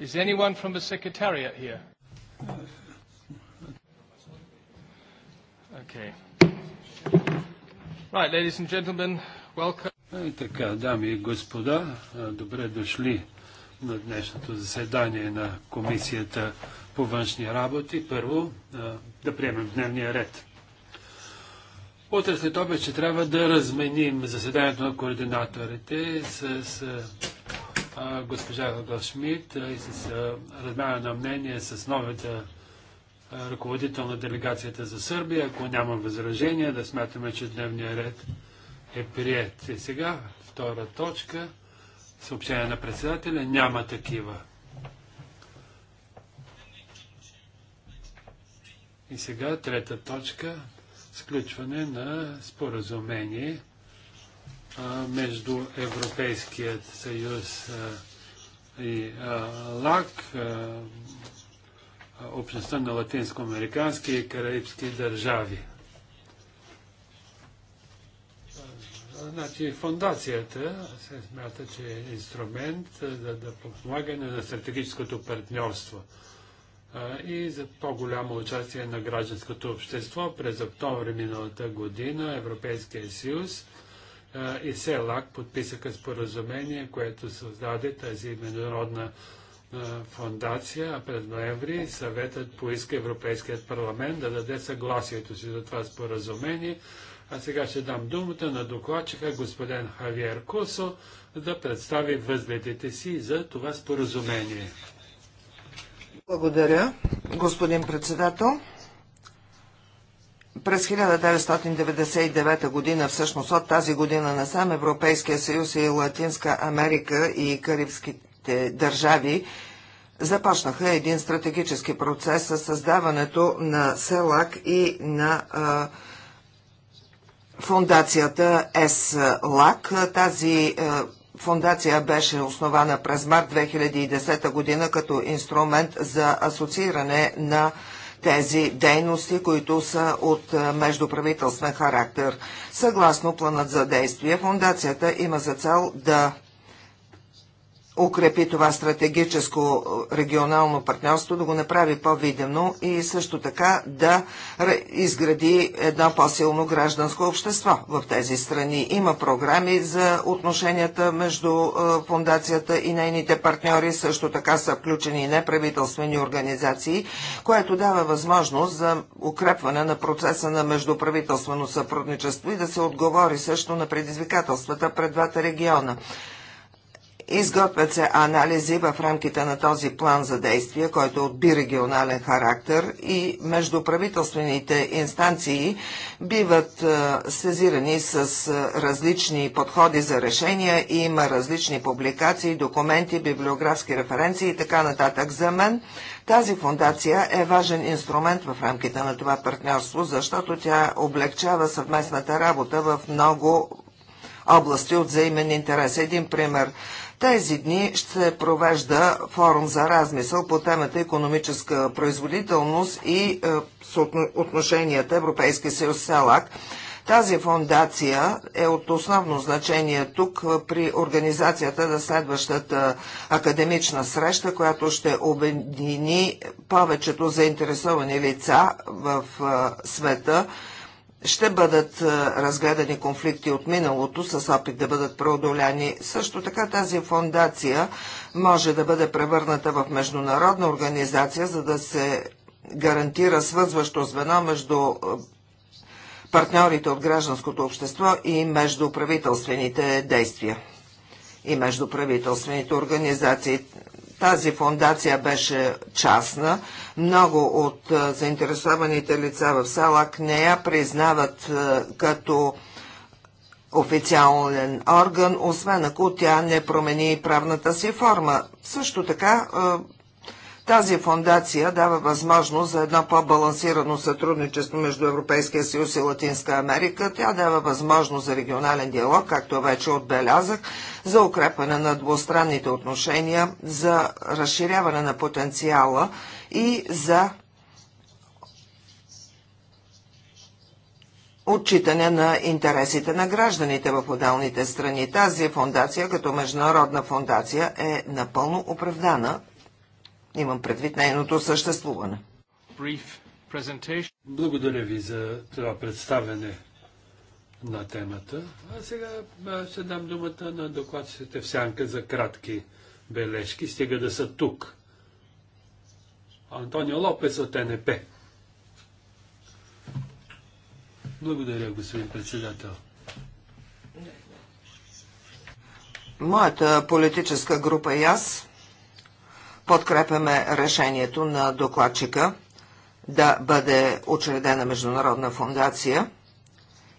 Is anyone from the Secretariat here? Okay. Right, ladies and gentlemen, welcome. И така, дами и господа, добре дошли на днешното заседание на Комисията по външни работи. Първо, да приемем дневния ред. Утре след обед ще трябва да разменим заседанието на координаторите с госпожа Гошмит и с размяна на мнение с новата ръководител на делегацията за Сърбия. Ако няма възражения, да смятаме, че дневния ред е прият. И сега, втора точка, съобщение на председателя, няма такива. И сега, трета точка, сключване на споразумение между Европейският съюз и ЛАК, общността на латинско-американски и караибски държави. Значи фондацията се смята, че е инструмент за да подпомагане на стратегическото партньорство и за по-голямо участие на гражданското общество. През октомври миналата година Европейския съюз и СЕЛАК подписаха споразумение, което създаде тази международна фондация, а през ноември съветът поиска Европейският парламент да даде съгласието си за това споразумение. А сега ще дам думата на докладчика господин Хавиер Косо да представи възгледите си за това споразумение. Благодаря, господин председател. През 1999 година, всъщност от тази година насам, Европейския съюз и Латинска Америка и Карибските държави започнаха един стратегически процес със създаването на СЕЛАК и на а, фундацията СЛАК. Тази а, фундация беше основана през март 2010 година като инструмент за асоцииране на тези дейности, които са от е, междуправителствен характер. Съгласно планът за действие, фундацията има за цел да укрепи това стратегическо е, регионално партньорство, да го направи по-видимо и също така да изгради едно по-силно гражданско общество в тези страни. Има програми за отношенията между е, фундацията и нейните партньори, също така са включени и неправителствени организации, което дава възможност за укрепване на процеса на междуправителствено сътрудничество и да се отговори също на предизвикателствата пред двата региона. Изготвят се анализи в рамките на този план за действие, който от бирегионален характер и междуправителствените инстанции биват сезирани с различни подходи за решения и има различни публикации, документи, библиографски референции и така нататък. За мен тази фундация е важен инструмент в рамките на това партньорство, защото тя облегчава съвместната работа в много области от взаимен интерес. Един пример тези дни ще се провежда форум за размисъл по темата економическа производителност и е, отношенията Европейски съюз СЕЛАК. Тази фондация е от основно значение тук е, при организацията на следващата академична среща, която ще обедини повечето заинтересовани лица в е, света – ще бъдат разгледани конфликти от миналото с опит да бъдат преодоляни. Също така тази фондация може да бъде превърната в международна организация, за да се гарантира свързващо звено между партньорите от гражданското общество и между правителствените действия и между правителствените организации. Тази фондация беше частна, много от заинтересованите лица в Салак не я признават като официален орган, освен ако тя не промени правната си форма. Също така тази фондация дава възможност за едно по-балансирано сътрудничество между Европейския съюз и Латинска Америка. Тя дава възможност за регионален диалог, както вече отбелязах, за укрепване на двустранните отношения, за разширяване на потенциала и за отчитане на интересите на гражданите в отделните страни. Тази фундация като международна фундация е напълно оправдана Имам предвид нейното съществуване. Благодаря ви за това представене на темата. А сега ще дам думата на докладчите в сянка за кратки бележки, стига да са тук. Антонио Лопес от НП. Благодаря, господин председател. Моята политическа група и аз Подкрепяме решението на докладчика да бъде учредена Международна фундация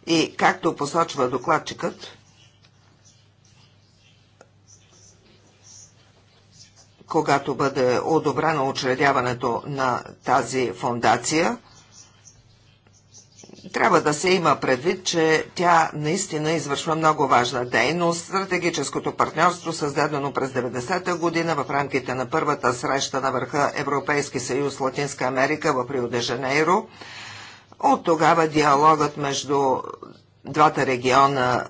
и, както посочва докладчикът, когато бъде одобрено учредяването на тази фундация – трябва да се има предвид, че тя наистина извършва много важна дейност. Стратегическото партньорство, създадено през 90-та година в рамките на първата среща на върха Европейски съюз Латинска Америка в Рио де Жанейро. От тогава диалогът между двата региона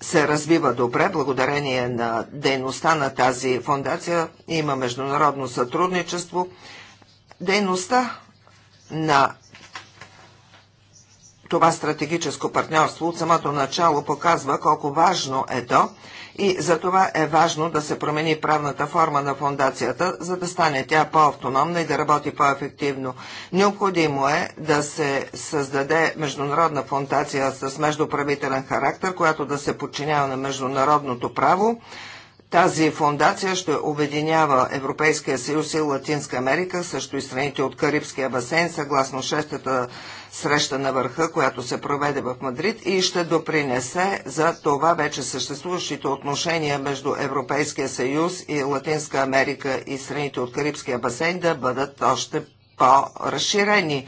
се развива добре благодарение на дейността на тази фундация. Има международно сътрудничество. Дейността на това стратегическо партньорство от самото начало показва колко важно е то и за това е важно да се промени правната форма на фондацията, за да стане тя по-автономна и да работи по-ефективно. Необходимо е да се създаде международна фондация с междуправителен характер, която да се подчинява на международното право, тази фундация ще обединява Европейския съюз и Латинска Америка, също и страните от Карибския басейн, съгласно шестата среща на върха, която се проведе в Мадрид и ще допринесе за това вече съществуващите отношения между Европейския съюз и Латинска Америка и страните от Карибския басейн да бъдат още по-разширени.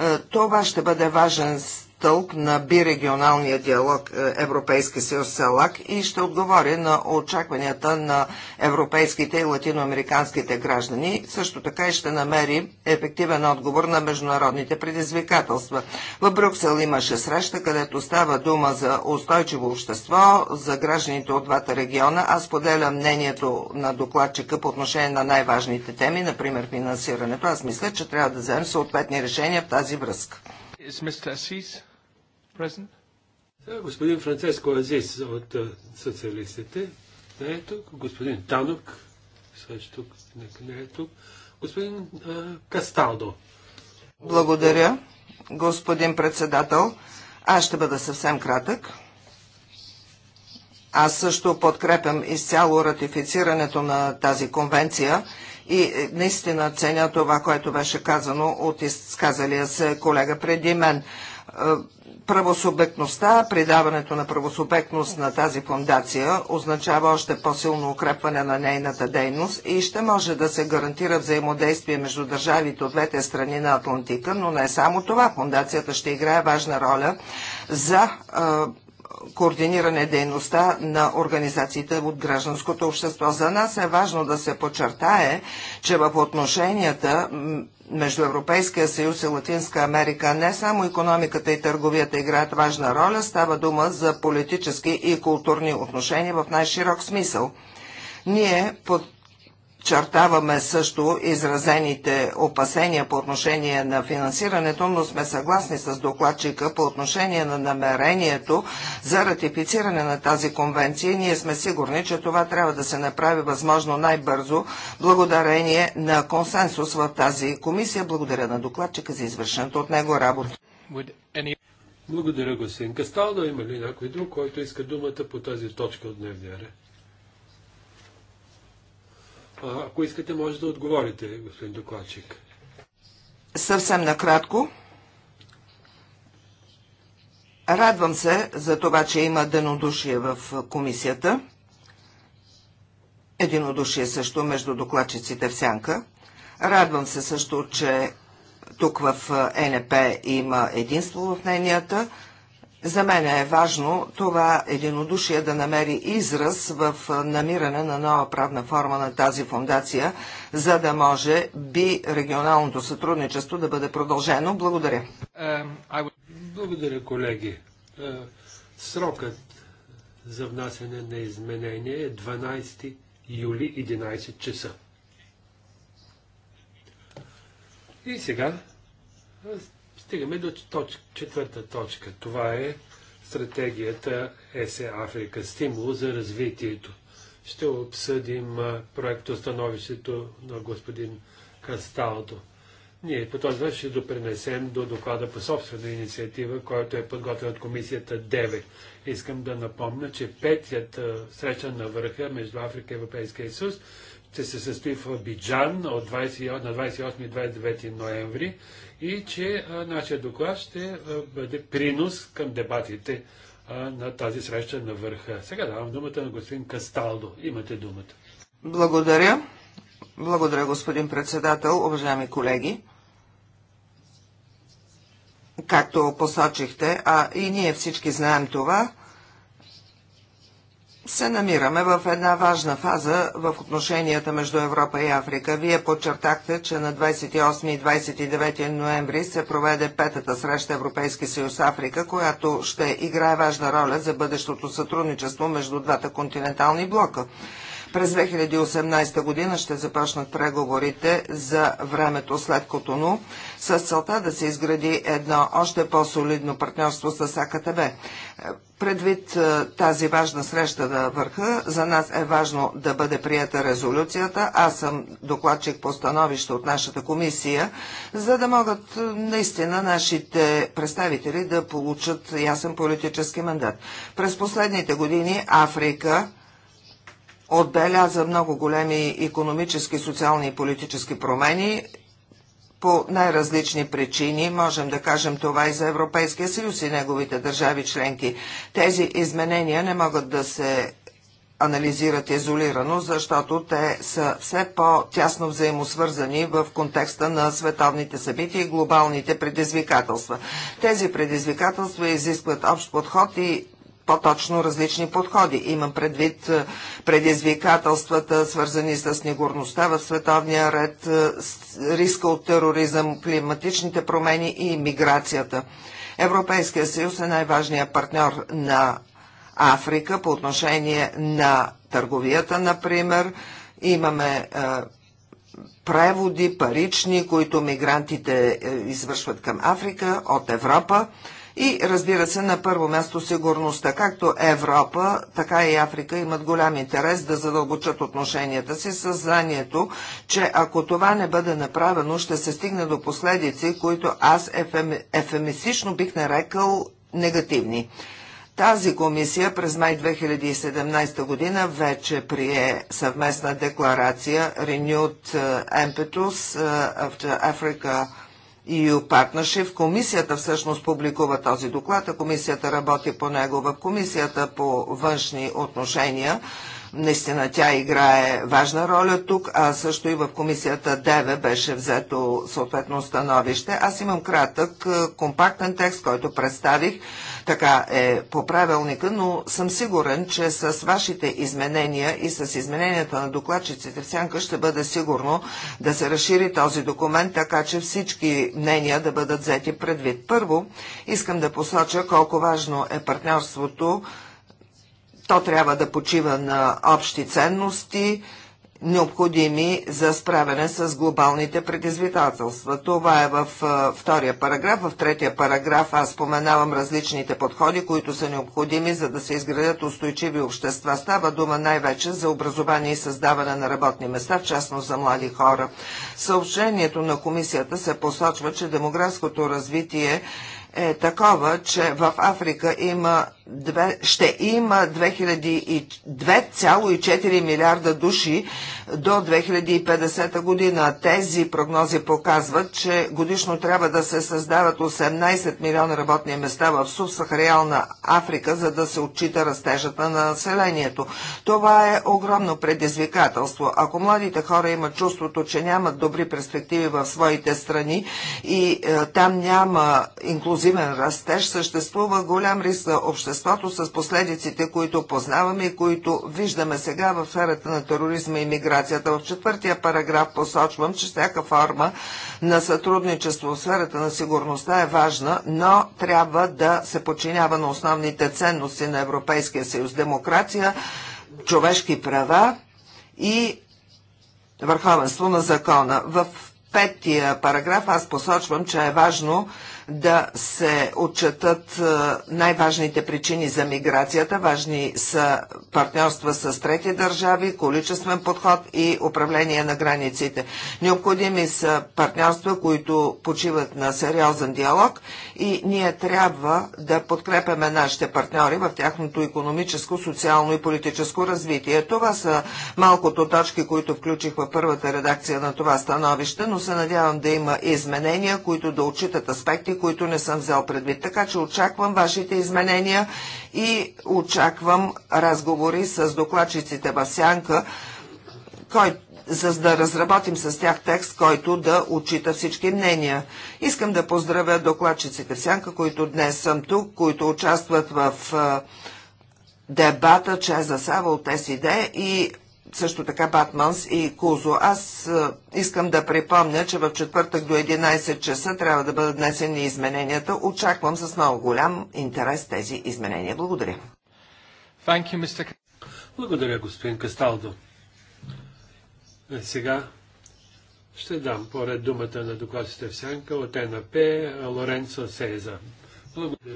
Е, това ще бъде важен стълб на бирегионалния диалог е, Европейски съюз СЕЛАК и ще отговоря на очакванията на европейските и латиноамериканските граждани. Също така и ще намери ефективен отговор на международните предизвикателства. В Брюксел имаше среща, където става дума за устойчиво общество за гражданите от двата региона. Аз поделя мнението на докладчика по отношение на най-важните теми, например финансирането. Аз мисля, че трябва да вземем съответни решения в тази връзка. Is Mr. Assis? present? Господин Франциско Азис от социалистите. Не е тук. Господин Танок. Също тук. Не, е тук. Господин Касталдо. Благодаря, господин председател. Аз ще бъда съвсем кратък. Аз също подкрепям изцяло ратифицирането на тази конвенция и е, наистина ценя това, което беше казано от изказалия се колега преди мен правосубектността, придаването на правосубектност на тази фундация означава още по-силно укрепване на нейната дейност и ще може да се гарантира взаимодействие между държавите от двете страни на Атлантика, но не само това. Фундацията ще играе важна роля за а, координиране дейността на организациите от гражданското общество. За нас е важно да се подчертае, че в отношенията между Европейския съюз и Латинска Америка не само економиката и търговията играят важна роля, става дума за политически и културни отношения в най-широк смисъл. Ние под подчертаваме също изразените опасения по отношение на финансирането, но сме съгласни с докладчика по отношение на намерението за ратифициране на тази конвенция. Ние сме сигурни, че това трябва да се направи възможно най-бързо, благодарение на консенсус в тази комисия. Благодаря на докладчика за извършената от него работа. Благодаря, господин Касталдо. Има ли някой друг, който иска думата по тази точка от дневния ред? Ако искате, може да отговорите, господин докладчик. Съвсем накратко. Радвам се за това, че има денодушие в комисията. Единодушие също между докладчиците в сянка. Радвам се също, че тук в ЕНП има единство в нейнията. За мен е важно това единодушие да намери израз в намиране на нова правна форма на тази фундация, за да може би регионалното сътрудничество да бъде продължено. Благодаря. Благодаря, колеги. Е, срокът за внасяне на изменение е 12 юли 11 часа. И сега Стигаме до точ... четвърта точка. Това е стратегията ЕСЕ Африка. Стимул за развитието. Ще обсъдим проекто становището на господин Касталто. Ние по този ще допринесем до доклада по собствена инициатива, който е подготвен от комисията 9. Искам да напомня, че петият среща на върха между Африка и Европейския съюз ще се състои в Абиджан от 20, на 28 и 29 ноември и че а, нашия доклад ще а, бъде принос към дебатите а, на тази среща на върха. Сега давам думата на господин Касталдо. Имате думата. Благодаря. Благодаря, господин председател, уважаеми колеги. Както посочихте, а и ние всички знаем това, се намираме в една важна фаза в отношенията между Европа и Африка. Вие подчертахте, че на 28 и 29 ноември се проведе петата среща Европейски съюз Африка, която ще играе важна роля за бъдещото сътрудничество между двата континентални блока. През 2018 година ще започнат преговорите за времето след Котону с целта да се изгради едно още по-солидно партньорство с АКТБ. Е, предвид е, тази важна среща на върха, за нас е важно да бъде прията резолюцията. Аз съм докладчик по становище от нашата комисия, за да могат е, наистина нашите представители да получат ясен политически мандат. През последните години Африка отбеляза много големи економически, социални и политически промени по най-различни причини. Можем да кажем това и за Европейския съюз и неговите държави членки. Тези изменения не могат да се анализират изолирано, защото те са все по-тясно взаимосвързани в контекста на световните събития и глобалните предизвикателства. Тези предизвикателства изискват общ подход и по-точно различни подходи. Имам предвид е, предизвикателствата, свързани с негорността в световния ред, е, риска от тероризъм, климатичните промени и миграцията. Европейския съюз е най-важният партньор на Африка по отношение на търговията, например. Имаме е, преводи парични, които мигрантите извършват към Африка от Европа. И разбира се, на първо място сигурността. Както Европа, така и Африка имат голям интерес да задълбочат отношенията си с знанието, че ако това не бъде направено, ще се стигне до последици, които аз ефемистично бих нарекал негативни. Тази комисия през май 2017 година вече прие съвместна декларация Renewed е, Impetus е, of the Africa EU Partnership. Комисията всъщност публикува този доклад, а комисията работи по него в комисията по външни отношения. Наистина тя играе важна роля тук, а също и в комисията ДЕВЕ беше взето съответно становище. Аз имам кратък, е, компактен текст, който представих. Така е по правилника, но съм сигурен, че с вашите изменения и с измененията на докладчиците в Сянка ще бъде сигурно да се разшири този документ, така че всички мнения да бъдат взети предвид. Първо, искам да посоча колко важно е партньорството то трябва да почива на общи ценности, необходими за справяне с глобалните предизвикателства. Това е в втория параграф. В третия параграф аз споменавам различните подходи, които са необходими, за да се изградят устойчиви общества. Става дума най-вече за образование и създаване на работни места, в частност за млади хора. Съобщението на комисията се посочва, че демографското развитие е такова, че в Африка има две, ще има 2,4 милиарда души до 2050 година. Тези прогнози показват, че годишно трябва да се създават 18 милиона работни места в субсахариална Африка, за да се отчита растежата на населението. Това е огромно предизвикателство. Ако младите хора имат чувството, че нямат добри перспективи в своите страни и е, там няма инклюзивност, експлозивен растеж съществува голям риск за обществото с последиците, които познаваме и които виждаме сега в сферата на тероризма и миграцията. В четвъртия параграф посочвам, че всяка форма на сътрудничество в сферата на сигурността е важна, но трябва да се подчинява на основните ценности на Европейския съюз – демокрация, човешки права и върховенство на закона. В петия параграф аз посочвам, че е важно да се отчетат е, най-важните причини за миграцията. Важни са партньорства с трети държави, количествен подход и управление на границите. Необходими са партньорства, които почиват на сериозен диалог и ние трябва да подкрепяме нашите партньори в тяхното економическо, социално и политическо развитие. Това са малкото точки, които включих във първата редакция на това становище, но се надявам да има изменения, които да отчитат аспекти, точки, които не съм взел предвид. Така че очаквам вашите изменения и очаквам разговори с докладчиците Басянка, кой, за да разработим с тях текст, който да отчита всички мнения. Искам да поздравя докладчиците в Сянка, които днес съм тук, които участват в дебата, дебата Чеза Сава от СИД и също така Батманс и Кузо. Аз е, искам да припомня, че в четвъртък до 11 часа трябва да бъдат внесени измененията. Очаквам с много голям интерес тези изменения. Благодаря. Thank you, Mr. Благодаря, господин Касталдо. Сега ще дам поред думата на докладите в сянка от НАП Лоренцо Сеза.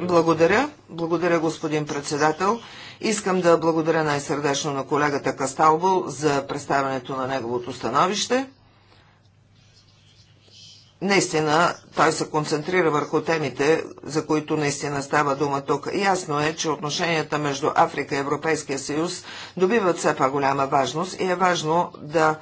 Благодаря. Благодаря, господин председател. Искам да благодаря най-сърдечно на колегата Касталбо за представянето на неговото становище. Наистина, той се концентрира върху темите, за които наистина става дума тук. Ясно е, че отношенията между Африка и Европейския съюз добиват все по-голяма важност и е важно да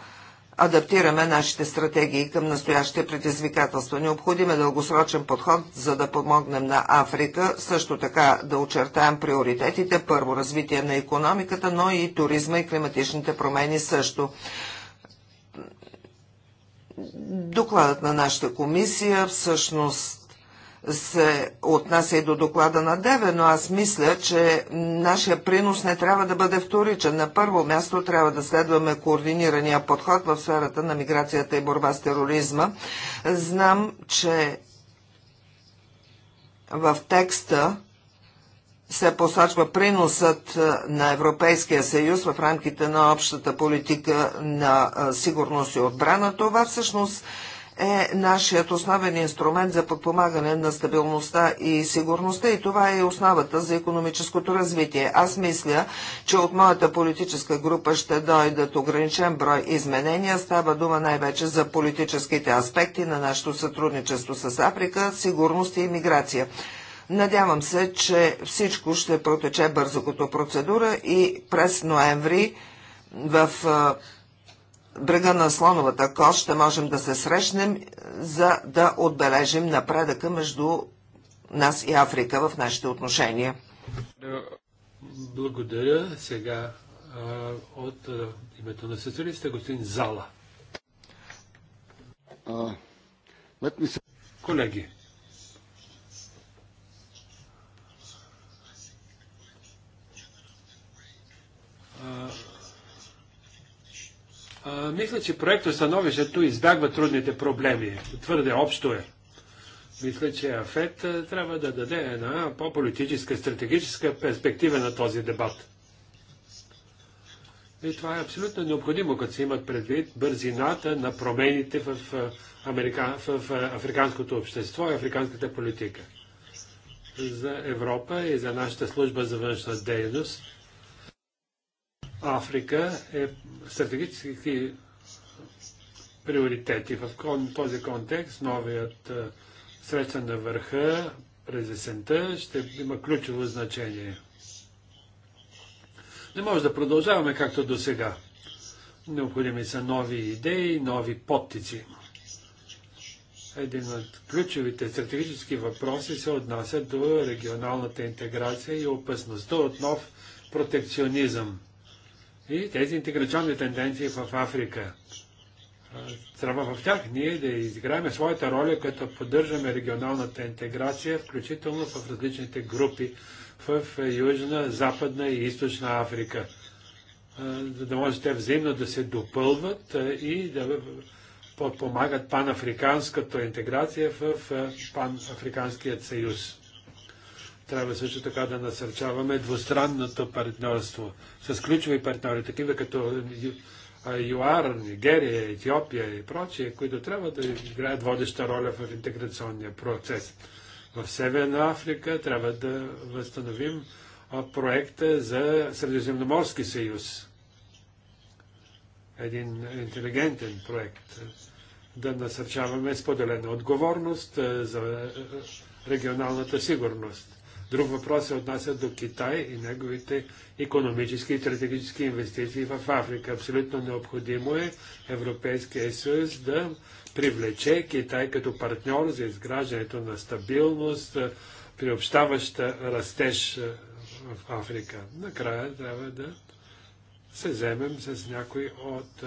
адаптираме нашите стратегии към настоящите предизвикателства. Необходим е дългосрочен подход, за да помогнем на Африка, също така да очертаем приоритетите, първо развитие на економиката, но и туризма и климатичните промени също. Докладът на нашата комисия всъщност се отнася и до доклада на Деве, но аз мисля, че нашия принос не трябва да бъде вторичен. На първо място трябва да следваме координирания подход в сферата на миграцията и борба с тероризма. Знам, че в текста се посочва приносът на Европейския съюз в рамките на общата политика на сигурност и отбрана. Това всъщност е нашият основен инструмент за подпомагане на стабилността и сигурността и това е основата за економическото развитие. Аз мисля, че от моята политическа група ще дойдат ограничен брой изменения. Става дума най-вече за политическите аспекти на нашето сътрудничество с Африка, сигурност и иммиграция. Надявам се, че всичко ще протече бързо като процедура и през ноември в брега на слоновата кост ще можем да се срещнем, е, за да отбележим напредъка между нас и Африка в нашите отношения. Благодаря. Сега от името на социалиста господин Зала. Колеги, Uh мисля, че проекто становището избягва трудните проблеми. Твърде общо е. Мисля, че АФЕТ трябва да даде една по-политическа, стратегическа перспектива на този дебат. И това е абсолютно необходимо, като се имат предвид бързината на промените в, Америка... в африканското общество и африканската политика. За Европа и за нашата служба за външна дейност – Африка е стратегически приоритети. В този контекст новият е, среща на върха през есента ще има ключово значение. Не може да продължаваме както до сега. Необходими са нови идеи, нови подтици. Един от ключовите стратегически въпроси се отнася до регионалната интеграция и опасността от нов протекционизъм. И тези интеграционни тенденции в Африка. Трябва в тях ние да изиграем своята роля, като поддържаме регионалната интеграция, включително в различните групи в Южна, Западна и Източна Африка. За да може те взаимно да се допълват и да подпомагат панафриканската интеграция в панафриканският съюз. Трябва също така да насърчаваме двустранното партньорство с ключови партньори, такива като ЮАР, Нигерия, Етиопия и прочие, които трябва да играят водеща роля в интеграционния процес. В Северна Африка трябва да възстановим проекта за Средиземноморски съюз. Един интелигентен проект. Да насърчаваме споделена отговорност за регионалната сигурност. Друг въпрос се отнася до Китай и неговите економически и стратегически инвестиции в Африка. Абсолютно необходимо е Европейския съюз да привлече Китай като партньор за изграждането на стабилност, е, приобщаваща растеж е, в Африка. Накрая трябва да се вземем с някои от е,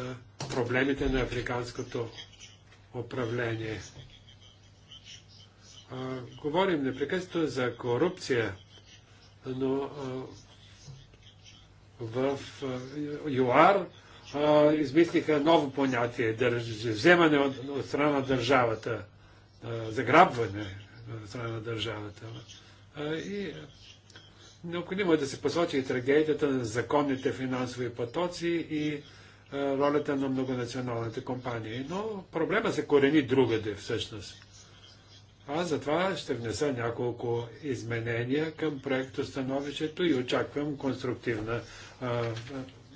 проблемите на африканското управление говорим непрекъснато за корупция, но в ЮАР измислиха ново понятие държ, вземане от, от страна на държавата, заграбване от страна на държавата. и необходимо е да се посочи и трагедията на законните финансови потоци и ролята на многонационалните компании. Но проблема се корени другаде всъщност. Аз затова ще внеса няколко изменения към проекто становището и очаквам конструктивна а,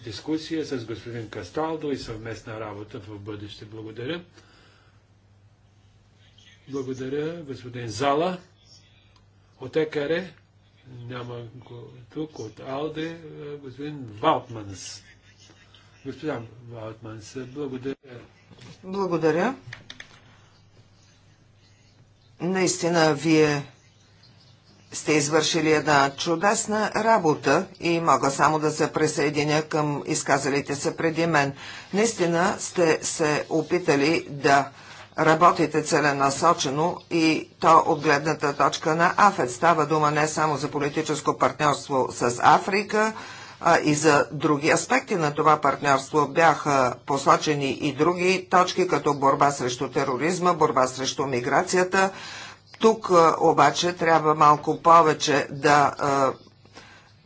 дискусия с господин Касталдо и съвместна работа в бъдеще. Благодаря. Благодаря, господин Зала. От ЕКАРЕ няма го тук. От АЛДЕ господин Валтманс. Господин Валтманс, благодаря. Благодаря. Наистина, вие сте извършили една чудесна работа и мога само да се присъединя към изказалите се преди мен. Наистина сте се опитали да работите целенасочено и то от гледната точка на АФЕД. Става дума не само за политическо партньорство с Африка, а и за други аспекти на това партньорство бяха посочени и други точки, като борба срещу тероризма, борба срещу миграцията. Тук обаче трябва малко повече да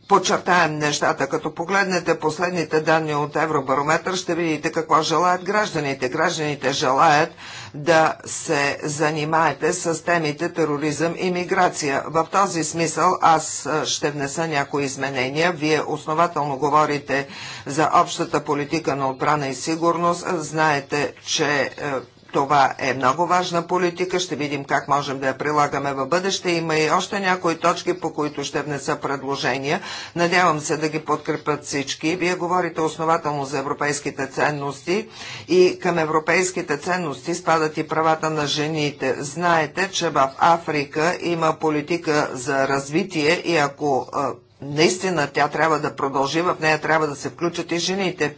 подчертаем нещата. Като погледнете последните данни от Евробарометър, ще видите какво желаят гражданите. Гражданите желаят да се занимаете с темите тероризъм и миграция. В този смисъл аз ще внеса някои изменения. Вие основателно говорите за общата политика на отбрана и сигурност. Знаете, че е, това е много важна политика. Ще видим как можем да я прилагаме в бъдеще. Има и още някои точки, по които ще внеса предложения. Надявам се да ги подкрепят всички. Вие говорите основателно за европейските ценности и към европейските ценности спадат и правата на жените. Знаете, че в Африка има политика за развитие и ако наистина тя трябва да продължи, в нея трябва да се включат и жените.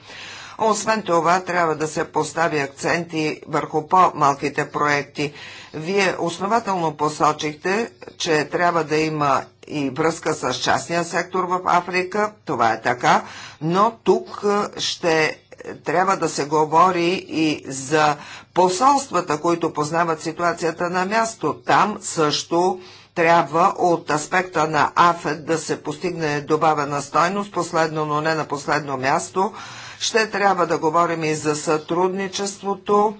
Освен това, трябва да се постави акценти върху по-малките проекти. Вие основателно посочихте, че трябва да има и връзка с частния сектор в Африка. Това е така. Но тук ще е, трябва да се говори и за посолствата, които познават ситуацията на място. Там също трябва от аспекта на АФЕД да се постигне добавена стойност, последно, но не на последно място. Ще трябва да говорим и за сътрудничеството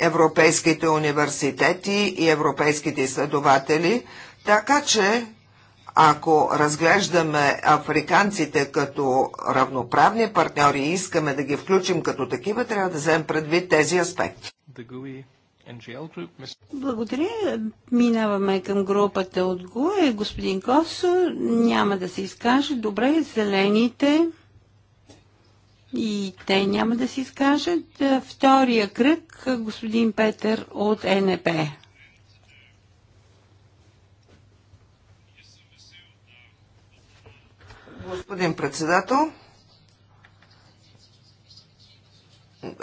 европейските университети и европейските изследователи, така че ако разглеждаме африканците като равноправни партньори и искаме да ги включим като такива, трябва да вземем предвид тези аспекти. Благодаря. Минаваме към групата от ГУЕ. Господин Косо няма да се изкаже. Добре, зелените и те няма да си изкажат. Втория кръг, господин Петър от НП. Господин председател,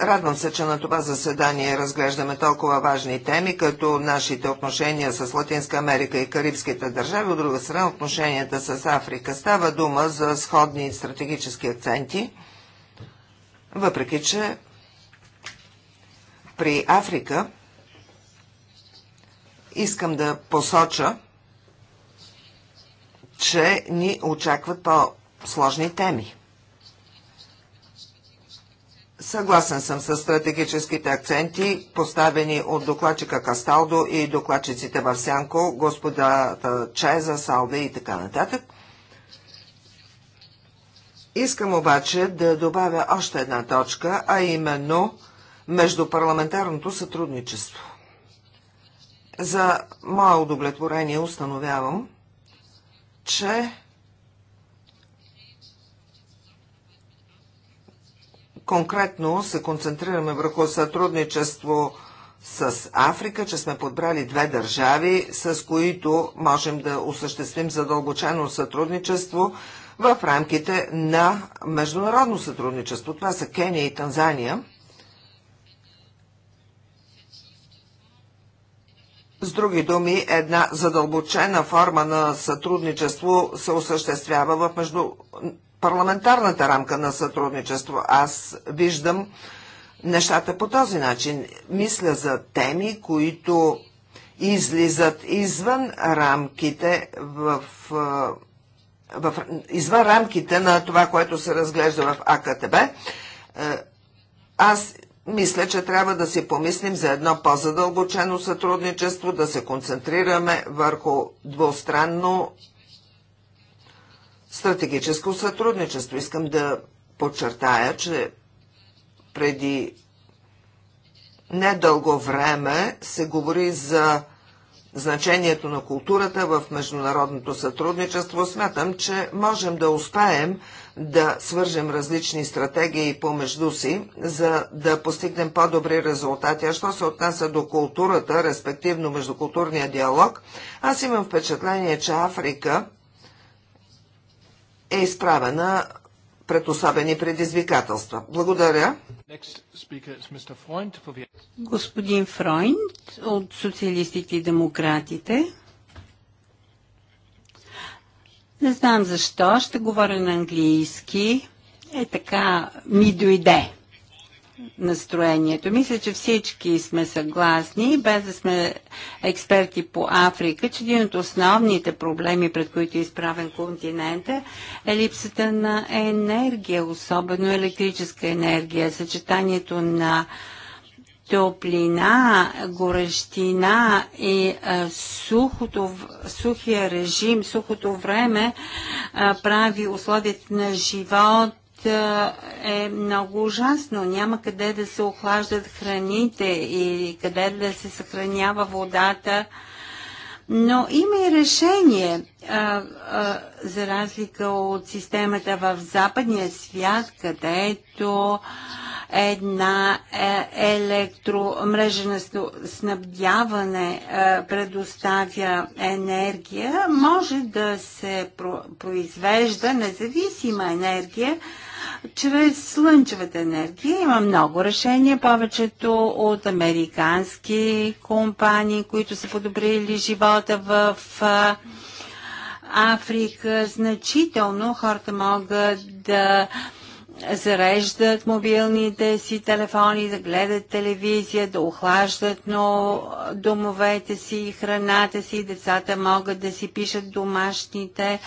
Радвам се, че на това заседание разглеждаме толкова важни теми, като нашите отношения с Латинска Америка и Карибските държави, от друга страна отношенията с Африка. Става дума за сходни стратегически акценти – въпреки, че при Африка искам да посоча, че ни очакват по-сложни теми. Съгласен съм с стратегическите акценти, поставени от докладчика Касталдо и докладчиците в Сянко, господата Чеза, Салве и така нататък. Искам обаче да добавя още една точка, а именно междупарламентарното сътрудничество. За мое удовлетворение установявам, че конкретно се концентрираме върху сътрудничество с Африка, че сме подбрали две държави, с които можем да осъществим задълбочено сътрудничество в рамките на международно сътрудничество. Това са Кения и Танзания. С други думи, една задълбочена форма на сътрудничество се осъществява в между парламентарната рамка на сътрудничество. Аз виждам нещата по този начин. Мисля за теми, които излизат извън рамките в в, извън рамките на това, което се разглежда в АКТБ, е, аз мисля, че трябва да си помислим за едно по-задълбочено сътрудничество, да се концентрираме върху двустранно стратегическо сътрудничество. Искам да подчертая, че преди недълго време се говори за значението на културата в международното сътрудничество, смятам, че можем да успеем да свържем различни стратегии помежду си, за да постигнем по-добри резултати. А що се отнася до културата, респективно междукултурния диалог, аз имам впечатление, че Африка е изправена пред особени предизвикателства. Благодаря. Господин Фройнд от Социалистите и Демократите. Не знам защо, ще говоря на английски. Е така ми дойде настроението. Мисля, че всички сме съгласни, без да сме експерти по Африка, че един от основните проблеми, пред които е изправен континента, е липсата на енергия, особено електрическа енергия, съчетанието на топлина, горещина и а, сухото, сухия режим, сухото време а, прави условията на живот е много ужасно. Няма къде да се охлаждат храните и къде да се съхранява водата. Но има и решение, а, а, за разлика от системата в западния свят, където една е, електромрежа на снабдяване а, е, предоставя енергия, може да се произвежда независима енергия чрез слънчевата енергия. Има много решения, повечето от американски компании, които са подобрили живота в Африка. Значително хората могат да зареждат мобилните си телефони, да гледат телевизия, да охлаждат но домовете си, храната си, децата могат да си пишат домашните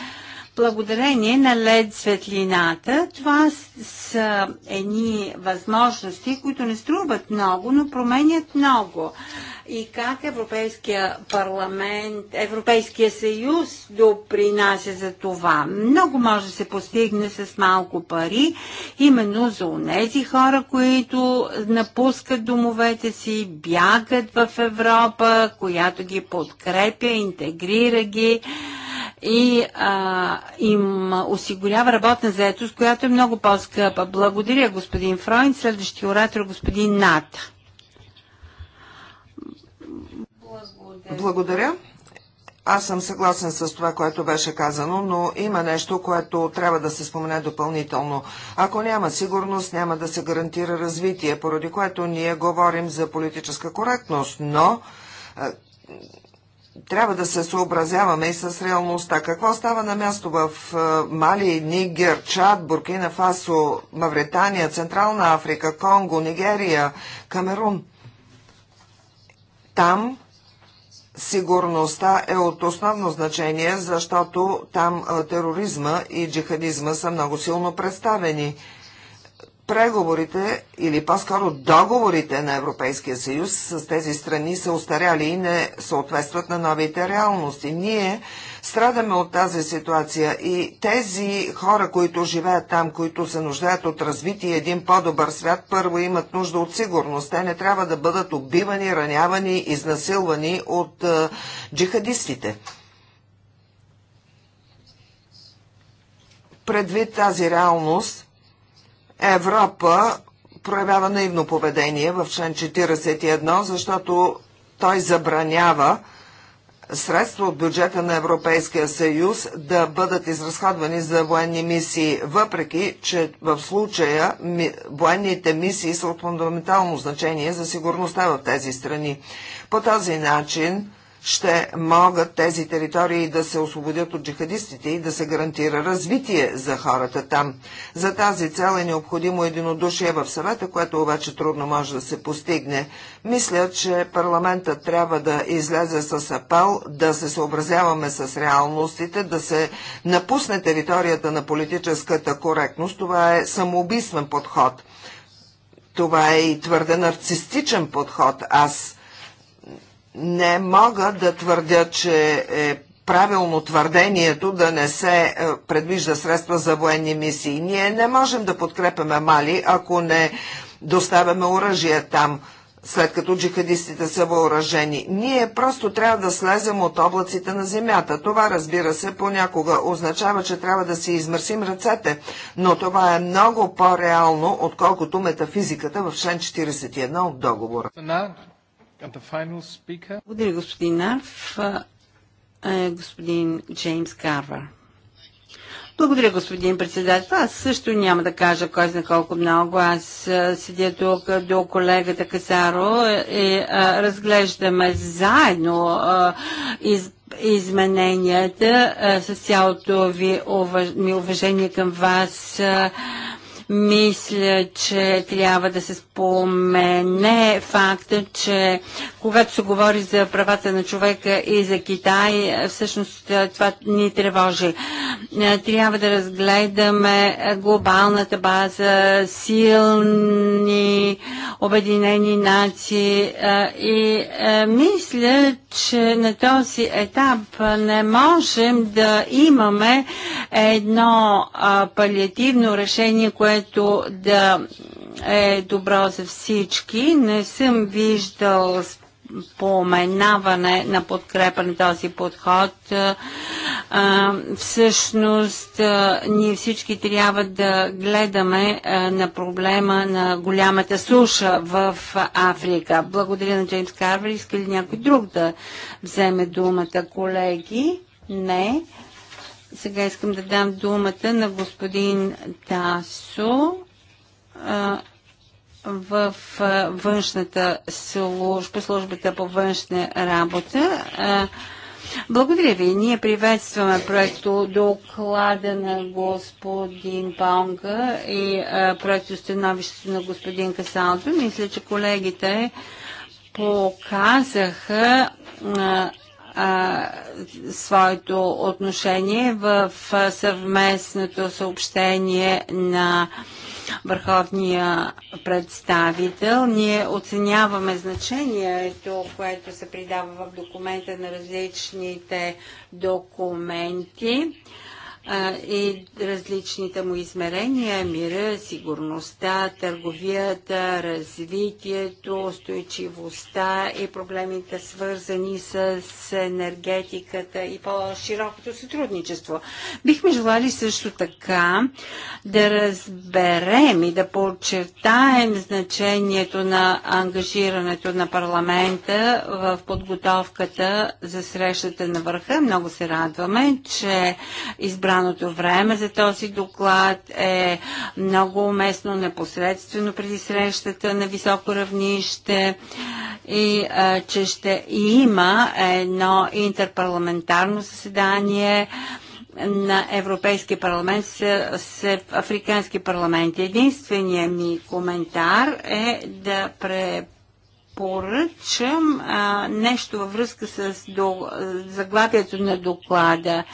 благодарение на лед светлината. Това са едни възможности, които не струват много, но променят много. И как Европейския парламент, Европейския съюз допринася за това? Много може да се постигне с малко пари, именно за тези хора, които напускат домовете си, бягат в Европа, която ги подкрепя, интегрира ги и а, им осигурява работна заетост, която е много по-скъпа. Благодаря, господин Фройн. Следващия оратор, е господин Нат. Благодаря. Аз съм съгласен с това, което беше казано, но има нещо, което трябва да се спомене допълнително. Ако няма сигурност, няма да се гарантира развитие, поради което ние говорим за политическа коректност, но трябва да се съобразяваме и с реалността. Какво става на място в е, Мали, Нигер, Чад, Буркина Фасо, Мавритания, Централна Африка, Конго, Нигерия, Камерун? Там сигурността е от основно значение, защото там е, тероризма и джихадизма са много силно представени – преговорите или по-скоро договорите на Европейския съюз с тези страни са устаряли и не съответстват на новите реалности. Ние страдаме от тази ситуация и тези хора, които живеят там, които се нуждаят от развитие един по-добър свят, първо имат нужда от сигурност. Те не трябва да бъдат убивани, ранявани, изнасилвани от е, джихадистите. Предвид тази реалност, Европа проявява наивно поведение в член 41, защото той забранява средства от бюджета на Европейския съюз да бъдат изразходвани за военни мисии, въпреки че в случая ми, военните мисии са от фундаментално значение за сигурността в тези страни. По този начин ще могат тези територии да се освободят от джихадистите и да се гарантира развитие за хората там. За тази цел е необходимо единодушие в съвета, което обаче трудно може да се постигне. Мисля, че парламентът трябва да излезе с апел, да се съобразяваме с реалностите, да се напусне територията на политическата коректност. Това е самоубийствен подход. Това е и твърде нарцистичен подход. Аз не мога да твърдя, че е правилно твърдението да не се е, предвижда средства за военни мисии. Ние не можем да подкрепяме Мали, ако не доставяме оръжие там, след като джихадистите са въоръжени. Ние просто трябва да слезем от облаците на земята. Това, разбира се, понякога означава, че трябва да си измърсим ръцете, но това е много по-реално, отколкото метафизиката в член 41 от договора. Благодаря, господин Арф. господин Джеймс Карвар. Благодаря, господин председател. Аз също няма да кажа кой знае колко много. Аз седя тук до колегата Касаро и е, е, а, разглеждаме заедно а, из, измененията а, с цялото ви уваж, ми уважение към вас. А, мисля, че трябва да се спомене факта, че когато се говори за правата на човека и за Китай, всъщност това ни тревожи. Трябва да разгледаме глобалната база, силни обединени нации и мисля, че на този етап не можем да имаме едно палиативно решение, което което да е добро за всички. Не съм виждал споменаване на подкрепа на този подход. Всъщност, ние всички трябва да гледаме на проблема на голямата суша в Африка. Благодаря на Джеймс Карвер. Иска ли някой друг да вземе думата, колеги? Не. Сега искам да дам думата на господин Тасо в външната служба, службата по външна работа. Благодаря ви. Ние приветстваме проекто доклада на господин Паунга и проекто становището на господин Касалто. Мисля, че колегите показаха своето отношение в съвместното съобщение на върховния представител. Ние оценяваме значението, което се придава в документа на различните документи и различните му измерения, мира, сигурността, търговията, развитието, устойчивостта и проблемите свързани с енергетиката и по-широкото сътрудничество. Бихме желали също така да разберем и да подчертаем значението на ангажирането на парламента в подготовката за срещата на върха. Много се радваме, че избран останалото време за този доклад е много уместно, непосредствено преди срещата на високо равнище и а, че ще има едно интерпарламентарно заседание на Европейския парламент с, с Африкански парламент. Единственият ми коментар е да пре поръчам а, нещо във връзка с до, заглавието на доклада.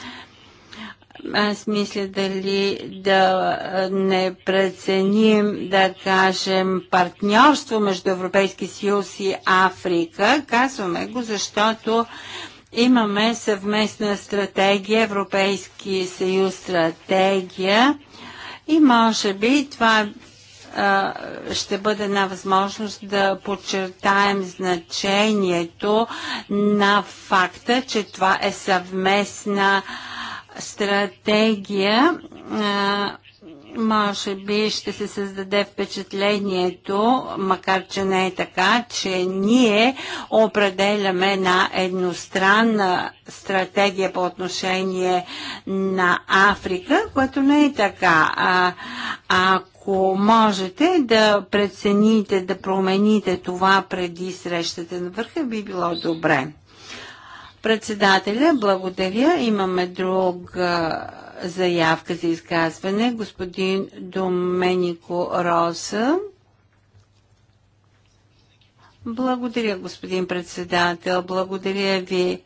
Аз мисля дали да не преценим, да кажем, партньорство между Европейски съюз и Африка. Казваме го, защото имаме съвместна стратегия, Европейски съюз стратегия и може би това а, ще бъде една възможност да подчертаем значението на факта, че това е съвместна а, стратегия може би ще се създаде впечатлението, макар че не е така, че ние определяме на едностранна стратегия по отношение на Африка, което не е така. А, ако можете да прецените, да промените това преди срещата на върха, би било добре. Председателя, благодаря. Имаме друг заявка за изказване. Господин Доменико Роса. Благодаря, господин председател. Благодаря ви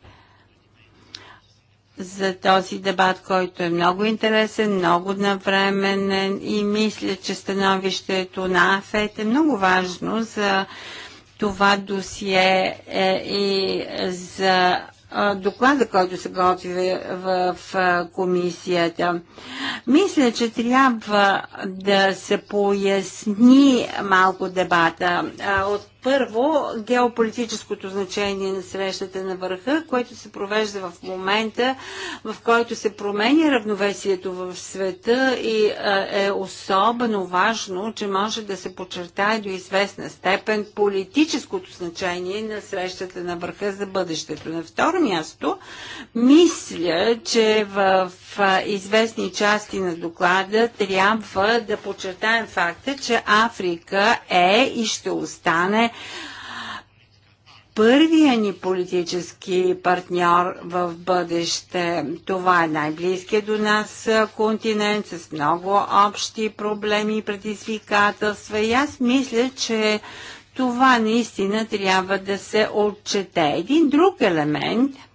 за този дебат, който е много интересен, много навременен и мисля, че становището на АФЕТ е много важно за това досие е, и за доклада, който се готви в комисията. Мисля, че трябва да се поясни малко дебата. От първо, геополитическото значение на срещата на върха, което се провежда в момента, в който се променя равновесието в света и е особено важно, че може да се подчертае до известна степен политическото значение на срещата на върха за бъдещето. На второ място, мисля, че в известни части на доклада трябва да подчертаем факта, че Африка е и ще остане първия ни политически партньор в бъдеще. Това е най-близкият до нас континент с много общи проблеми и предизвикателства. И аз мисля, че това наистина трябва да се отчете. Един друг елемент –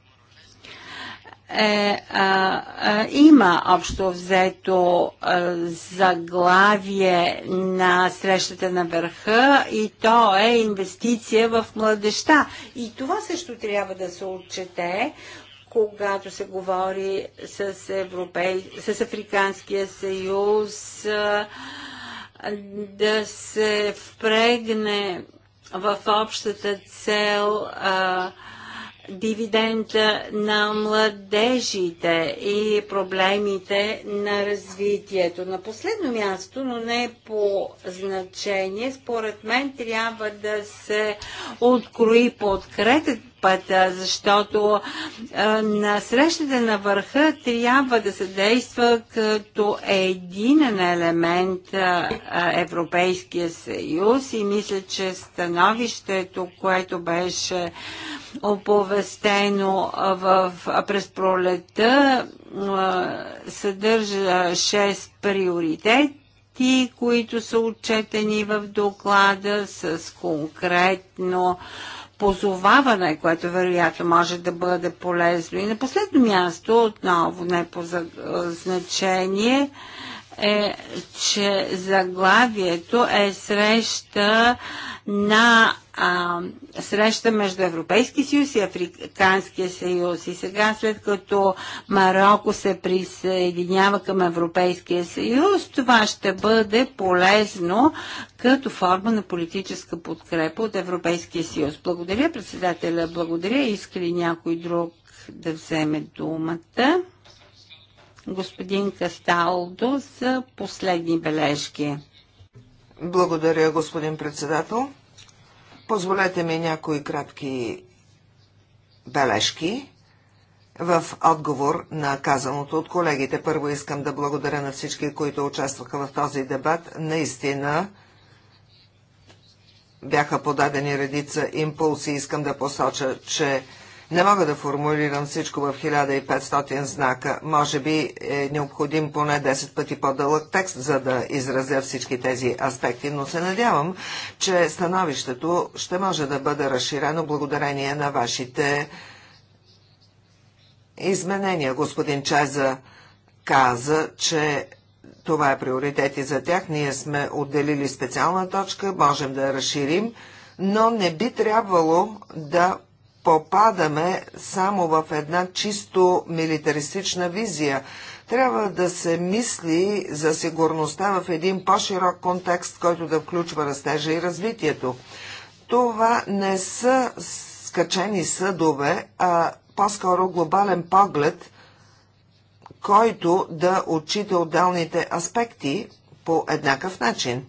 е, а, е, а, е, има общо взето а, е, заглавие на срещата на върха и то е инвестиция в младеща. И това също трябва да се отчете, когато се говори с, Европей... с Африканския съюз, а, да се впрегне в общата цел. А, дивиденда на младежите и проблемите на развитието. На последно място, но не по значение, според мен трябва да се открои подкрепата път, защото на срещата на върха трябва да се действа като един елемент Европейския съюз и мисля, че становището, което беше оповестено в, през пролета, съдържа 6 приоритети, които са отчетени в доклада с конкретно позоваване, което вероятно може да бъде полезно. И на последно място, отново не по значение, е, че заглавието е среща на а, среща между Европейски съюз и Африканския съюз. И сега, след като Марокко се присъединява към Европейския съюз, това ще бъде полезно като форма на политическа подкрепа от Европейския съюз. Благодаря, председателя. Благодаря. Иска ли някой друг да вземе думата? Господин Касталдо за последни бележки. Благодаря, господин председател. Позволете ми някои кратки бележки в отговор на казаното от колегите. Първо искам да благодаря на всички, които участваха в този дебат. Наистина бяха подадени редица импулси. Искам да посоча, че не мога да формулирам всичко в 1500 знака. Може би е необходим поне 10 пъти по-дълъг текст, за да изразя всички тези аспекти, но се надявам, че становището ще може да бъде разширено благодарение на вашите изменения. Господин Чайза каза, че това е приоритет и за тях. Ние сме отделили специална точка, можем да я разширим, но не би трябвало да попадаме само в една чисто милитаристична визия. Трябва да се мисли за сигурността в един по-широк контекст, който да включва растежа и развитието. Това не са скачени съдове, а по-скоро глобален поглед, който да отчита отделните аспекти по еднакъв начин.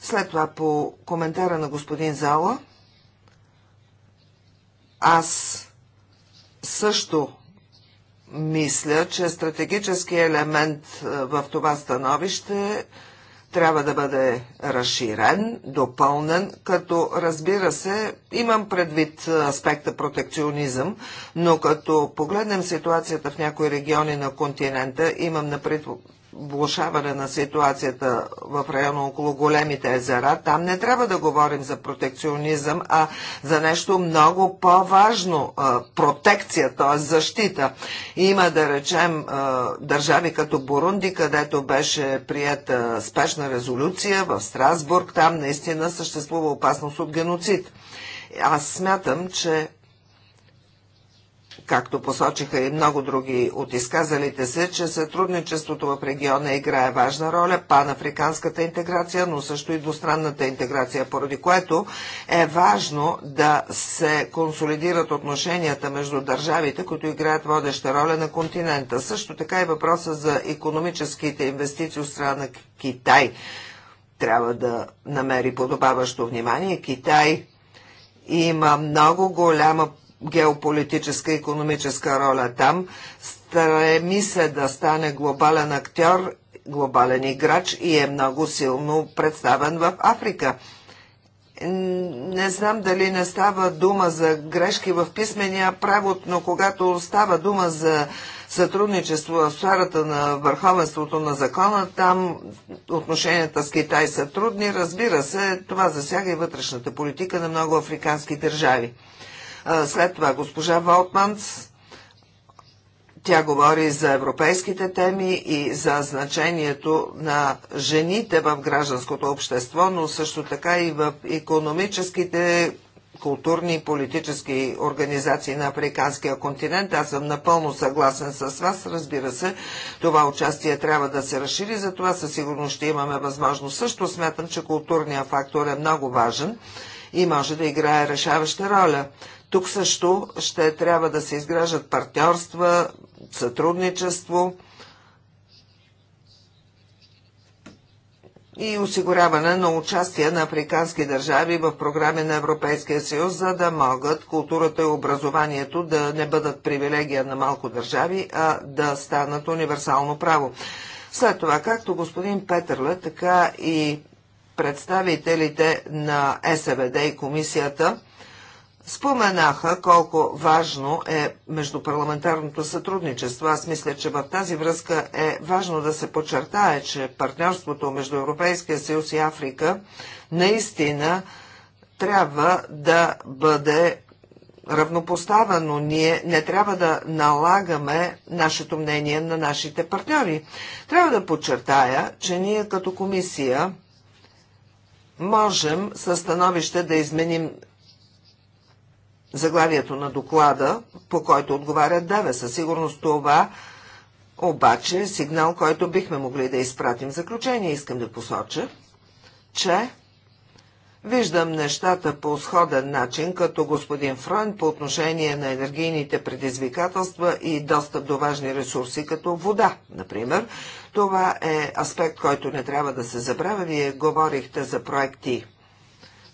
След това по коментара на господин Зала – аз също мисля, че стратегически елемент е, в това становище трябва да бъде разширен, допълнен, като разбира се, имам предвид е, аспекта протекционизъм, но като погледнем ситуацията в някои региони на континента, имам напред влушаване на ситуацията в района около големите езера, там не трябва да говорим за протекционизъм, а за нещо много по-важно – протекция, т.е. защита. Има, да речем, държави като Бурунди, където беше прията спешна резолюция в Страсбург, там наистина съществува опасност от геноцид. Аз смятам, че както посочиха и много други от изказалите се, че сътрудничеството в региона играе важна роля, панафриканската интеграция, но също и двустранната интеграция, поради което е важно да се консолидират отношенията между държавите, които играят водеща роля на континента. Също така и въпроса за економическите инвестиции от страна на Китай трябва да намери подобаващо внимание. Китай има много голяма геополитическа и економическа роля там, стреми се да стане глобален актьор, глобален играч и е много силно представен в Африка. Не знам дали не става дума за грешки в писмения превод, но когато става дума за сътрудничество в сферата на върховенството на закона, там отношенията с Китай са трудни. Разбира се, това засяга и вътрешната политика на много африкански държави. След това госпожа Волтманц, тя говори за европейските теми и за значението на жените в гражданското общество, но също така и в економическите културни и политически организации на Африканския континент. Аз съм напълно съгласен с вас. Разбира се, това участие трябва да се разшири, за това със сигурност ще имаме възможност. Също смятам, че културният фактор е много важен и може да играе решаваща роля. Тук също ще трябва да се изграждат партньорства, сътрудничество и осигуряване на участие на африкански държави в програми на Европейския съюз, за да могат културата и образованието да не бъдат привилегия на малко държави, а да станат универсално право. След това, както господин Петърле, така и представителите на СВД и комисията споменаха колко важно е междупарламентарното сътрудничество. Аз мисля, че в тази връзка е важно да се подчертае, че партньорството между Европейския съюз и Африка наистина трябва да бъде равнопоставено. Ние не трябва да налагаме нашето мнение на нашите партньори. Трябва да подчертая, че ние като комисия можем със становище да изменим заглавието на доклада, по който отговаря ДАВЕ. Със сигурност това обаче е сигнал, който бихме могли да изпратим. заключение искам да посоча, че виждам нещата по сходен начин, като господин Фройн по отношение на енергийните предизвикателства и достъп до важни ресурси, като вода, например. Това е аспект, който не трябва да се забравя. Вие говорихте за проекти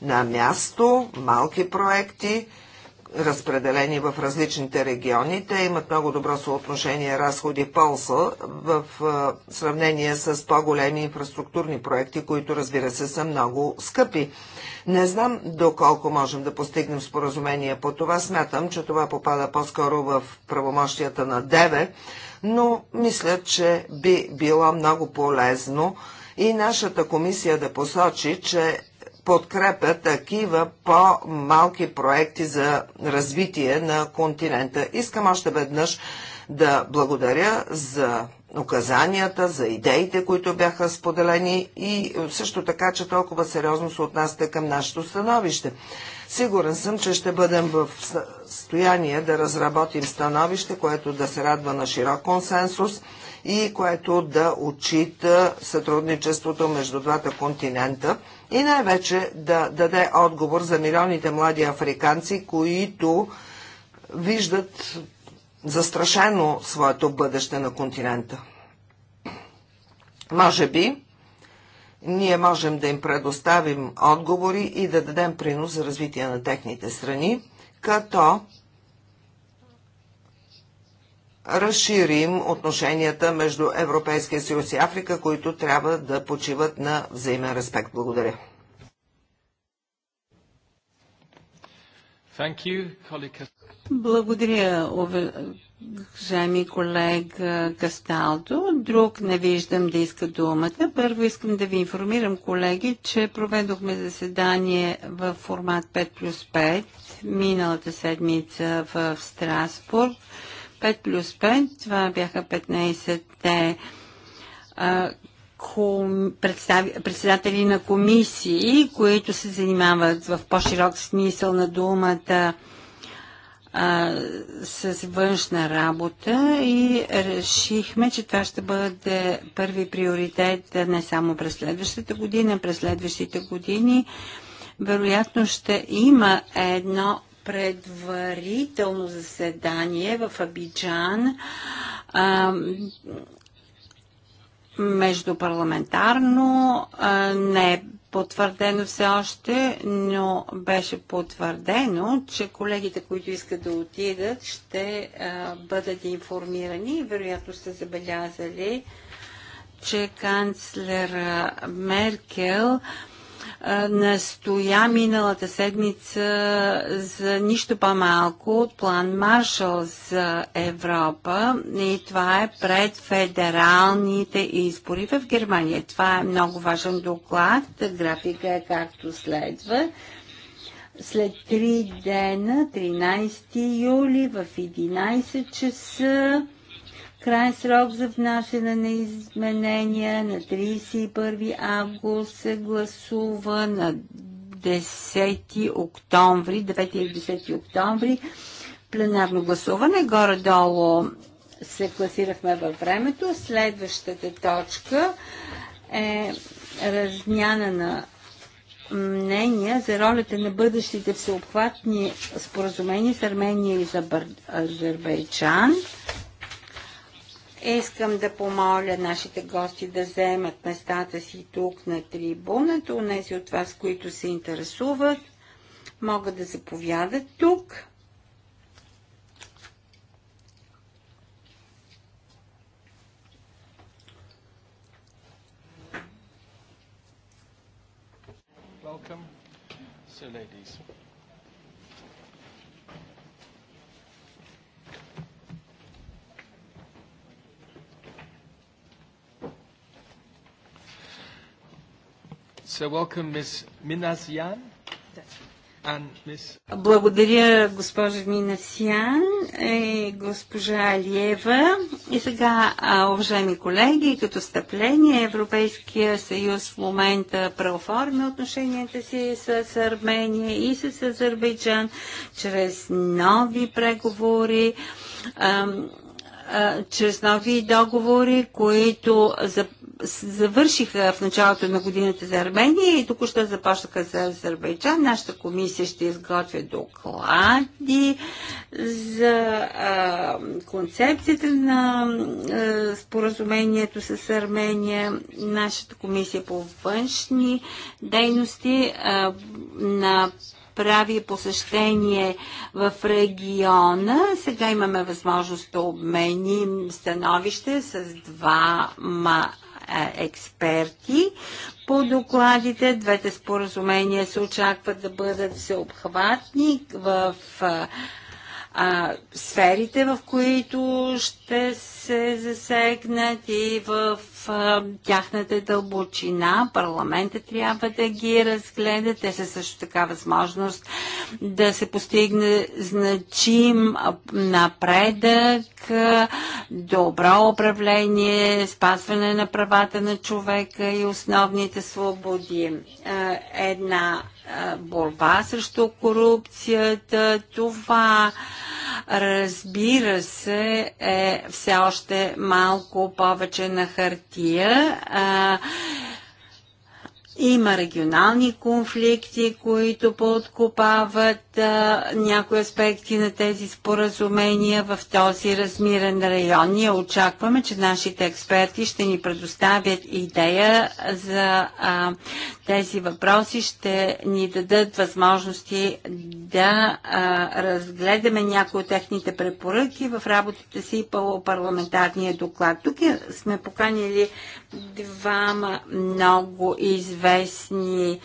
на място, малки проекти, разпределени в различните региони. Те имат много добро съотношение разходи полса в е, сравнение с по-големи инфраструктурни проекти, които разбира се са много скъпи. Не знам доколко можем да постигнем споразумение по това. Смятам, че това попада по-скоро в правомощията на ДЕВЕ, но мисля, че би било много полезно и нашата комисия да посочи, че подкрепя такива по-малки проекти за развитие на континента. Искам още веднъж да благодаря за указанията, за идеите, които бяха споделени и също така, че толкова сериозно се отнасяте към нашето становище. Сигурен съм, че ще бъдем в състояние да разработим становище, което да се радва на широк консенсус и което да отчита сътрудничеството между двата континента и най-вече да даде отговор за милионите млади африканци, които виждат застрашено своето бъдеще на континента. Може би, ние можем да им предоставим отговори и да дадем принос за развитие на техните страни, като разширим отношенията между Европейския съюз и Африка, които трябва да почиват на взаимен респект. Благодаря. Благодаря, уважаеми колега Касталдо. Друг не виждам да иска думата. Първо искам да ви информирам, колеги, че проведохме заседание в формат 5 плюс 5 миналата седмица в Страсбург. 5 плюс 5, това бяха 15-те председатели на комисии, които се занимават в по-широк смисъл на думата а, с външна работа и решихме, че това ще бъде първи приоритет не само през следващата година, през следващите години. Вероятно ще има едно предварително заседание в Абиджан а, междупарламентарно. А, не е потвърдено все още, но беше потвърдено, че колегите, които искат да отидат, ще а, бъдат информирани и вероятно сте забелязали, че канцлер Меркел а, настоя миналата седмица за нищо по-малко от план Маршал за Европа и това е пред федералните избори в Германия. Това е много важен доклад. Графика е както следва. След три дена, 13 юли в 11 часа Крайен срок за внасяне на изменения на 31 август се гласува на 10 октомври, 9 и 10 октомври пленарно гласуване. Горе-долу се класирахме във времето. Следващата точка е размяна на мнения за ролята на бъдещите всеобхватни споразумения с Армения и Азербайджан. Искам да помоля нашите гости да вземат местата си тук на трибуната. Унези от вас, които се интересуват, могат да заповядат тук. Welcome. So ladies, So welcome, Ms. Minasian. Благодаря, госпожа Минасиан и госпожа Алиева. И сега, уважаеми колеги, като стъпление Европейския съюз в момента преоформи отношенията си с Армения и с Азербайджан чрез нови преговори чрез нови договори, които за, завършиха в началото на годината за Армения и току-що започнаха за Азербайджан. Нашата комисия ще изготвя доклади за а, концепцията на а, споразумението с Армения. Нашата комисия по външни дейности а, на прави посещение в региона. Сега имаме възможност да обменим становище с двама експерти по докладите. Двете споразумения се очакват да бъдат всеобхватни в а, а, сферите, в които ще се засегнат и в а, тяхната дълбочина. Парламента трябва да ги разгледа. Те са също така възможност да се постигне значим напредък, добро управление, спазване на правата на човека и основните свободи. Е, една борба срещу корупцията. Това, разбира се, е все още малко повече на хартия. Има регионални конфликти, които подкопават някои аспекти на тези споразумения в този размирен район. Ние очакваме, че нашите експерти ще ни предоставят идея за а, тези въпроси, ще ни дадат възможности да а, разгледаме някои от техните препоръки в работата си по парламентарния доклад. Тук е, сме поканили двама много известни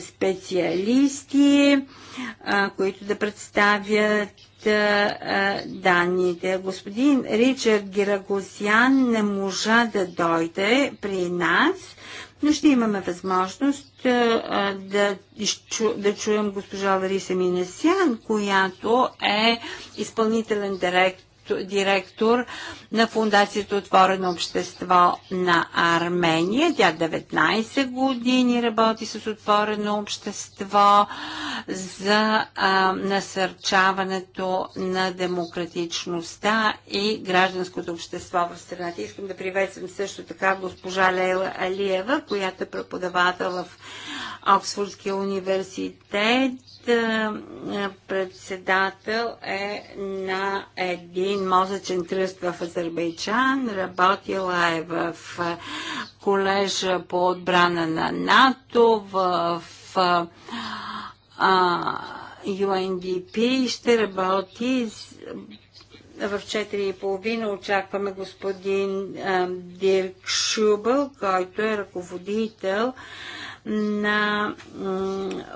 специалисти, а, които да представят данните. Господин Ричард Гирагосян не можа да дойде при нас, но ще имаме възможност да, да чуем госпожа Лариса Минесян, която е изпълнителен директор директор на Фундацията Отворено общество на Армения. Тя 19 години работи с Отворено общество за а, насърчаването на демократичността и гражданското общество в страната. Искам да приветствам също така госпожа Лейла Алиева, която е преподавател в Оксфордския университет. Председател е на един мозъчен тръст в Азербайджан. Работила е в колежа по отбрана на НАТО, в UNDP. Ще работи в 4.30 очакваме господин Дирк Шубъл, който е ръководител на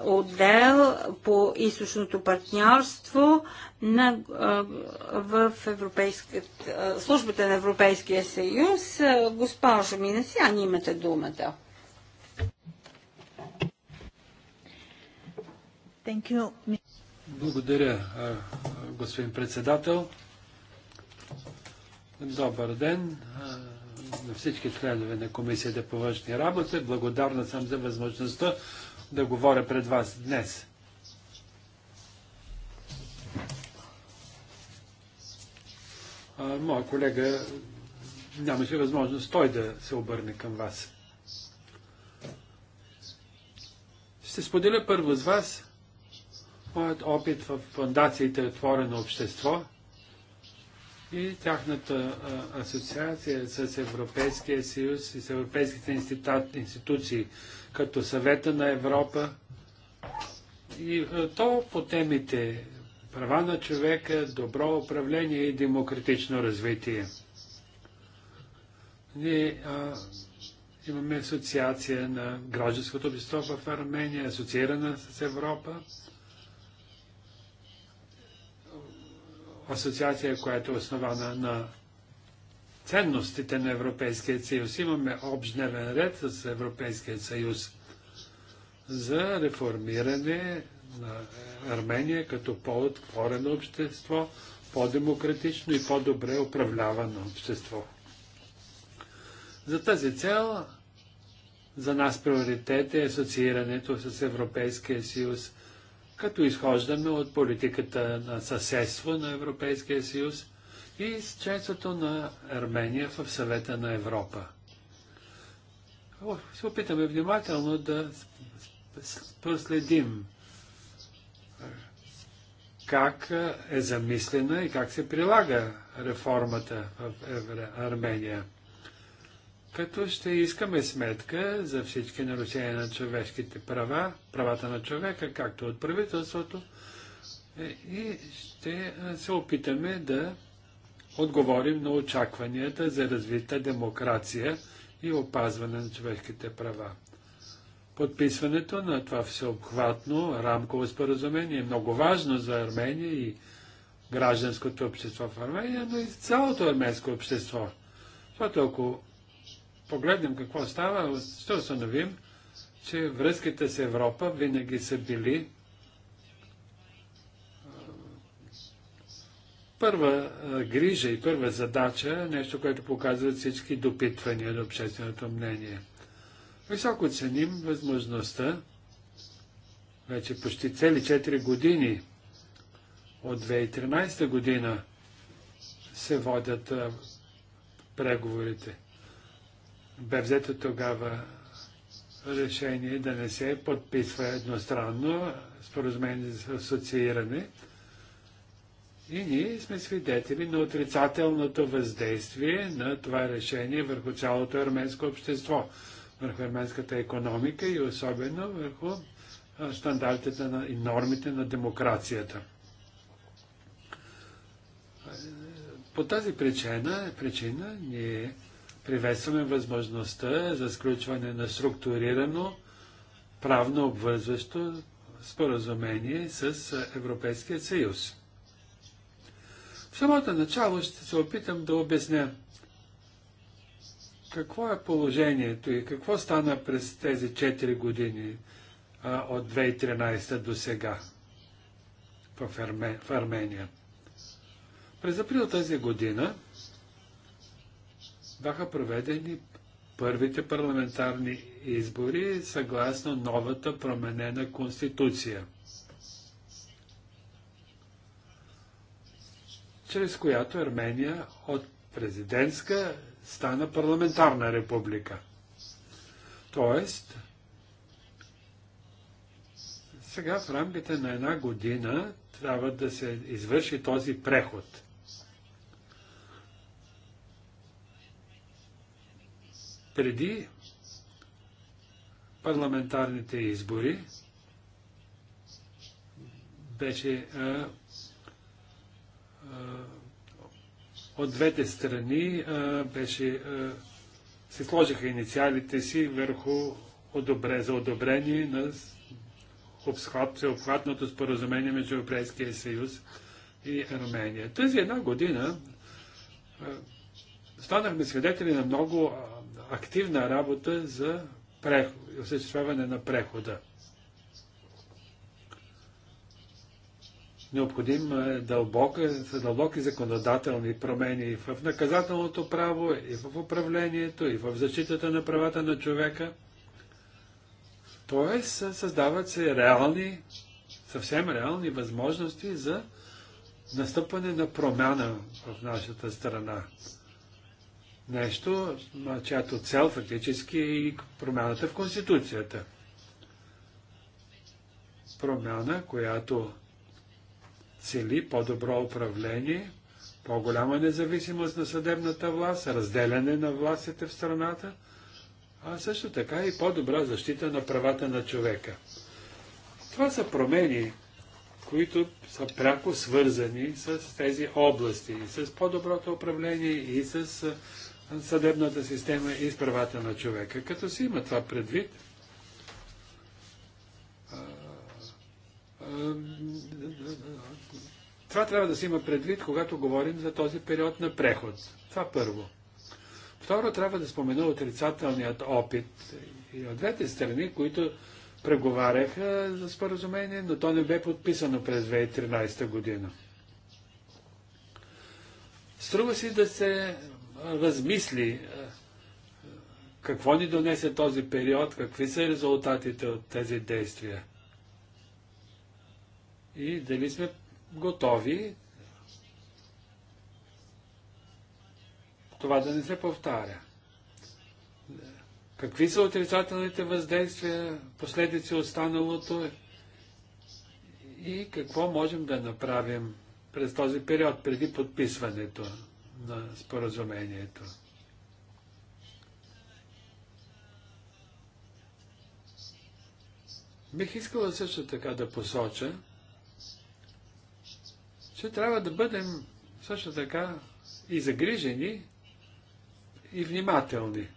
отдел по източното партньорство на, в службата на Европейския съюз. Госпожо Минасян, имате думата. Благодаря, господин председател. Добър ден на всички членове на Комисията по външни работи. Благодарна съм за възможността да говоря пред вас днес. Моя колега нямаше възможност той да се обърне към вас. Ще споделя първо с вас моят опит в фундациите Отворено общество – и тяхната асоциация с Европейския съюз и с европейските институции, като съвета на Европа. И то по темите права на човека, добро управление и демократично развитие. Ние а, имаме асоциация на гражданското общество в Армения, асоциирана с Европа. асоциация, която е основана на ценностите на Европейския съюз. Имаме общ дневен ред с Европейския съюз за реформиране на Армения като по-отворено общество, по-демократично и по-добре управлявано общество. За тази цел за нас приоритет е асоциирането с Европейския съюз като изхождаме от политиката на съседство на Европейския съюз и с членството на Армения в съвета на Европа. О, се опитаме внимателно да проследим как е замислена и как се прилага реформата в Армения като ще искаме сметка за всички нарушения на човешките права, правата на човека, както от правителството, е, и ще се опитаме да отговорим на очакванията за развита демокрация и опазване на човешките права. Подписването на това всеобхватно рамково споразумение е много важно за Армения и гражданското общество в Армения, но и цялото арменско общество. Защото ако погледнем какво става, ще установим, че връзките с Европа винаги са били първа грижа и първа задача, нещо, което показват всички допитвания на общественото мнение. Високо ценим възможността вече почти цели 4 години от 2013 година се водят преговорите бе взето тогава решение да не се подписва едностранно споразумение за асоцииране. И ние сме свидетели на отрицателното въздействие на това решение върху цялото арменско общество, върху арменската економика и особено върху стандартите на, и нормите на демокрацията. По тази причина, причина ние Приветстваме възможността за сключване на структурирано, правно обвързващо споразумение с Европейския съюз. В самото начало ще се опитам да обясня какво е положението и какво стана през тези 4 години а, от 2013 до сега в, Арме... в Армения. През април тази година бяха проведени първите парламентарни избори съгласно новата променена конституция, чрез която Армения от президентска стана парламентарна република. Тоест, сега в рамките на една година трябва да се извърши този преход – преди парламентарните избори беше а, а, от двете страни а, беше, се сложиха инициалите си върху одобре, за одобрение на обхват, обхватното споразумение между Европейския съюз и Армения. Тази една година станахме свидетели на много активна работа за осъществяване на прехода. Необходим е дълбок, дълбоки законодателни промени и в наказателното право, и в управлението, и в защитата на правата на човека. Тоест, създават се реални, съвсем реални възможности за настъпване на промяна в нашата страна нещо, чиято цел фактически е и промяната в Конституцията. Промяна, която цели по-добро управление, по-голяма независимост на съдебната власт, разделяне на властите в страната, а също така и по-добра защита на правата на човека. Това са промени, които са пряко свързани с тези области, и с по-доброто управление и с съдебната система е и с правата на човека. Като си има това предвид, това трябва да се има предвид, когато говорим за този период на преход. Това първо. Второ, трябва да спомена отрицателният опит и от двете страни, които преговаряха за споразумение, но то не бе подписано през 2013 година. Струва си да се размисли е, какво ни донесе този период, какви са резултатите от тези действия. И дали сме готови това да не се повтаря. Какви са отрицателните въздействия, последици останалото, и какво можем да направим през този период преди подписването на споразумението. Бих искала също така да посоча, че трябва да бъдем също така и загрижени, и внимателни.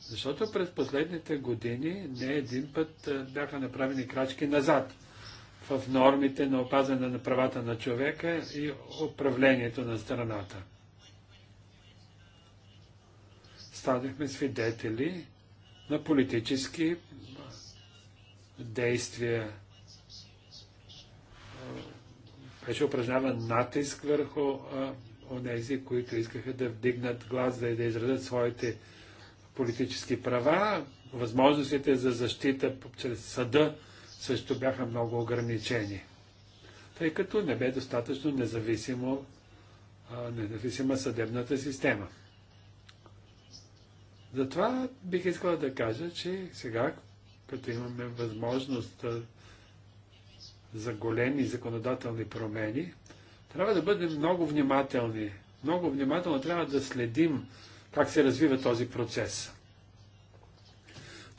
Защото през последните години не един път бяха направени крачки назад в нормите на опазване на правата на човека и управлението на страната станахме свидетели на политически действия. Беше упражняван натиск върху онези, които искаха да вдигнат глас, да, да изразят своите политически права. Възможностите за защита чрез съда също бяха много ограничени, тъй като не бе достатъчно независимо, независима съдебната система. Затова бих искала да кажа, че сега, като имаме възможност за големи законодателни промени, трябва да бъдем много внимателни. Много внимателно трябва да следим как се развива този процес.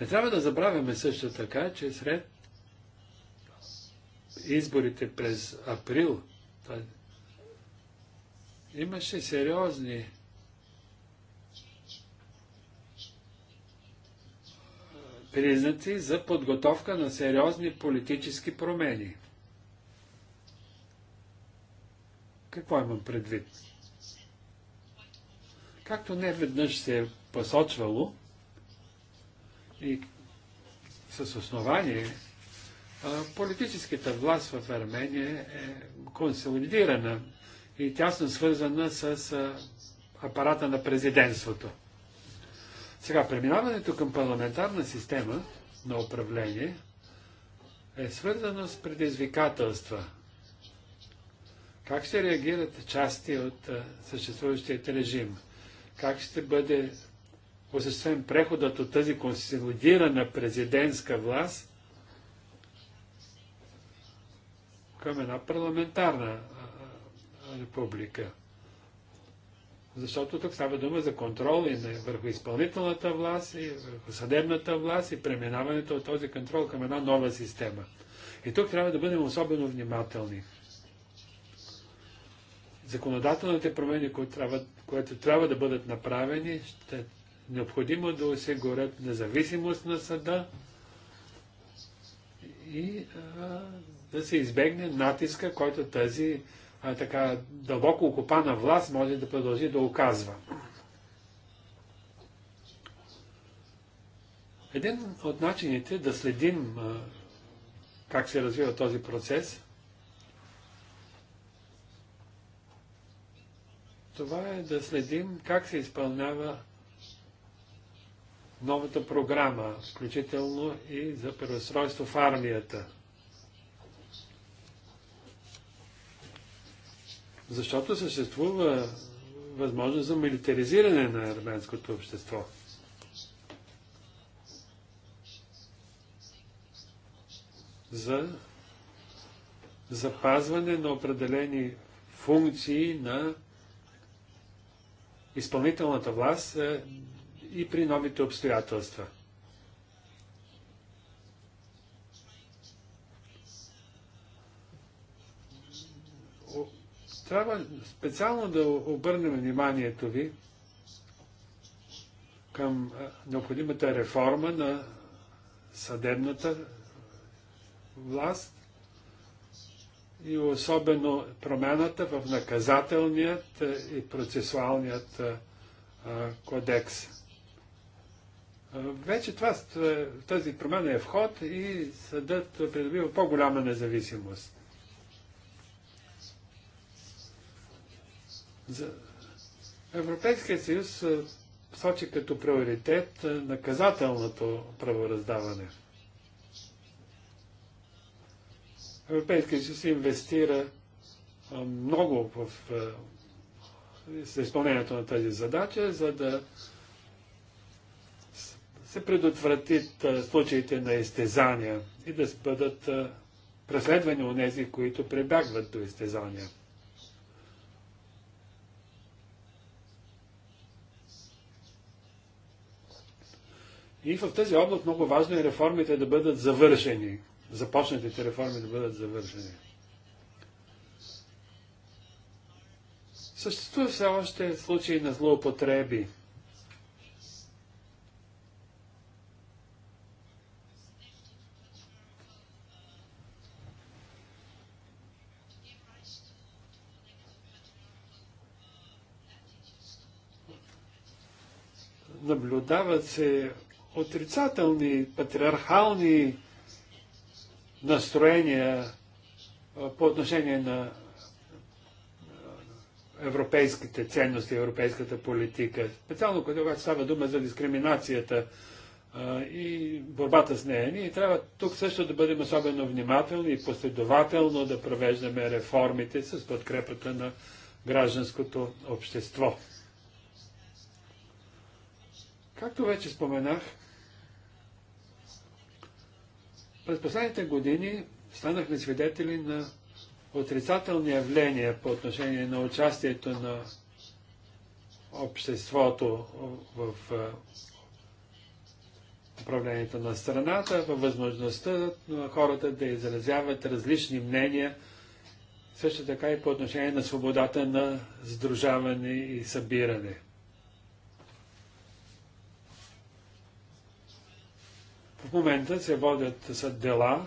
Не трябва да забравяме също така, че сред изборите през април имаше сериозни признаци за подготовка на сериозни политически промени. Какво имам предвид? Както не веднъж се е посочвало и с основание, политическата власт в Армения е консолидирана и тясно свързана с апарата на президентството. Сега, преминаването към парламентарна система на управление е свързано с предизвикателства. Как ще реагират части от съществуващият режим? Как ще бъде осъществен преходът от тази консолидирана президентска власт към една парламентарна република? защото тук става дума за контрол и върху изпълнителната власт, и върху съдебната власт, и преминаването от този контрол към една нова система. И тук трябва да бъдем особено внимателни. Законодателните промени, които трябва, които трябва да бъдат направени, ще е необходимо да осигурят независимост на съда и а, да се избегне натиска, който тази а, така дълбоко окупана власт може да продължи да оказва. Един от начините да следим а, как се развива този процес, това е да следим как се изпълнява новата програма, включително и за превъзстройство в армията. защото съществува възможност за милитаризиране на арменското общество. За запазване на определени функции на изпълнителната власт е, и при новите обстоятелства – Трябва специално да обърнем вниманието ви към необходимата реформа на съдебната власт и особено промяната в наказателният и процесуалният кодекс. Вече това, тази промяна е вход и съдът е придобива по-голяма независимост. За Европейския съюз сочи като приоритет наказателното правораздаване. Европейския съюз инвестира много в изпълнението на тази задача, за да се предотвратят случаите на изтезания и да бъдат преследвани от тези, които пребягват до изтезания. И в тази област много важно е реформите да бъдат завършени. Започнатите реформи да бъдат завършени. Съществува все още случаи на злоупотреби. Наблюдават се отрицателни, патриархални настроения по отношение на европейските ценности, европейската политика. Специално когато става дума за дискриминацията и борбата с нея. Ние трябва тук също да бъдем особено внимателни и последователно да провеждаме реформите с подкрепата на гражданското общество. Както вече споменах, през последните години станахме свидетели на отрицателни явления по отношение на участието на обществото в управлението на страната, във възможността на хората да изразяват различни мнения, също така и по отношение на свободата на сдружаване и събиране. В момента се водят съд дела,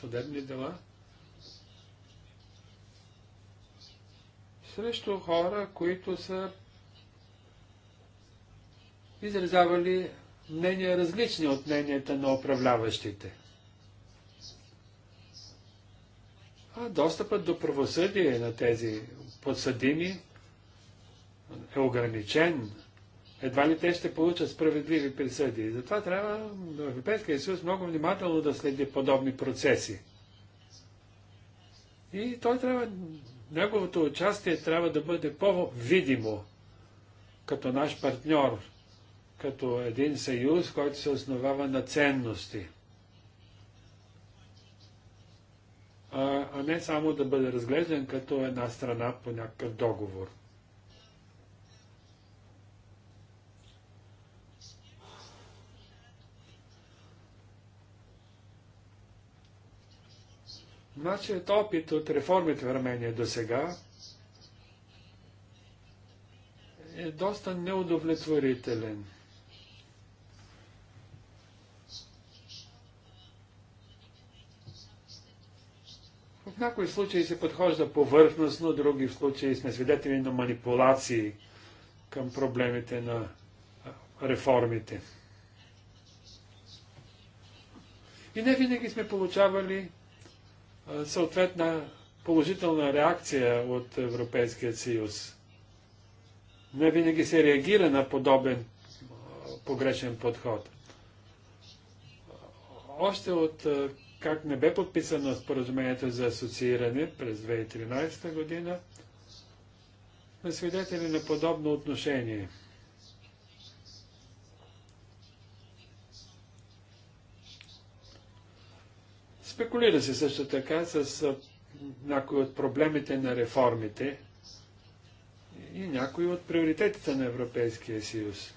съдебни дела, срещу хора, които са изразявали мнения различни от мненията на управляващите. А достъпът до правосъдие на тези подсъдими е ограничен едва ли те ще получат справедливи присъди. затова трябва Европейския съюз много внимателно да следи подобни процеси. И той трябва, неговото участие трябва да бъде по-видимо като наш партньор, като един съюз, който се основава на ценности. А, а не само да бъде разглеждан като една страна по някакъв договор. Нашият опит от реформите в Армения до сега е доста неудовлетворителен. В някои случаи се подхожда повърхностно, в други случаи сме свидетели на манипулации към проблемите на реформите. И не винаги сме получавали съответна положителна реакция от Европейския съюз. Не винаги се реагира на подобен погрешен подход. Още от как не бе подписано споразумението за асоцииране през 2013 година, сме свидетели на подобно отношение – Спекулира се също така с някои от проблемите на реформите и някои от приоритетите на Европейския съюз.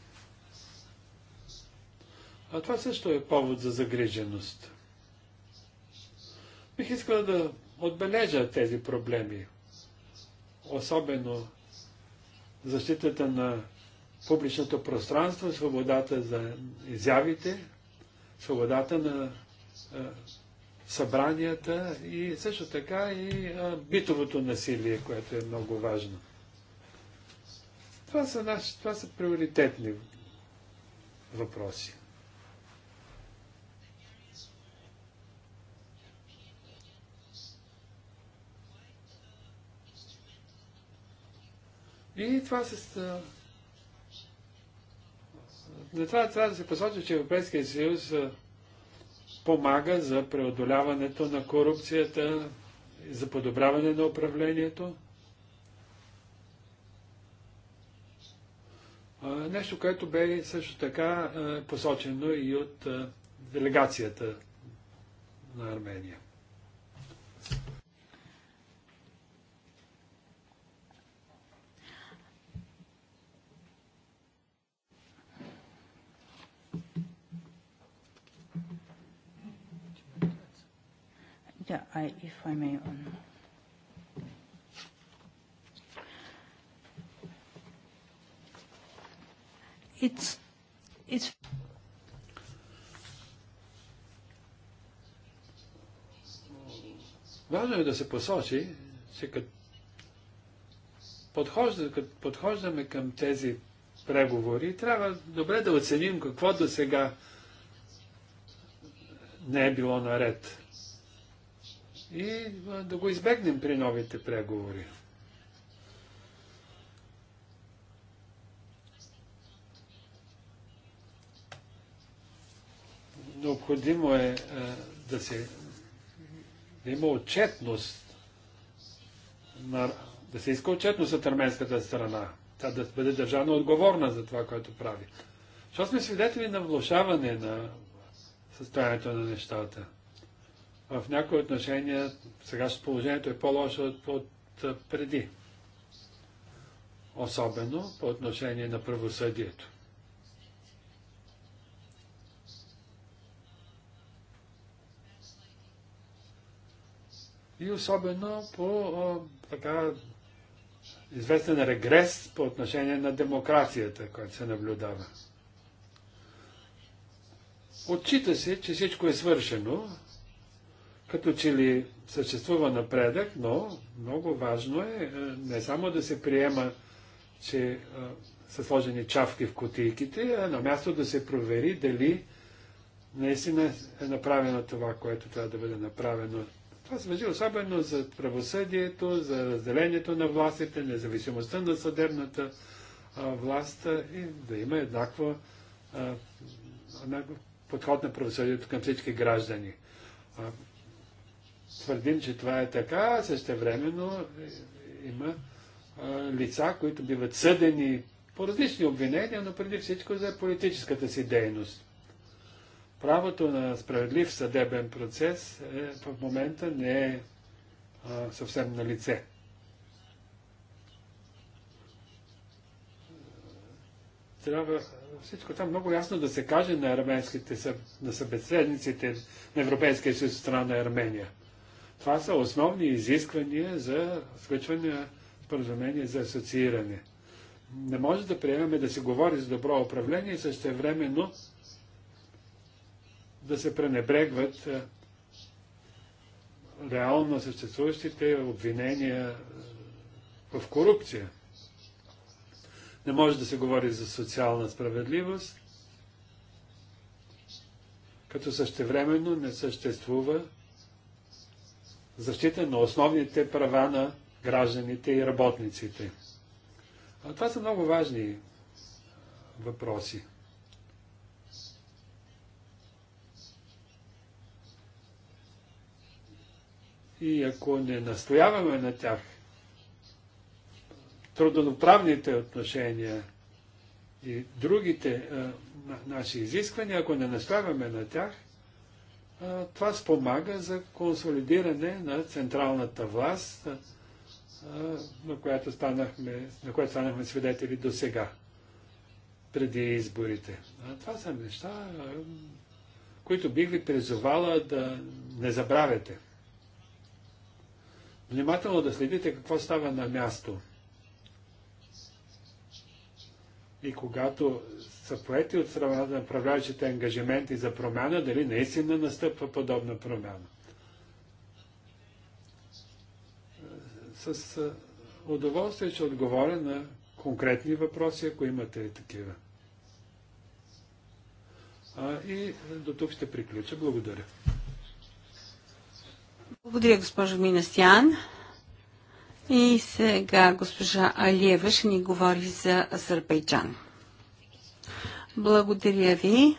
А това също е повод за загриженост. Бих искал да отбележа тези проблеми, особено защитата на публичното пространство, свободата за изявите, свободата на събранията и също така и битовото насилие, което е много важно. Това са, наши, това са приоритетни въпроси. И това се... Не трябва да се посочи, че Европейския съюз помага за преодоляването на корупцията, за подобряване на управлението. Нещо, което бе също така посочено и от делегацията на Армения. Yeah, if I may. Um, it's, Важно е да се посочи, че като подхождаме към тези преговори, трябва добре да оценим какво до сега не е било наред и да го избегнем при новите преговори. Необходимо е да се да има отчетност на, да се иска отчетност от арменската страна. Тя да бъде държавно отговорна за това, което прави. Защото сме свидетели на влушаване на състоянието на нещата в някои отношения сега положението е по-лошо от, от, преди. Особено по отношение на правосъдието. И особено по така известен регрес по отношение на демокрацията, която се наблюдава. Отчита се, че всичко е свършено, като че ли съществува напредък, но много важно е, е не само да се приема, че е, са сложени чавки в кутийките, а на място да се провери дали наистина е направено това, което трябва да бъде направено. Това се въжи особено за правосъдието, за разделението на властите, независимостта на съдебната власт и да има еднаква подход на правосъдието към всички граждани твърдим, че това е така, същевременно има лица, които биват съдени по различни обвинения, но преди всичко за политическата си дейност. Правото на справедлив съдебен процес е, в момента не е а, съвсем на лице. Трябва всичко там много ясно да се каже на арменските, на събеседниците на Европейския съюз страна на Армения – това са основни изисквания за сключване на споразумение за асоцииране. Не може да приемаме да се говори за добро управление и същевременно да се пренебрегват реално съществуващите обвинения в корупция. Не може да се говори за социална справедливост, като същевременно не съществува защита на основните права на гражданите и работниците. А това са много важни въпроси. И ако не настояваме на тях, трудноправните отношения и другите а, наши изисквания, ако не настояваме на тях, това спомага за консолидиране на централната власт, на която станахме, на която станахме свидетели до сега, преди изборите. това са неща, които бих ви призовала да не забравяте. Внимателно да следите какво става на място. И когато са поети от страна на направляващите ангажименти за промяна, дали наистина настъпва подобна промяна. Е, с удоволствие ще отговоря на конкретни въпроси, ако имате и такива. А, и до тук ще приключа. Благодаря. Благодаря, госпожо Минастян. И сега госпожа Алиева ще ни говори за Азербайджан. Благодаря ви.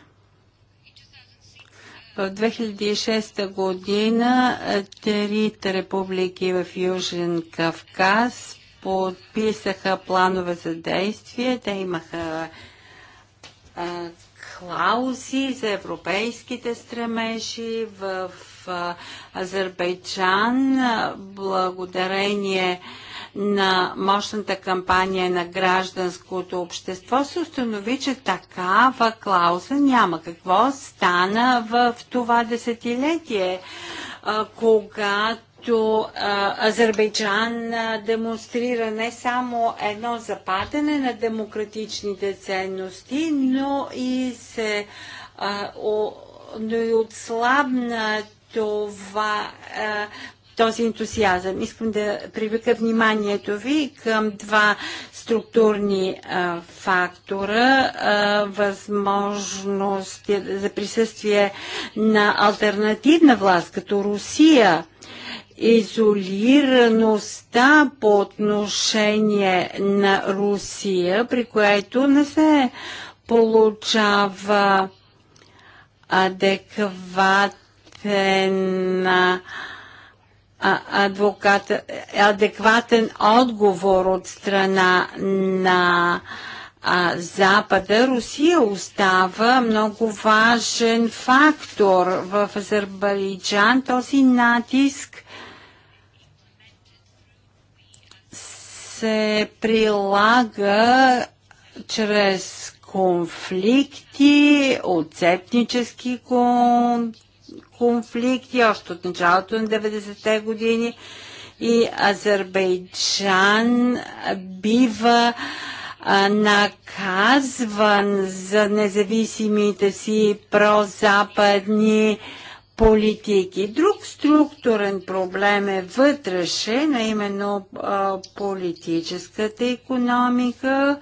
В 2006 година е, трите републики в Южен Кавказ подписаха планове за действие. Те имаха а, е, клаузи за европейските стремежи в а, е, Азербайджан. Благодарение а, на мощната кампания на гражданското общество, се установи, че такава клауза няма. Какво стана в това десетилетие, когато Азербайджан демонстрира не само едно западане на демократичните ценности, но и се но и отслабна това този ентусиазъм. Искам да привлека вниманието ви към два структурни а, фактора, а, възможност за присъствие на альтернативна власт, като Русия, изолираността по отношение на Русия, при което не се получава адекватен адвокат, адекватен отговор от страна на а, Запада, Русия остава много важен фактор в Азербайджан. Този натиск се прилага чрез конфликти, отцепнически конфликти, конфликти още от началото на 90-те години и Азербайджан бива наказван за независимите си прозападни политики. Друг структурен проблем е вътрешен, а именно а, политическата економика,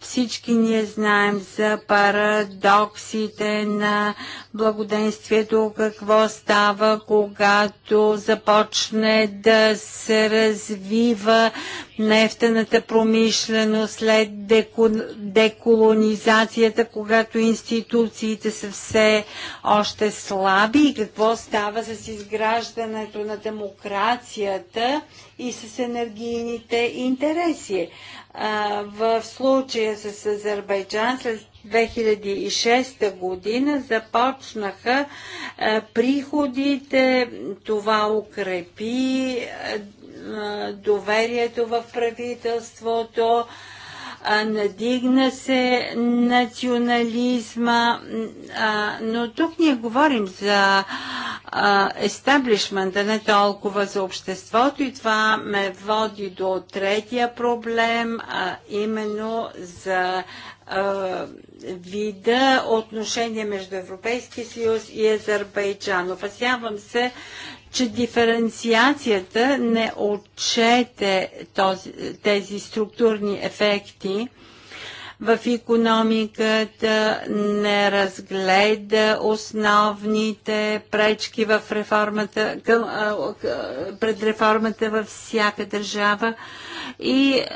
всички ние знаем за парадоксите на благоденствието, какво става, когато започне да се развива нефтената промишленост след деколонизацията, когато институциите са все още слаби и какво става с изграждането на демокрацията и с енергийните интереси в случая с Азербайджан след 2006 година започнаха приходите, това укрепи доверието в правителството, надигна се национализма, но тук ние говорим за естаблишмента, не толкова за обществото и това ме води до третия проблем, а именно за вида отношения между Европейския съюз и Азербайджан. Опасявам се, че диференциацията не отчете този, тези структурни ефекти в економиката, не разгледа основните пречки в реформата, към, пред реформата във всяка държава и е,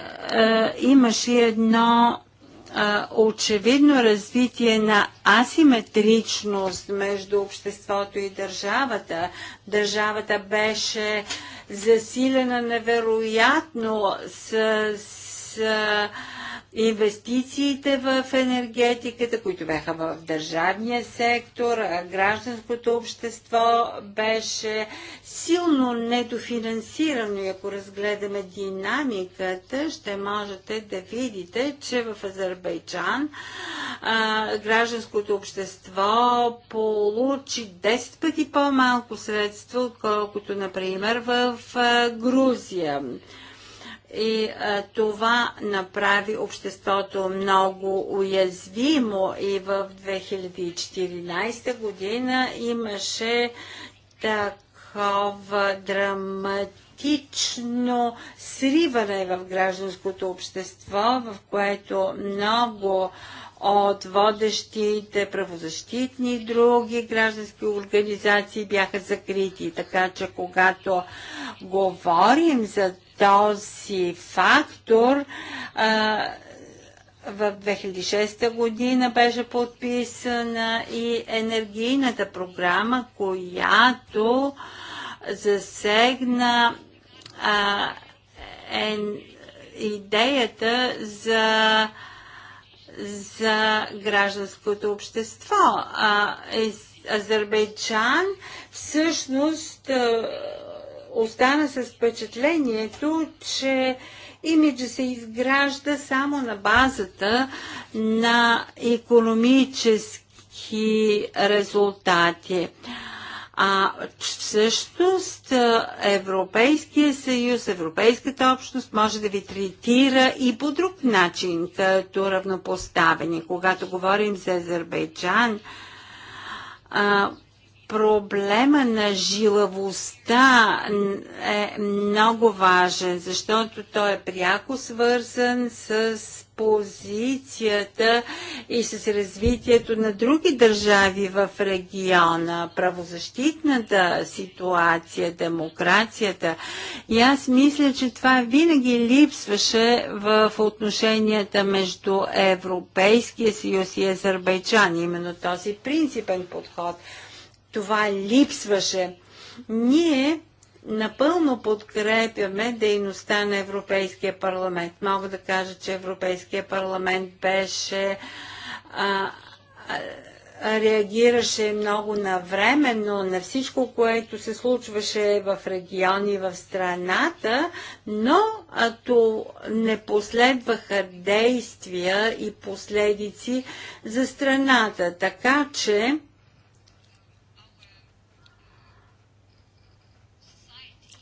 имаше едно очевидно развитие на асиметричност между обществото и държавата. Държавата беше засилена невероятно с, с инвестициите в енергетиката, които бяха в държавния сектор, гражданското общество беше силно недофинансирано и ако разгледаме динамиката, ще можете да видите, че в Азербайджан а, гражданското общество получи 10 пъти по-малко средства, отколкото, например, в а, Грузия. И а, това направи обществото много уязвимо и в 2014 година имаше такова драматично сриване в гражданското общество, в което много от водещите правозащитни и други граждански организации бяха закрити. Така че когато говорим за този фактор а, в 2006 година беше подписана и енергийната програма, която засегна а, е, идеята за, за гражданското общество. А, Азербайджан всъщност а, остана с впечатлението, че имиджа се изгражда само на базата на економически резултати. А всъщност Европейския съюз, Европейската общност може да ви третира и по друг начин, като равнопоставени. Когато говорим за Азербайджан, а, проблема на жилавостта е много важен, защото той е пряко свързан с позицията и с развитието на други държави в региона, правозащитната ситуация, демокрацията. И аз мисля, че това винаги липсваше в отношенията между Европейския съюз и Азербайджан, именно този принципен подход – това липсваше. Ние напълно подкрепяме дейността на Европейския парламент. Мога да кажа, че Европейския парламент беше а, а, реагираше много навременно на всичко, което се случваше в региони в страната, но ато не последваха действия и последици за страната. Така че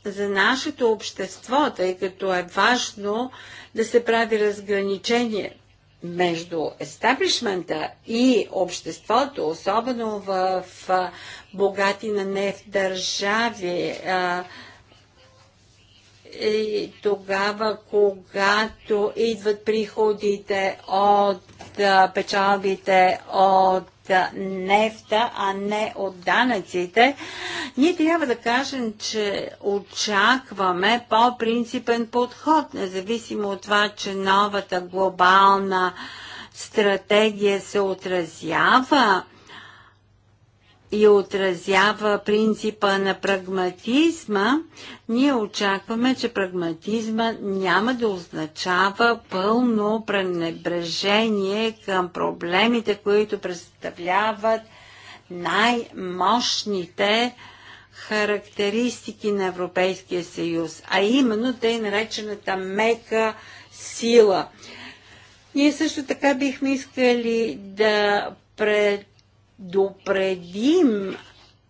за нашето общество, тъй като е важно да се прави разграничение между естаблишмента и обществото, особено в, богати на нефт държави. и тогава, когато идват приходите от печалбите от нефта, а не от данъците, ние трябва да кажем, че очакваме по-принципен подход, независимо от това, че новата глобална стратегия се отразява и отразява принципа на прагматизма, ние очакваме, че прагматизма няма да означава пълно пренебрежение към проблемите, които представляват най-мощните характеристики на Европейския съюз, а именно тъй наречената мека сила. Ние също така бихме искали да пред Допредим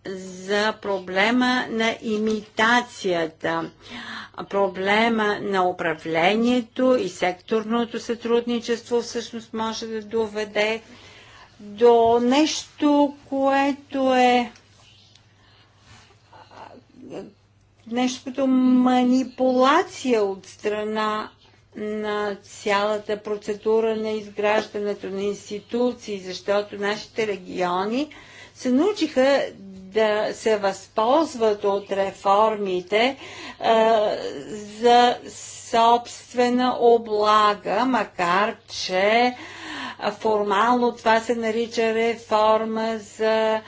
за проблема на имитацията, проблема на управлението и секторното сътрудничество всъщност може да доведе до нещо, което е нещо като манипулация от страна на цялата процедура на изграждането на институции, защото нашите региони се научиха да се възползват от реформите а, за собствена облага, макар че формално това се нарича реформа за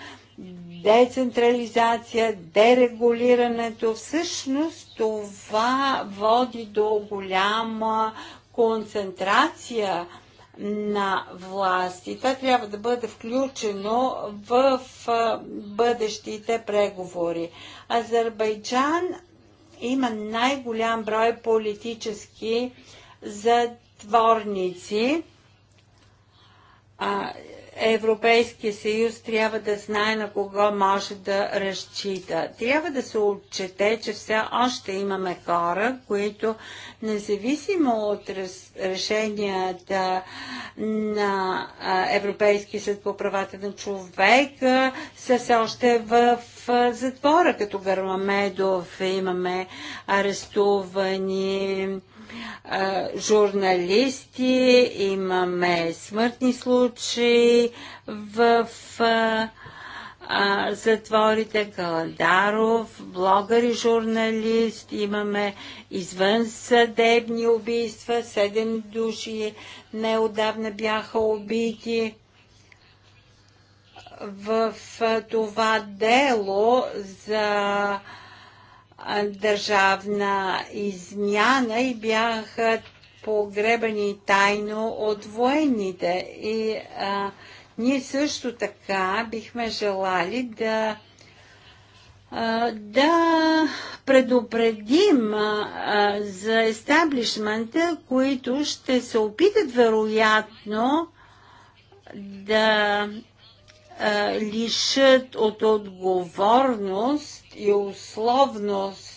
децентрализация, дерегулирането. Всъщност това води до голяма концентрация на власт. И това трябва да бъде включено в бъдещите преговори. Азербайджан има най-голям брой политически затворници. Европейския съюз трябва да знае на кого може да разчита. Трябва да се отчете, че все още имаме хора, които независимо от решенията на Европейския съд по правата на човека, са все още в затвора, като Гармамедов имаме арестувани журналисти, имаме смъртни случаи в затворите, Каландаров, блогър и журналист, имаме извънсъдебни убийства, седем души неодавна бяха убити. В това дело за държавна измяна и бяха погребани тайно от военните. И а, ние също така бихме желали да да предупредим а, за естаблишмента, които ще се опитат вероятно да лишат от отговорност и условност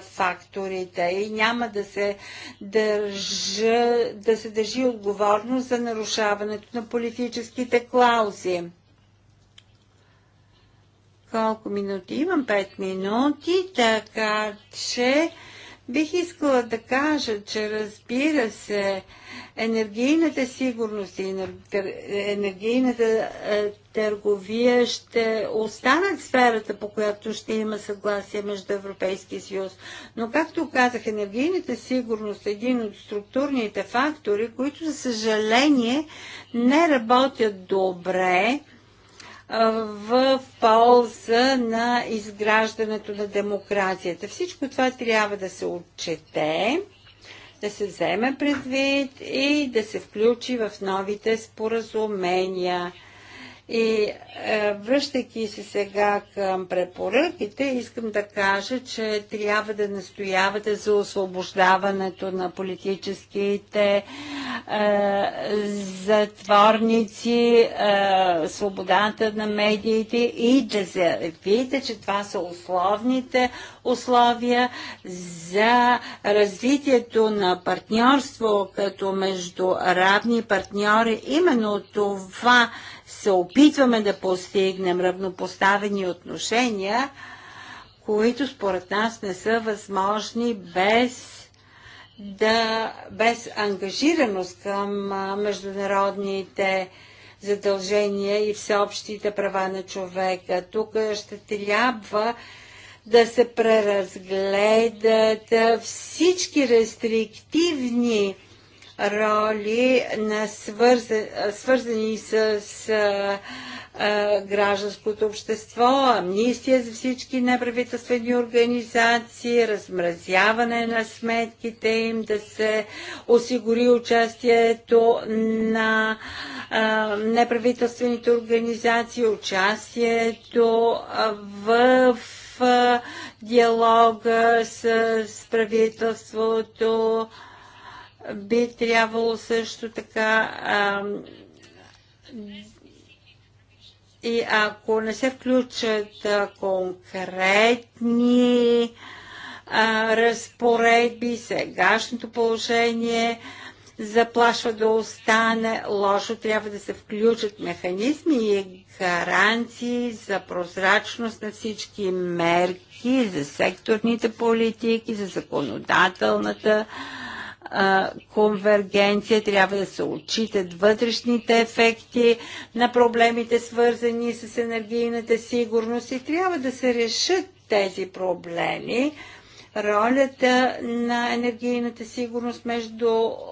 факторите и няма да се, държа, да се държи отговорност за нарушаването на политическите клаузи. Колко минути? Имам 5 минути, така че Бих искала да кажа, че разбира се, енергийната сигурност и енергийната е, търговия ще останат сферата, по която ще има съгласие между Европейския съюз. Но, както казах, енергийната сигурност е един от структурните фактори, които, за съжаление, не работят добре в полза на изграждането на демокрацията. Всичко това трябва да се отчете, да се вземе предвид и да се включи в новите споразумения. И е, връщайки се сега към препоръките, искам да кажа, че трябва да настоявате за освобождаването на политическите е, затворници, е, свободата на медиите и да заявите, че това са условните условия за развитието на партньорство като между равни партньори. Именно това се опитваме да постигнем равнопоставени отношения, които според нас не са възможни без да без ангажираност към международните задължения и всеобщите права на човека. Тук ще трябва да се преразгледат всички рестриктивни роли, на свързани, свързани с, с гражданското общество, амнистия за всички неправителствени организации, размразяване на сметките им, да се осигури участието на а, неправителствените организации, участието в диалога с правителството, би трябвало също така а, и ако не се включат а, конкретни а, разпоредби, сегашното положение заплашва да остане лошо. Трябва да се включат механизми и гаранции за прозрачност на всички мерки, за секторните политики, за законодателната а, конвергенция, трябва да се отчитат вътрешните ефекти на проблемите, свързани с енергийната сигурност и трябва да се решат тези проблеми. Ролята на енергийната сигурност между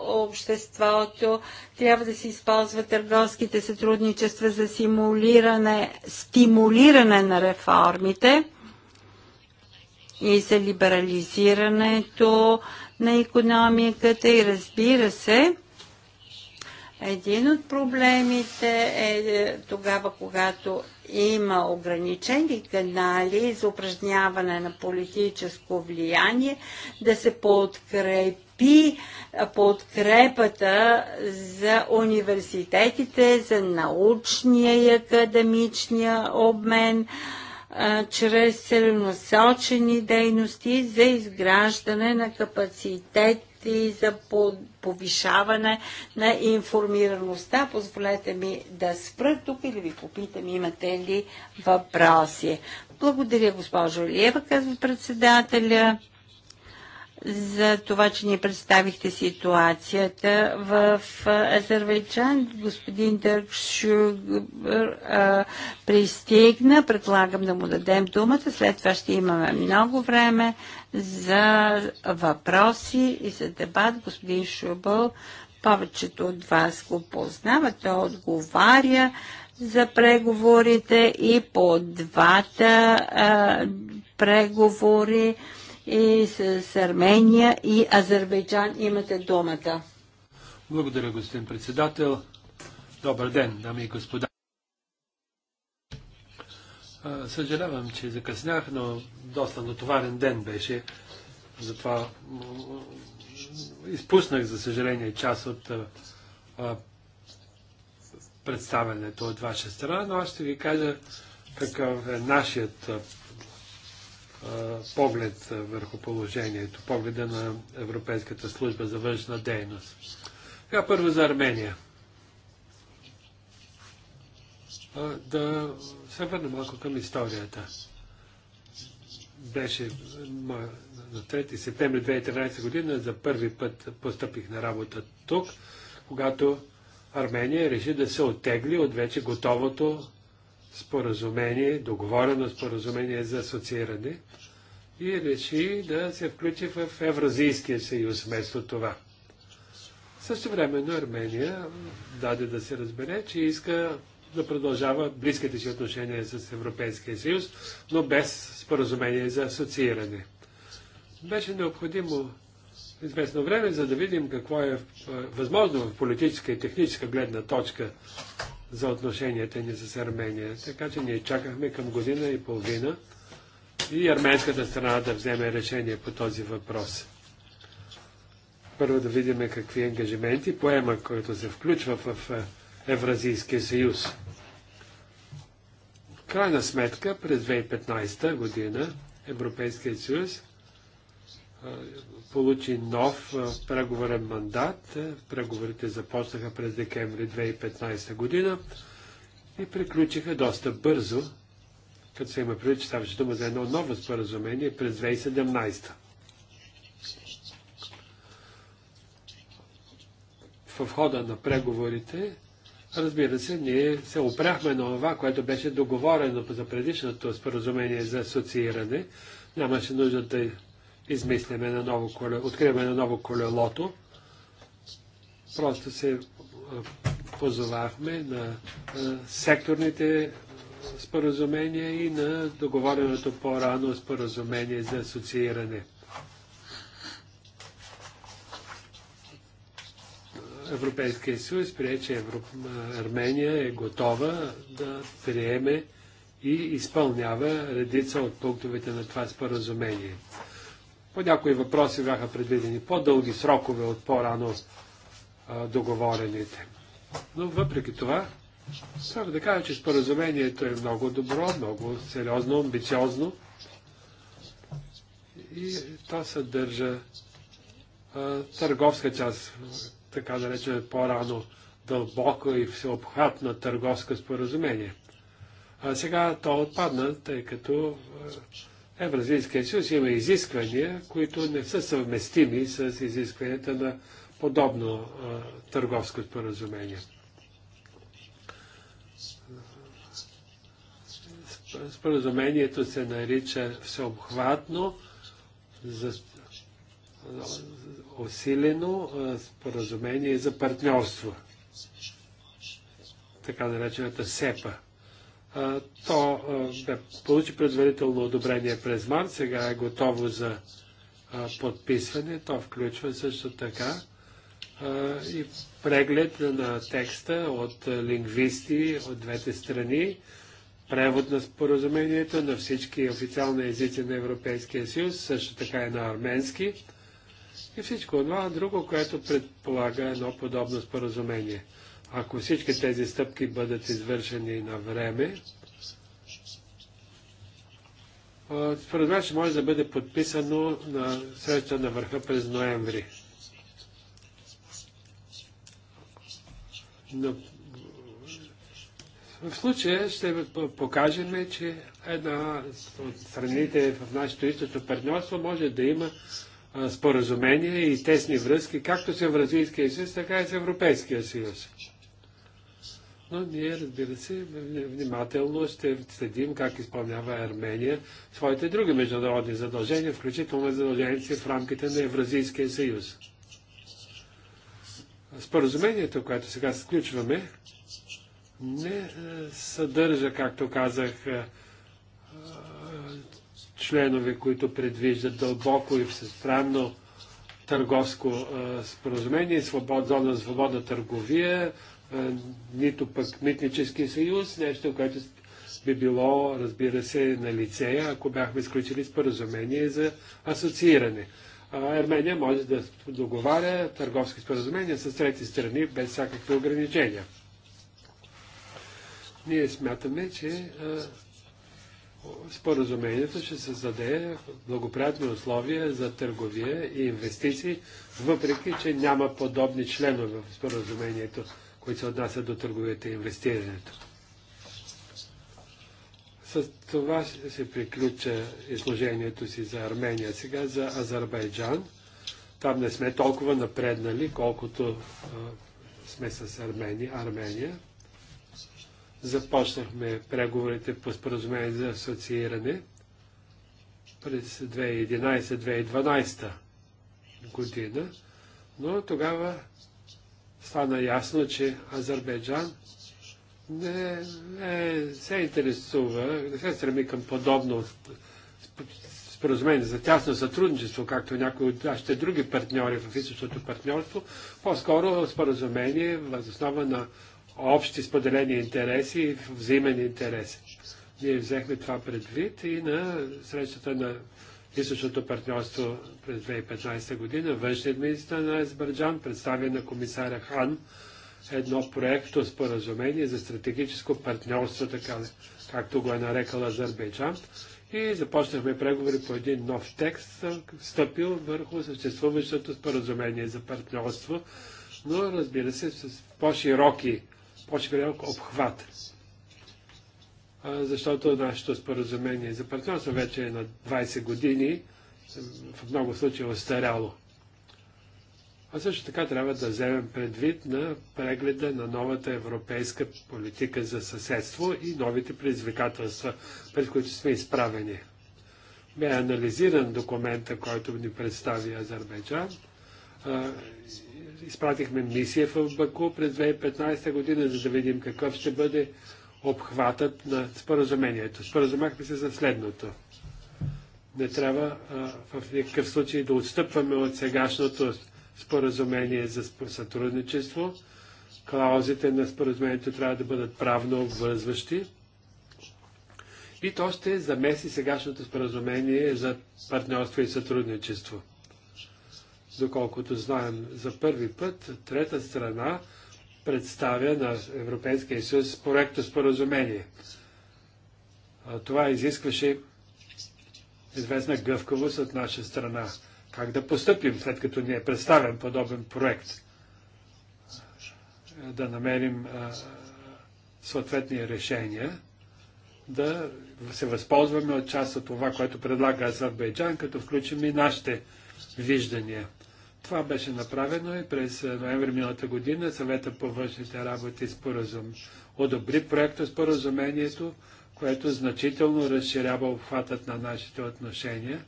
обществото трябва да се използва търговските сътрудничества за симулиране, стимулиране на реформите и за либерализирането на економиката и разбира се, един от проблемите е, е тогава, когато има ограничени канали за упражняване на политическо влияние, да се подкрепи подкрепата за университетите, за научния и академичния обмен, чрез целенасочени дейности за изграждане на капацитет и за повишаване на информираността. Позволете ми да спра тук или ви попитам имате ли въпроси. Благодаря, госпожо Лиева, казва председателя за това, че ни представихте ситуацията в Азербайджан. Господин Дъркшу пристигна. Предлагам да му дадем думата. След това ще имаме много време за въпроси и за дебат. Господин Шубъл, повечето от вас го познават. Той отговаря за преговорите и по двата а, преговори и с Армения и Азербайджан. Имате думата. Благодаря, господин председател. Добър ден, дами и господа. Съжалявам, че закъснях, но доста натоварен ден беше. Затова изпуснах, за съжаление, част от представянето от ваша страна, но аз ще ви кажа какъв е нашият поглед върху положението, погледа на Европейската служба за външна дейност. Така първо за Армения. Да се върна малко към историята. Беше на 3 септември 2013 година за първи път постъпих на работа тук, когато Армения реши да се отегли от вече готовото споразумение, договорено споразумение за асоцииране и реши да се включи в Евразийския съюз вместо това. Също времено Армения даде да се разбере, че иска да продължава близките си отношения с Европейския съюз, но без споразумение за асоцииране. Беше необходимо известно време, за да видим какво е, е възможно в политическа и техническа гледна точка за отношенията ни с Армения. Така че ние чакахме към година и половина и арменската страна да вземе решение по този въпрос. Първо да видим какви ангажименти поема, който се включва в е, Евразийския съюз. В Крайна сметка, през 2015 година Европейския съюз получи нов преговорен мандат. Преговорите започнаха през декември 2015 година и приключиха доста бързо, като се има предвид, че ставаше дума за едно ново споразумение през 2017. В хода на преговорите, разбира се, ние се опряхме на това, което беше договорено за предишното споразумение за асоцииране. Нямаше нужда да измисляме на ново колело, откриваме на ново колелото. Просто се позовахме на секторните споразумения и на договореното по-рано споразумение за асоцииране. Европейския съюз прие, че Европ... Армения е готова да приеме и изпълнява редица от пунктовете на това споразумение. По някои въпроси бяха предвидени по-дълги срокове от по-рано договорените. Но въпреки това, трябва да кажа, че споразумението е много добро, много сериозно, амбициозно. И то съдържа а, търговска част, така да речем по-рано, дълбоко и всеобхватна търговска споразумение. А сега то отпадна, тъй като а, Евразийския съюз има изисквания, които не са съвместими с изискванията на подобно а, търговско споразумение. Споразумението се нарича всеобхватно, за, усилено споразумение за партньорство, така наречената СЕПА. То бе получи предварително одобрение през март, сега е готово за подписване. То включва също така и преглед на текста от лингвисти от двете страни, превод на споразумението на всички официални езици на Европейския съюз, също така и на арменски и всичко това друго, което предполага едно подобно споразумение. Ако всички тези стъпки бъдат извършени на време, според мен ще може да бъде подписано на среща на върха през ноември. Но в случая ще покажем, че една от страните в нашето източно партньорство може да има споразумение и тесни връзки, както с Евразийския съюз, така и с Европейския съюз. Но ние, разбира се, внимателно ще следим как изпълнява Армения своите други международни задължения, включително задълженията си в рамките на Евразийския съюз. Споразумението, което сега сключваме, не е, съдържа, както казах, е, е, членове, които предвиждат дълбоко и всестранно търговско споразумение, свобод, зона свободна търговия, нито пък митнически съюз, нещо, което би било, разбира се, на лице, ако бяхме изключили споразумение за асоцииране. Армения може да договаря търговски споразумения с трети страни без всякакви ограничения. Ние смятаме, че споразумението ще създаде благоприятни условия за търговия и инвестиции, въпреки че няма подобни членове в споразумението които се отнасят до търговете и инвестирането. С това се приключа изложението си за Армения. Сега за Азербайджан. Там не сме толкова напреднали, колкото а, сме с Армения. Армения. Започнахме преговорите по споразумение за асоцииране през 2011-2012 година, но тогава стана ясно, че Азербайджан не, не се интересува, не се стреми към подобно споразумение за тясно сътрудничество, както някои от нашите други партньори в източното партньорство, по-скоро споразумение възоснова на общи споделени интереси и взаимен интерес. Ние взехме това предвид и на срещата на източното партньорство през 2015 година, външният министр на Азербайджан представи на комисаря Хан едно проекто споразумение за стратегическо партньорство, така, както го е нарекал Азербайджан. И започнахме преговори по един нов текст, стъпил върху съществуващото споразумение за партньорство, но разбира се с по-широки, по-широк обхват защото нашето споразумение за партньорство вече е на 20 години, в много случаи е остаряло. А също така трябва да вземем предвид на прегледа на новата европейска политика за съседство и новите предизвикателства, пред които сме изправени. Бе анализиран документа, който ни представи Азербайджан. Изпратихме мисия в Баку през 2015 година, за да видим какъв ще бъде обхватът на споразумението. Споразумяхме се за следното. Не трябва а, в никакъв случай да отстъпваме от сегашното споразумение за сътрудничество. Клаузите на споразумението трябва да бъдат правно обвързващи. И то ще замеси сегашното споразумение за партньорство и сътрудничество. Доколкото знаем, за първи път трета страна представя на Европейския съюз проекта споразумение. Това изискваше известна гъвкавост от наша страна. Как да поступим, след като ни е представен подобен проект? Да намерим а, съответни решения, да се възползваме от част от това, което предлага Азербайджан, като включим и нашите виждания. Това беше направено и през ноември миналата година съвета по външните работи споразум. Одобри проекта споразумението, което значително разширява обхватът на нашите отношения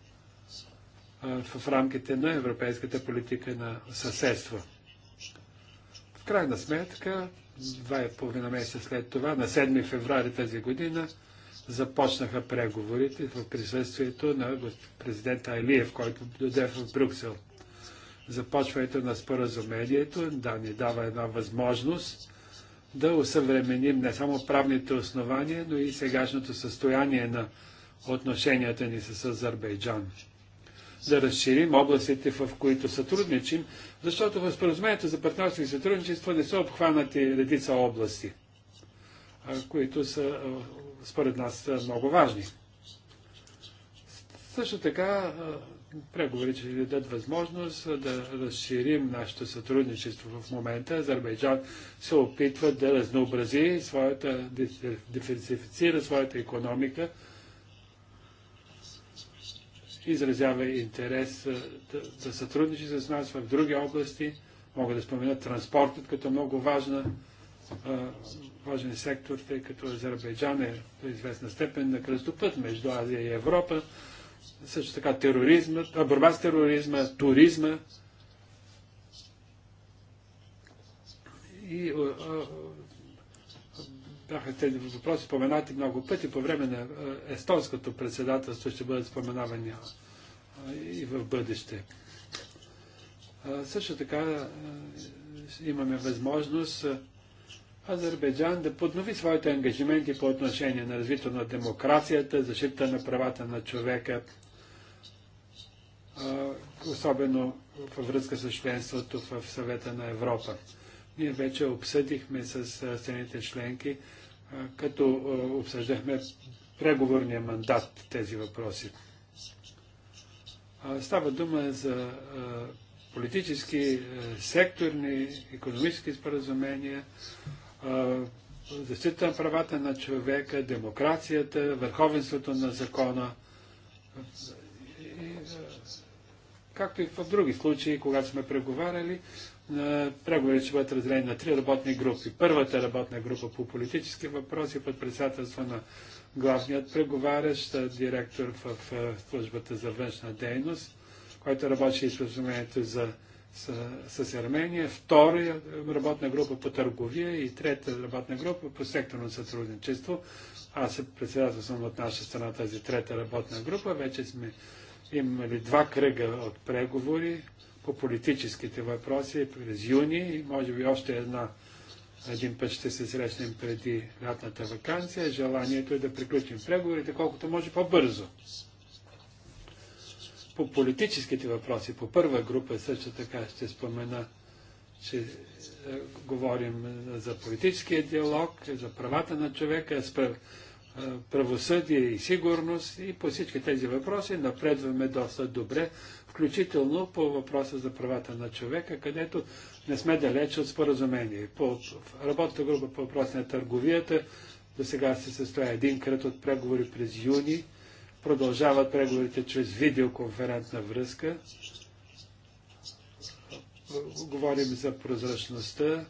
в рамките на европейската политика на съседство. В крайна сметка, два и половина месеца след това, на 7 феврари тази година, започнаха преговорите в присъствието на президента Алиев, който дойде в Брюксел започването на споразумението да ни дава една възможност да усъвременим не само правните основания, но и сегашното състояние на отношенията ни с Азербайджан. Да разширим областите, в които сътрудничим, защото в споразумението за партньорство и сътрудничество не са обхванати редица области, които са според нас много важни. Също така преговори ще ни дадат възможност да разширим нашето сътрудничество в момента. Азербайджан се опитва да разнообрази своята, диверсифицира своята економика, изразява интерес да, да сътрудничи с нас в други области. Мога да спомена транспортът като много важна, важен сектор, тъй като Азербайджан е до известна степен на кръстопът между Азия и Европа също така тероризма, борба с тероризма, туризма и бяха тези въпроси споменати много пъти. По време на естонското председателство ще бъдат споменавани и в бъдеще. Също така имаме възможност Азербайджан да поднови своите ангажименти по отношение на развитието на демокрацията, защита на правата на човека, особено във връзка с членството в съвета на Европа. Ние вече обсъдихме с страните членки, като обсъждахме преговорния мандат тези въпроси. Става дума за политически, секторни, економически споразумения, защита на правата на човека, демокрацията, върховенството на закона, и, както и в други случаи, когато сме преговаряли, преговорите ще бъдат разделени на три работни групи. Първата работна група по политически въпроси под председателство на главният преговарящ, директор в службата за външна дейност, който работи и за с, с Армения, втора работна група по търговия и трета работна група по секторно сътрудничество. Аз се съм от наша страна тази трета работна група. Вече сме имали два кръга от преговори по политическите въпроси през юни и може би още една един път ще се срещнем преди лятната вакансия. Желанието е да приключим преговорите колкото може по-бързо. По политическите въпроси, по първа група също така ще спомена, че е, говорим е, за политическия диалог, за правата на човека, е, правосъдие и сигурност и по всички тези въпроси напредваме доста добре, включително по въпроса за правата на човека, където не сме далеч от споразумение. По работната група по въпрос на търговията до сега се състоя един кръг от преговори през юни Продължават преговорите чрез видеоконферентна връзка. Говорим за прозрачността,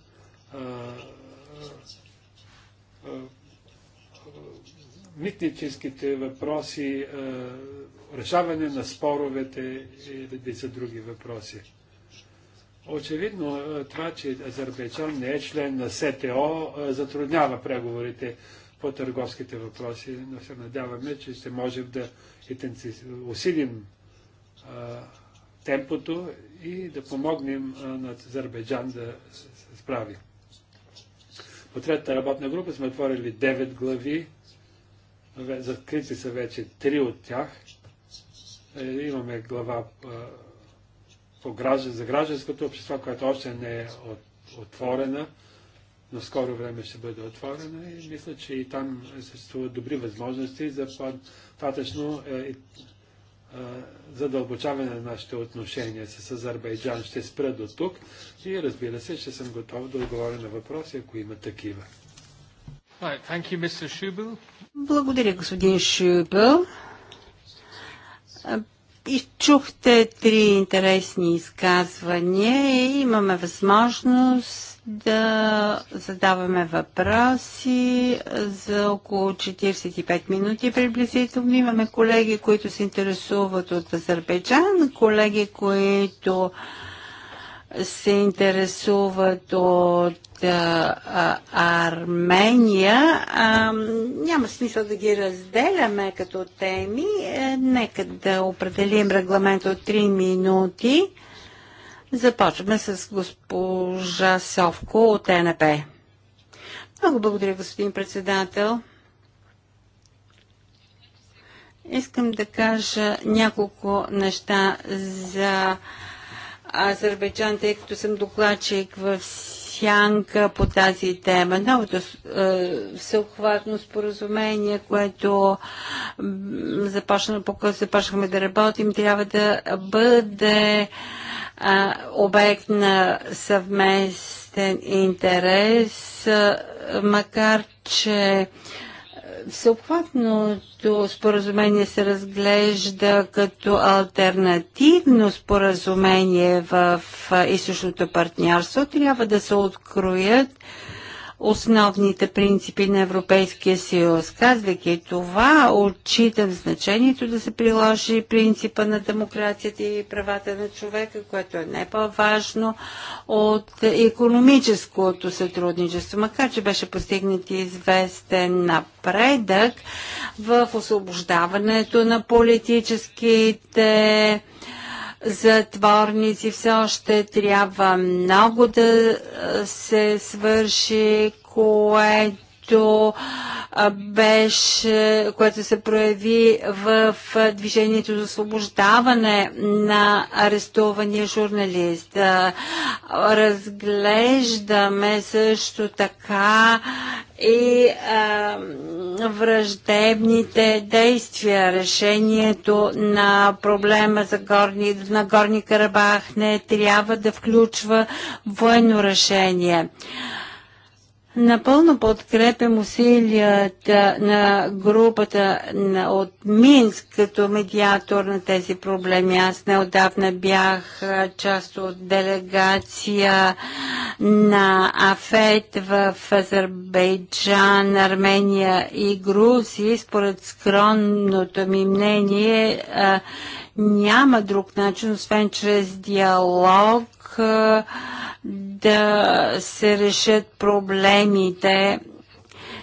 митническите въпроси, решаване на споровете и редица други въпроси. Очевидно това, че Азербайджан не е член на СТО, затруднява преговорите по търговските въпроси, но се надяваме, че ще можем да усилим а, темпото и да помогнем а, на Азербайджан да се справи. По третата работна група сме отворили 9 глави, закрити са вече 3 от тях. Е, имаме глава а, по граждан, за гражданското общество, която още не е от, отворена но скоро време ще бъде отворена и мисля, че и там съществуват добри възможности за по е, е, задълбочаване на нашите отношения с Азербайджан. Ще спра до тук и разбира се, ще съм готов да отговоря на въпроси, ако има такива. Благодаря, господин Шубел. Изчухте три интересни изказвания и имаме възможност да задаваме въпроси за около 45 минути приблизително. Имаме колеги, които се интересуват от Азербайджан, колеги, които се интересуват от а, а, Армения. А, няма смисъл да ги разделяме като теми. Е, нека да определим регламент от 3 минути. Започваме с госпожа Совко от ЕНП. Много благодаря, господин председател. Искам да кажа няколко неща за Азербайджан, тъй като съм докладчик в сянка по тази тема. Новото е, всеохватно споразумение, което започна, по което започнахме да работим, трябва да бъде обект на съвместен интерес, макар че Всеобхватното споразумение се разглежда като альтернативно споразумение в източното партньорство. Трябва да се откроят основните принципи на Европейския съюз. Казвайки това, отчитам значението да се приложи принципа на демокрацията и правата на човека, което е не по-важно от економическото сътрудничество. Макар, че беше постигнат известен напредък в освобождаването на политическите затворници. Все още трябва много да се свърши, което което беше, което се прояви в движението за освобождаване на арестувания журналист. Разглеждаме също така и а, враждебните действия. Решението на проблема за горни, на Горни Карабах не трябва да включва военно решение. А, Напълно подкрепям усилията на групата на, от Минск като медиатор на тези проблеми. Аз неодавна бях част от делегация на АФЕТ в Азербайджан, Армения и Грузия. Според скромното ми мнение няма друг начин, освен чрез диалог да се решат проблемите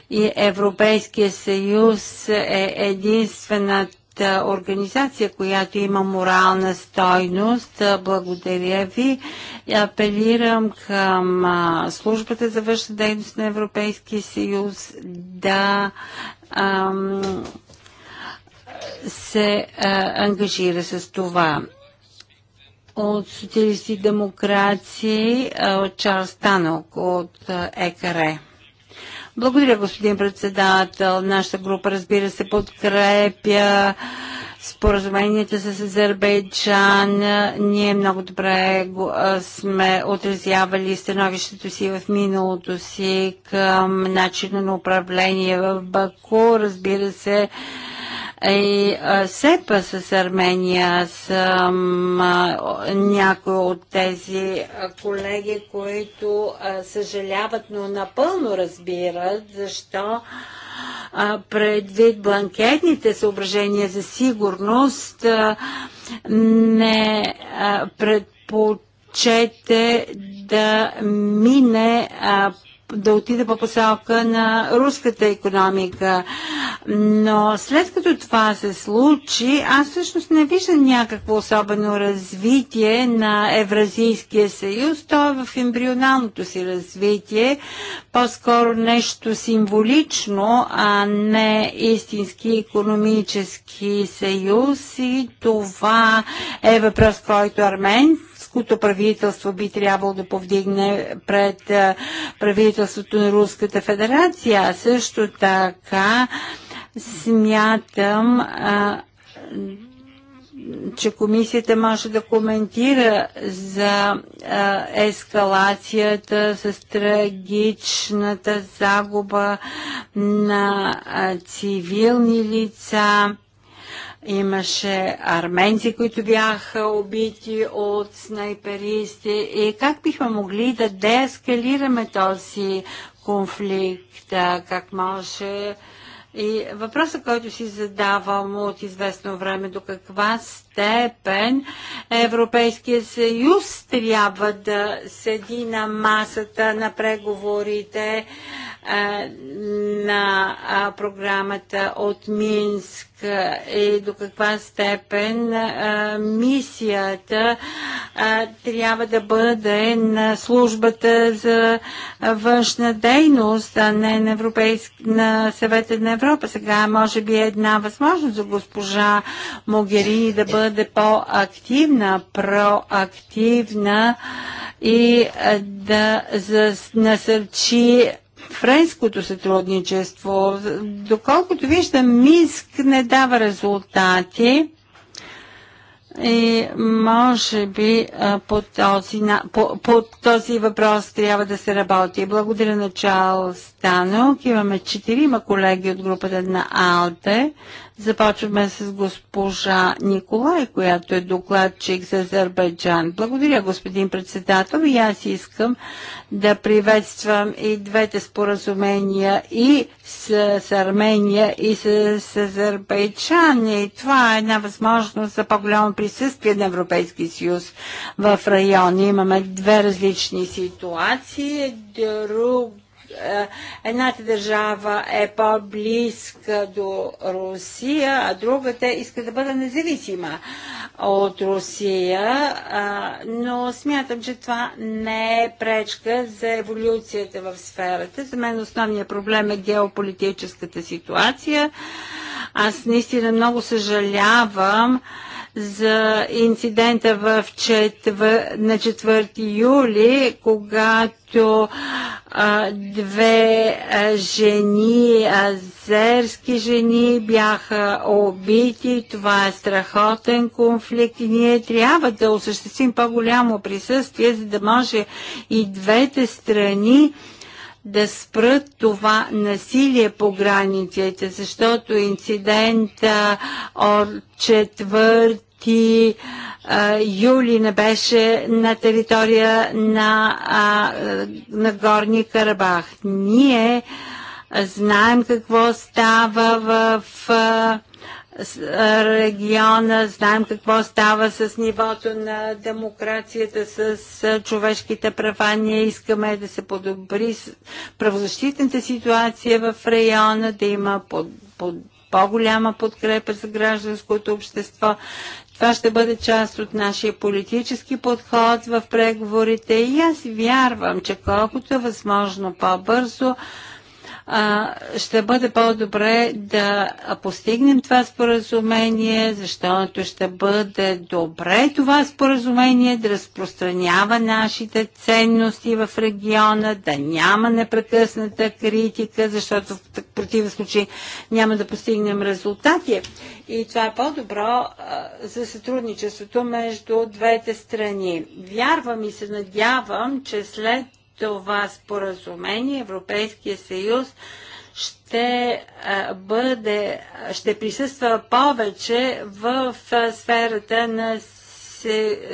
и Европейския съюз е единствената организация, която има морална стойност. Благодаря ви. Апелирам към службата за външна дейност на Европейския съюз да ам, се а, ангажира с това от социалисти и демокрации Чарлз Танок от ЕКРЕ. Благодаря, господин председател. Нашата група, разбира се, подкрепя споразуменията с Азербайджан. Ние много добре сме отразявали становището си в миналото си към начина на управление в Баку. Разбира се, и е, СЕПА с Армения съм някои от тези колеги, които съжаляват, но напълно разбират защо предвид бланкетните съображения за сигурност не предпочете да мине да отида по посока на руската економика. Но след като това се случи, аз всъщност не виждам някакво особено развитие на Евразийския съюз. Той е в ембрионалното си развитие, по-скоро нещо символично, а не истински економически съюз. И това е въпрос, който Армен Италианското правителство би трябвало да повдигне пред правителството на Руската федерация. А също така смятам че комисията може да коментира за ескалацията с трагичната загуба на цивилни лица Имаше арменци, които бяха убити от снайперисти. И как бихме могли да деескалираме този конфликт? Как може и въпросът, който си задавам от известно време, до каква степен Европейския съюз трябва да седи на масата на преговорите на програмата от Минск и е до каква степен мисията трябва да бъде на службата за външна дейност, а не на, Европейск... на съвета на Европа. Сега може би е една възможност за госпожа Могерини да бъде по-активна, проактивна и да насърчи френското сътрудничество. Доколкото виждам, МИСК не дава резултати и може би по този, по, по този въпрос трябва да се работи. Благодаря на станок. Имаме четирима колеги от групата на АЛТЕ. Започваме с госпожа Николай, която е докладчик за Азербайджан. Благодаря, господин председател. И аз искам да приветствам и двете споразумения и с, с Армения, и с, с Азербайджан. И това е една възможност за по-голямо присъствие на Европейски съюз в района. Имаме две различни ситуации. Друг е, едната държава е по-близка до Русия, а другата иска да бъде независима от Русия, но смятам, че това не е пречка за еволюцията в сферата. За мен основният проблем е геополитическата ситуация. Аз наистина много съжалявам, за инцидента в четвър... на 4 юли, когато а, две а, жени, азерски жени, бяха убити. Това е страхотен конфликт и ние трябва да осъществим по-голямо присъствие, за да може и двете страни да спрат това насилие по границите, защото инцидента от четвърт юли не беше на територия на, а, на Горни Карабах. Ние знаем какво става в а, региона, знаем какво става с нивото на демокрацията, с човешките права. Ние искаме да се подобри правозащитната ситуация в района, да има под, под, по-голяма подкрепа за гражданското общество. Това ще бъде част от нашия политически подход в преговорите и аз вярвам, че колкото е възможно по-бързо, а, ще бъде по-добре да постигнем това споразумение, защото ще бъде добре това споразумение да разпространява нашите ценности в региона, да няма непрекъсната критика, защото в противен случай няма да постигнем резултати. И това е по-добро за сътрудничеството между двете страни. Вярвам и се надявам, че след това споразумение Европейския съюз ще бъде, ще присъства повече в сферата на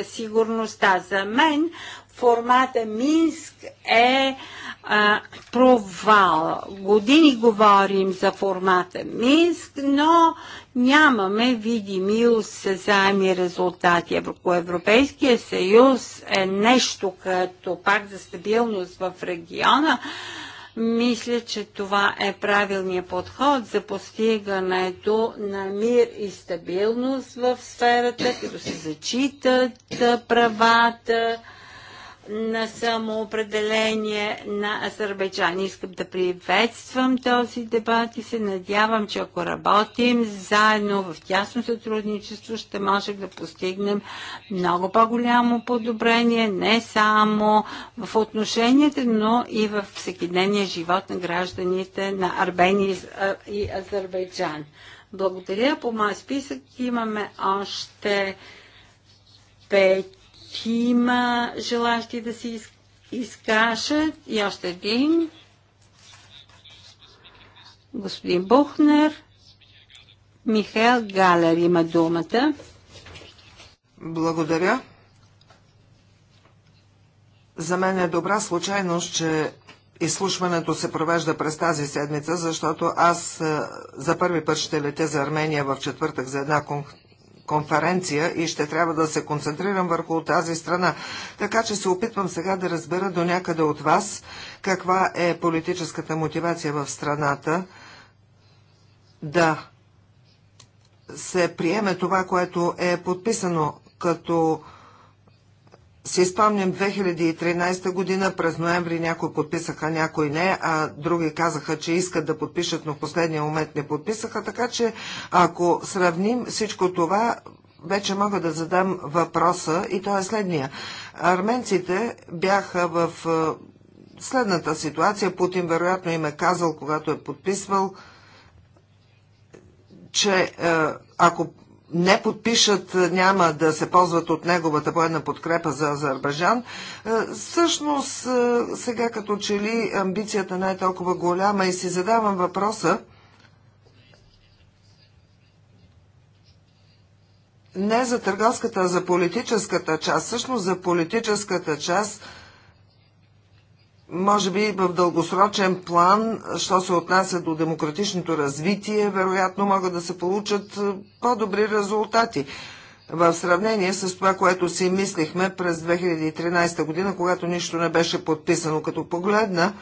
сигурността. За мен формата Минск е а, провал. Години говорим за формата Минск, но нямаме видими осъзаеми резултати. Ако Европейския съюз е нещо като пак за стабилност в региона, мисля, че това е правилният подход за постигането на мир и стабилност в сферата, като се зачитат правата на самоопределение на Азербайджан. Искам да приветствам този дебат и се надявам, че ако работим заедно в тясно сътрудничество, ще можем да постигнем много по-голямо подобрение, не само в отношенията, но и в всекидневния живот на гражданите на Армения и Азербайджан. Благодаря. По моя списък имаме още пет има желащи да се изкажат и още един. Господин Бухнер, Михаил Галер има думата. Благодаря. За мен е добра случайност, че изслушването се провежда през тази седмица, защото аз е, за първи път ще летя за Армения в четвъртък за една конференция и ще трябва да се концентрирам върху тази страна. Така че се опитвам сега да разбера до някъде от вас каква е политическата мотивация в страната да се приеме това, което е подписано като си спомням 2013 година, през ноември някои подписаха, някои не, а други казаха, че искат да подпишат, но в последния момент не подписаха, така че ако сравним всичко това, вече мога да задам въпроса и то е следния. Арменците бяха в следната ситуация. Путин вероятно им е казал, когато е подписвал, че ако не подпишат, няма да се ползват от неговата военна подкрепа за Азербайджан. Е, всъщност, е, сега като че ли амбицията не е толкова голяма и си задавам въпроса, не за търговската, а за политическата част. Всъщност за политическата част може би в дългосрочен план, що се отнася до демократичното развитие, вероятно могат да се получат е, по-добри резултати в сравнение с това, което си мислихме през 2013 година, когато нищо не беше подписано. Като погледна,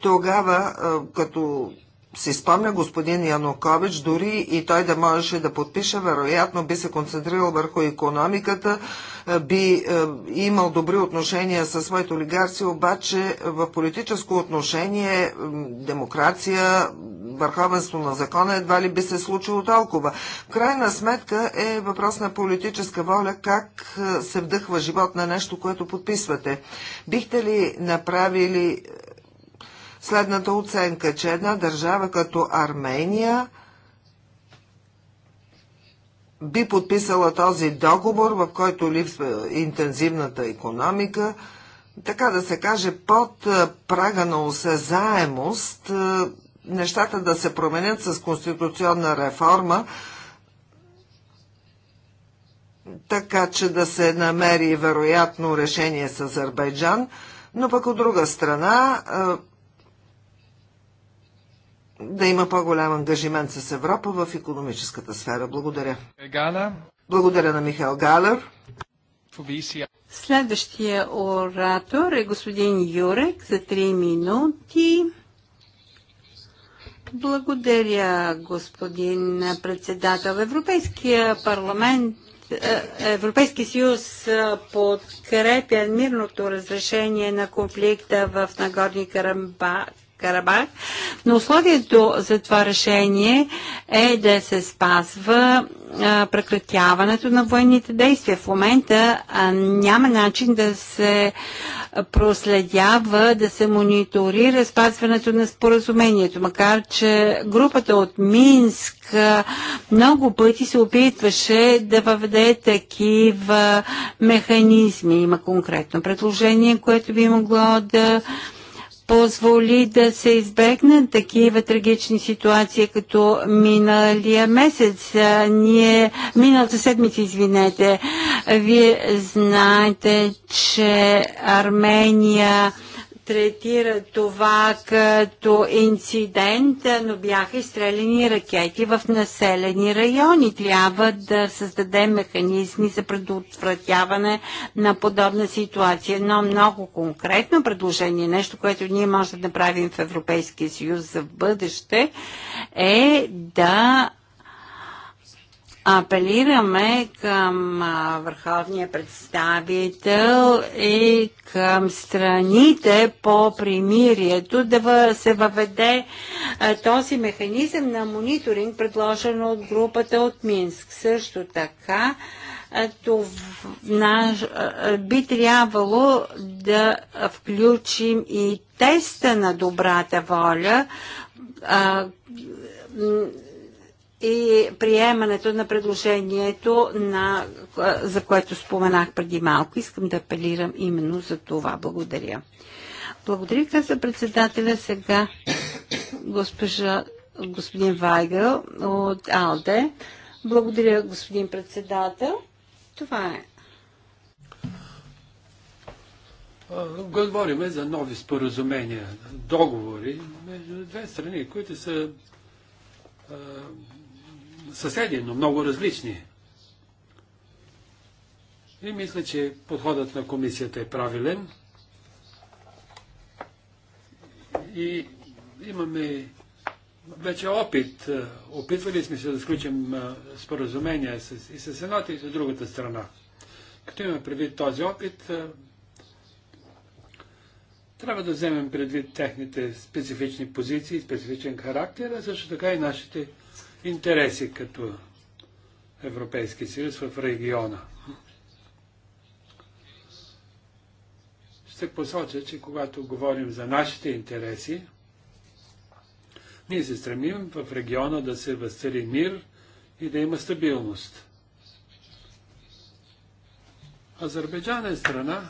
тогава е, като си спомня господин Янукович, дори и той да можеше да подпише, вероятно би се концентрирал върху економиката, е, би е, имал добри отношения със своите олигарци, обаче в политическо отношение демокрация, върховенство на закона едва ли би се случило толкова. В крайна сметка е въпрос на политическа воля как е, се вдъхва живот на нещо, което подписвате. Бихте ли направили следната оценка, че една държава като Армения би подписала този договор, в който липсва интензивната економика, така да се каже, под прага на осезаемост, нещата да се променят с конституционна реформа, така че да се намери вероятно решение с Азербайджан, но пък от друга страна да има по-голям ангажимент с Европа в економическата сфера. Благодаря. Гала. Благодаря на Михаил Галер. Следващия оратор е господин Юрек за 3 минути. Благодаря, господин председател. Европейския парламент е, Европейски съюз е, подкрепя мирното разрешение на конфликта в Нагорни Карабах Карабах, но условието за това решение е да се спазва прекратяването на военните действия. В момента няма начин да се проследява, да се мониторира спазването на споразумението, макар че групата от Минск много пъти се опитваше да въведе такива механизми. Има конкретно предложение, което би могло да позволи да се избегнат такива трагични ситуации, като миналия месец. Ние, миналата седмица, извинете, вие знаете, че Армения третира това като инцидент, но бяха изстреляни ракети в населени райони. Трябва да създадем механизми за предотвратяване на подобна ситуация. но много конкретно предложение, нещо, което ние можем да направим в Европейския съюз за бъдеще, е да апелираме към върховния представител и към страните по примирието да се въведе този механизъм на мониторинг, предложен от групата от Минск. Също така, това би трябвало да включим и теста на добрата воля, и приемането на предложението, на, за което споменах преди малко. Искам да апелирам именно за това. Благодаря. Благодаря, каза председателя. Сега госпожа, господин Вайгъл от АЛДЕ. Благодаря, господин председател. Това е. Говориме за нови споразумения, договори между две страни, които са съседи, но много различни. И мисля, че подходът на комисията е правилен. И имаме вече опит. Опитвали сме се да сключим споразумения и с едната и с другата страна. Като имаме предвид този опит, трябва да вземем предвид техните специфични позиции, специфичен характер, а също така и нашите интереси като Европейски съюз в региона. Ще посоча, че когато говорим за нашите интереси, ние се стремим в региона да се възцари мир и да има стабилност. Азербайджан е страна,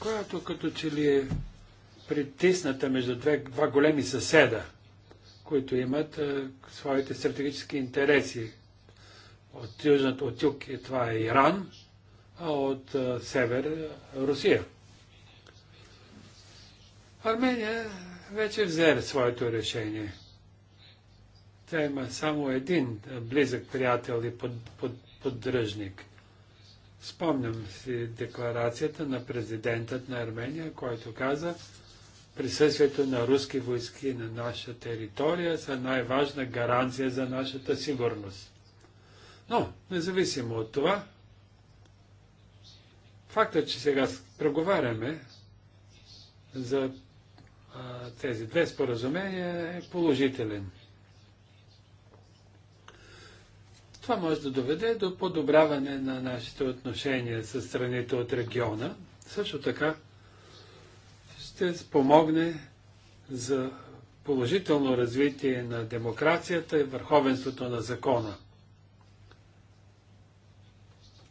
която като че ли е притисната между две, два големи съседа – които имат е, своите стратегически интереси. От южната от юг и е това е Иран, а от е, север е, Русия. Армения вече взе своето решение. Тя има само един е, близък приятел и под, под, поддръжник. Спомням си декларацията на президентът на Армения, който каза, присъствието на руски войски на наша територия са най-важна гаранция за нашата сигурност. Но, независимо от това, фактът, че сега преговаряме за а, тези две споразумения е положителен. Това може да доведе до подобряване на нашите отношения с страните от региона. Също така, ще спомогне за положително развитие на демокрацията и върховенството на закона.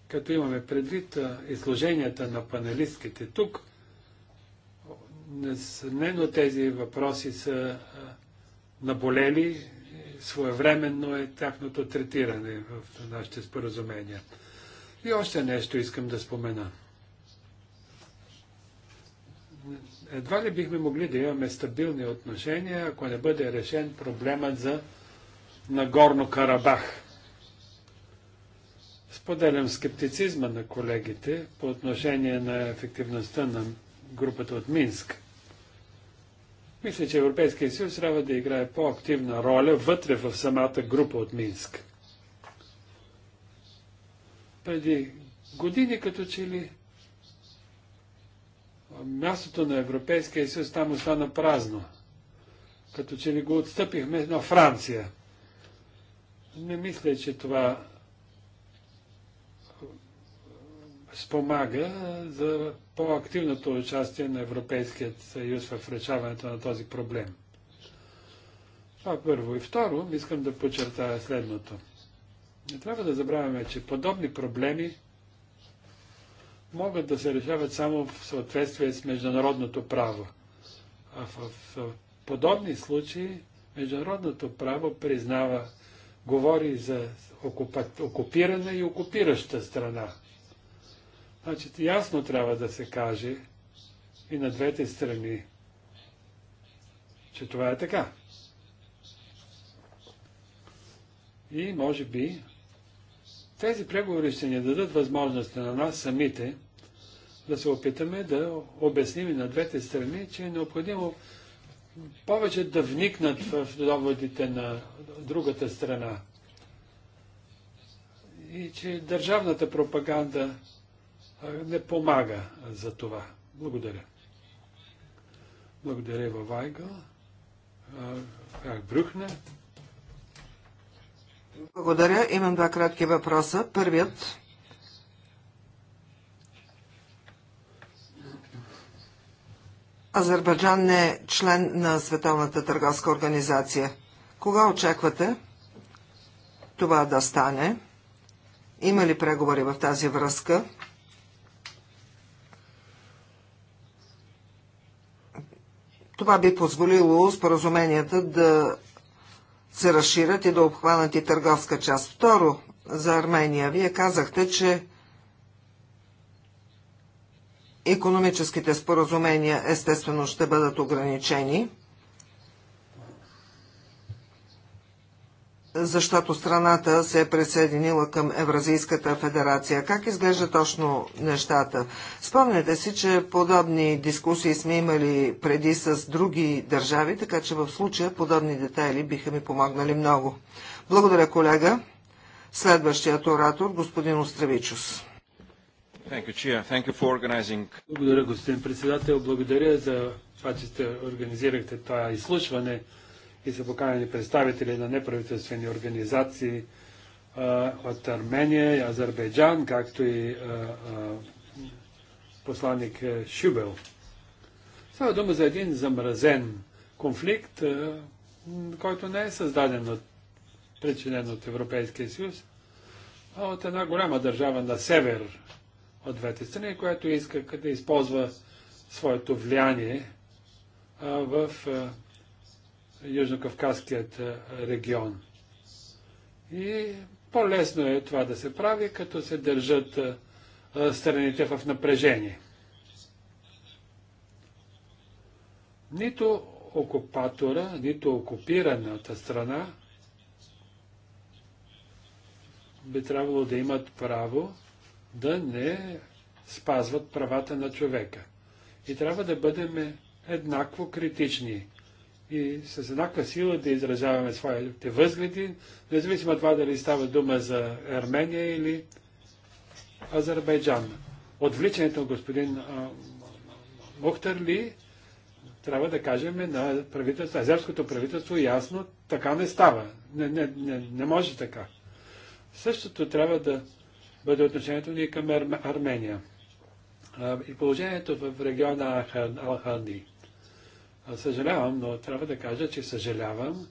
Като имаме предвид изложенията на панелистките тук, несъмнено тези въпроси са наболели, своевременно е тяхното третиране в нашите споразумения. И още нещо искам да спомена едва ли бихме могли да имаме стабилни отношения, ако не бъде решен проблемът за Нагорно Карабах. Споделям скептицизма на колегите по отношение на ефективността на групата от Минск. Мисля, че Европейския съюз трябва да играе по-активна роля вътре в самата група от Минск. Преди години като че ли мястото на Европейския съюз там остана празно. Като че ли го отстъпихме на Франция. Не мисля, че това спомага за по-активното участие на Европейският съюз в решаването на този проблем. Това първо. И второ, искам да подчертая следното. Не трябва да забравяме, че подобни проблеми могат да се решават само в съответствие с международното право. А в, в подобни случаи международното право признава, говори за окупирана и окупираща страна. Значи ясно трябва да се каже и на двете страни, че това е така. И може би тези преговори ще ни дадат възможност на нас самите да се опитаме да обясним на двете страни, че е необходимо повече да вникнат в доводите на другата страна. И че държавната пропаганда не помага за това. Благодаря. Благодаря, Вайгъл. Как Брюхне. Благодаря. Имам два кратки въпроса. Първият. Азербайджан не е член на Световната търговска организация. Кога очаквате това да стане? Има ли преговори в тази връзка? Това би позволило споразуменията да се разширят и да обхванат и търговска част. Второ, за Армения. Вие казахте, че економическите споразумения естествено ще бъдат ограничени. защото страната се е присъединила към Евразийската федерация. Как изглежда точно нещата? Спомняте си, че подобни дискусии сме имали преди с други държави, така че в случая подобни детайли биха ми помогнали много. Благодаря, колега. Следващият оратор, господин Остравичус. Благодаря, господин председател. Благодаря за това, че сте организирахте това изслушване и са поканени представители на неправителствени организации а, от Армения и Азербайджан, както и а, а, посланник е, Шубел. Става дума за един замразен конфликт, който не е създаден от причинен от Европейския съюз, а от една голяма държава на север от двете страни, която иска да използва своето влияние а, в а, Южнокавказският е, регион. И по-лесно е това да се прави, като се държат е, е, страните в напрежение. Нито окупатора, нито окупираната страна би трябвало да имат право да не спазват правата на човека. И трябва да бъдем еднакво критични и с еднаква сила да изразяваме своите възгледи, независимо от това дали става дума за Армения или Азербайджан. Отвличането на господин Мухтарли трябва да кажем на правителство, азерското правителство ясно, така не става. Не, не, не, не може така. Същото трябва да бъде отношението ни към Армения. И положението в региона Алханди. Съжалявам, но трябва да кажа, че съжалявам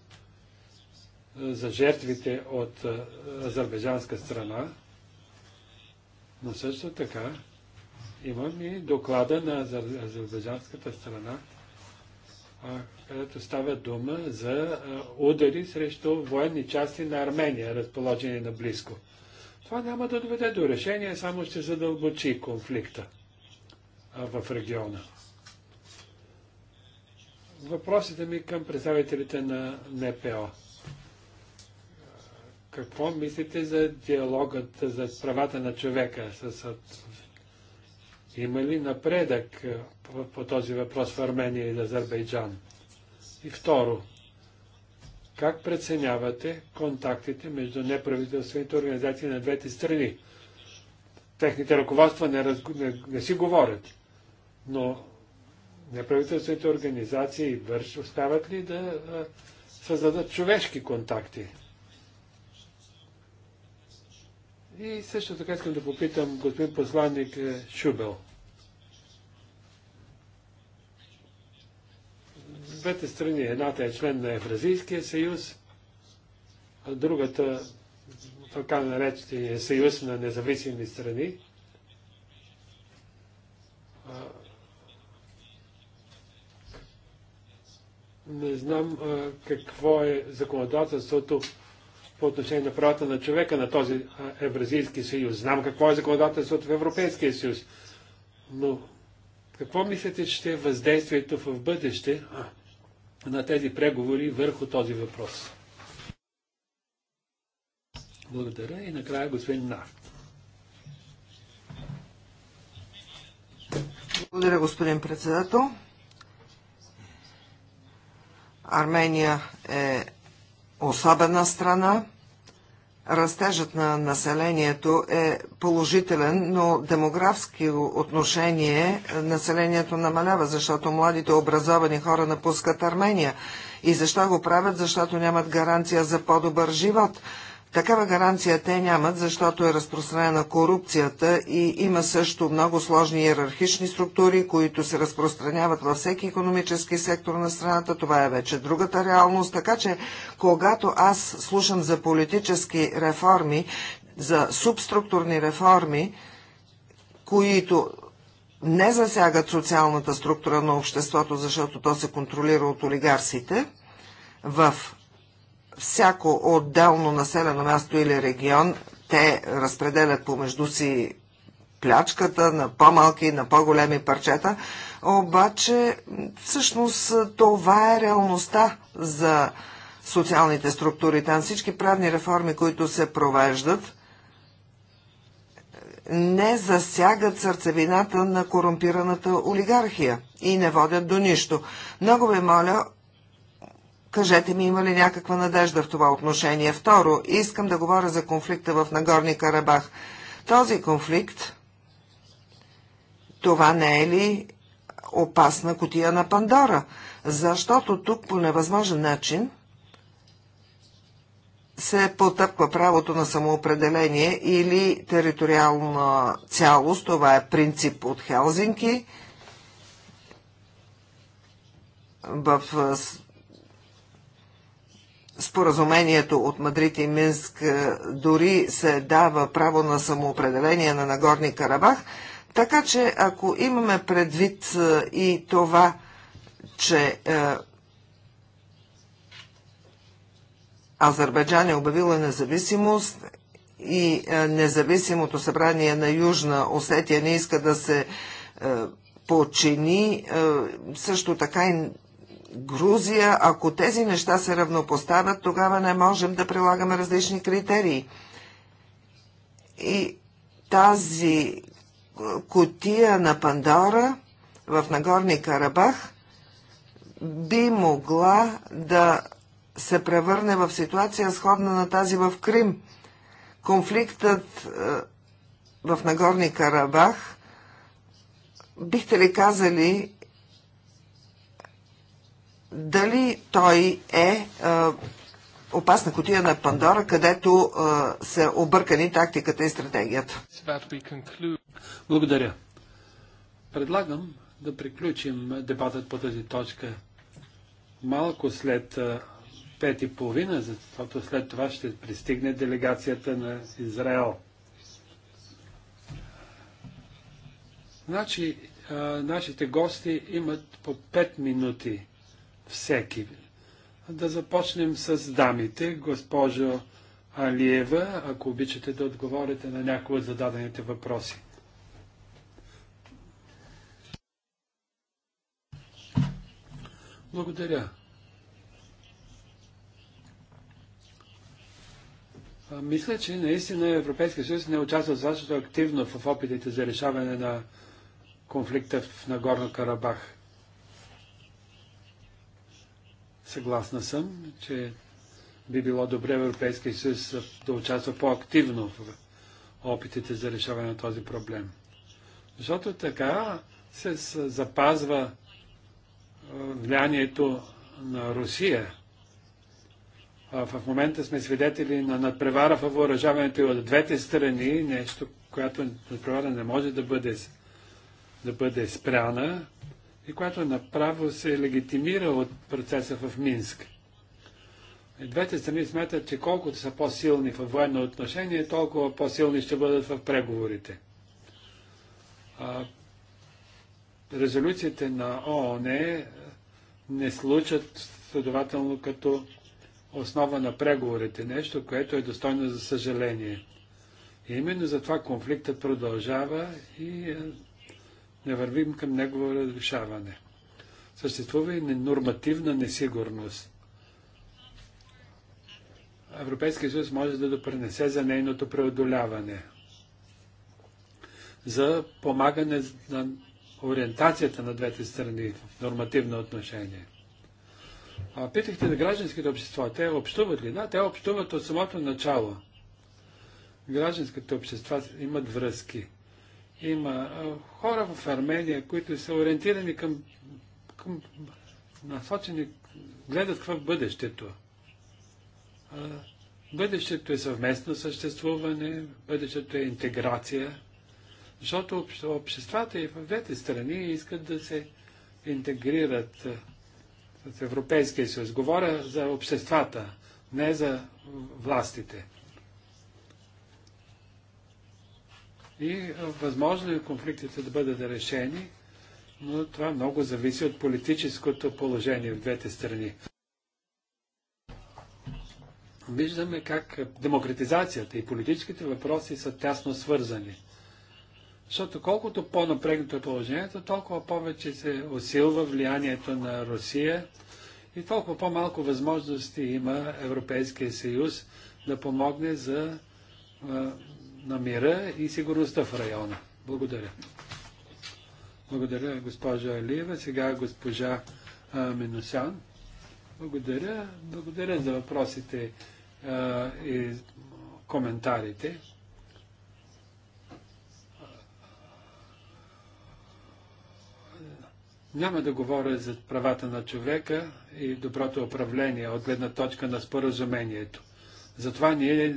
за жертвите от азербайджанска страна, но също така имам и доклада на азербайджанската страна, където става дума за удари срещу военни части на Армения, разположени на близко. Това няма да доведе до решение, само ще задълбочи конфликта в региона въпросите ми към представителите на НПО. Какво мислите за диалогът за правата на човека? С... Има ли напредък по, този въпрос в Армения и Азербайджан? И второ, как преценявате контактите между неправителствените организации на двете страни? Техните ръководства не, разг... не, не си говорят, но неправителствените организации върш, остават ли да създадат човешки контакти? И също така искам да попитам господин посланник е, Шубел. Двете страни, едната е член на Евразийския съюз, а другата така наречения е съюз на независими страни. Не знам а, какво е законодателството по отношение на правата на човека на този Евразийски съюз. Знам какво е законодателството в Европейския съюз. Но какво мислите, че ще е въздействието в бъдеще а, на тези преговори върху този въпрос? Благодаря. И накрая господин Нафт. Благодаря, господин председател. Армения е особена страна. Растежът на населението е положителен, но демографски отношение населението намалява, защото младите образовани хора напускат Армения. И защо го правят? Защото нямат гаранция за по-добър живот. Такава гаранция те нямат, защото е разпространена корупцията и има също много сложни иерархични структури, които се разпространяват във всеки економически сектор на страната. Това е вече другата реалност. Така че, когато аз слушам за политически реформи, за субструктурни реформи, които не засягат социалната структура на обществото, защото то се контролира от олигарсите, в всяко отделно населено място или регион, те разпределят помежду си плячката на по-малки и на по-големи парчета, обаче всъщност това е реалността за социалните структури. Там всички правни реформи, които се провеждат, не засягат сърцевината на корумпираната олигархия и не водят до нищо. Много ви моля, Кажете ми, има ли някаква надежда в това отношение? Второ, искам да говоря за конфликта в Нагорни Карабах. Този конфликт, това не е ли опасна котия на Пандора? Защото тук по невъзможен начин се потъпква правото на самоопределение или териториална цялост. Това е принцип от Хелзинки. В споразумението от Мадрид и Минск е, дори се дава право на самоопределение на Нагорни Карабах, така че ако имаме предвид е, и това, че е, Азербайджан е обявила независимост и е, независимото събрание на Южна Осетия не иска да се е, почини, е, също така и Грузия, ако тези неща се равнопоставят, тогава не можем да прилагаме различни критерии. И тази е, котия на Пандора в Нагорни Карабах би могла да се превърне в ситуация сходна на тази в Крим. Конфликтът е, в Нагорни Карабах, бихте ли казали, дали той е, е опасна котия на Пандора, където е, са объркани тактиката и стратегията. Благодаря. Предлагам да приключим дебатът по тази точка малко след е, пет и половина, защото след това ще пристигне делегацията на Израел. Значи, а, нашите гости имат по 5 минути всеки. Да започнем с дамите. Госпожо Алиева, ако обичате да отговорите на някои от зададените въпроси. Благодаря. А, мисля, че наистина Европейския съюз не участва защото активно в опитите за решаване на конфликта в Нагорно Карабах. Съгласна съм, че би било добре Европейския съюз да участва по-активно в опитите за решаване на този проблем. Защото така се запазва влиянието на Русия. В момента сме свидетели на надпревара в въоръжаването и от двете страни, нещо, което надпревара не може да бъде, да бъде спряна и която направо се легитимира от процеса в Минск. Двете страни смятат, че колкото са по-силни в военно отношение, толкова по-силни ще бъдат в преговорите. А, резолюциите на ООН не случат следователно като основа на преговорите, нещо, което е достойно за съжаление. И именно затова конфликтът продължава и е, не вървим към негово разрешаване. Съществува и нормативна несигурност. Европейския съюз може да допренесе за нейното преодоляване, за помагане на ориентацията на двете страни в нормативно отношение. А, питахте на гражданските общества. Те общуват ли? Да, те общуват от самото начало. Гражданските общества имат връзки. Има хора в Армения, които са ориентирани към, към насочени, гледат в бъдещето. Бъдещето е съвместно съществуване, бъдещето е интеграция, защото обществата и в двете страни искат да се интегрират с Европейския съюз. Говоря за обществата, не за властите. и е, възможно е конфликтите да бъдат решени, но това много зависи от политическото положение в двете страни. Виждаме как демократизацията и политическите въпроси са тясно свързани. Защото колкото по-напрегнато е положението, толкова повече се усилва влиянието на Русия и толкова по-малко възможности има Европейския съюз да помогне за на мира и сигурността в района. Благодаря. Благодаря, госпожа Алиева. Сега госпожа а, Минусян. Благодаря. Благодаря за въпросите а, и коментарите. Няма да говоря за правата на човека и доброто управление от гледна точка на споразумението. Затова ние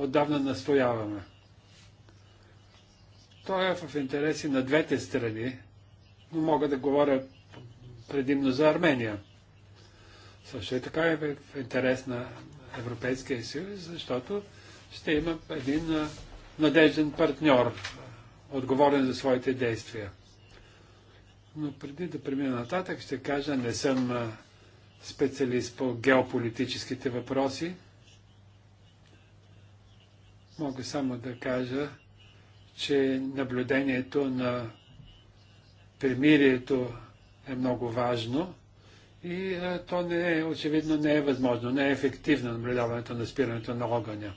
отдавна настояваме. То е в интереси на двете страни, но мога да говоря предимно за Армения. Също е и така е в интерес на Европейския съюз, защото ще има един надежден партньор, отговорен за своите действия. Но преди да премина нататък, ще кажа, не съм специалист по геополитическите въпроси. Мога само да кажа, че наблюдението на премирието е много важно и то не е, очевидно не е възможно, не е ефективно наблюдаването на спирането на огъня,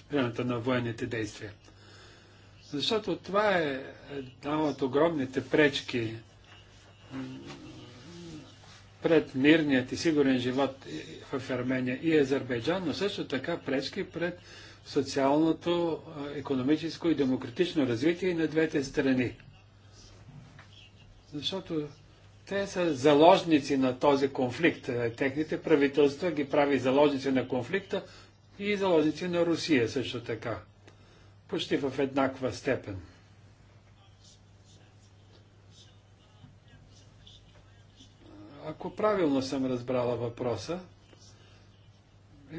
спирането на военните действия. Защото това е една от огромните пречки пред мирният и сигурен живот в Армения и Азербайджан, но също така пречки пред социалното, економическо и демократично развитие на двете страни. Защото те са заложници на този конфликт. Е, техните правителства ги прави заложници на конфликта и заложници на Русия също така. Почти в еднаква степен. Ако правилно съм разбрала въпроса, е,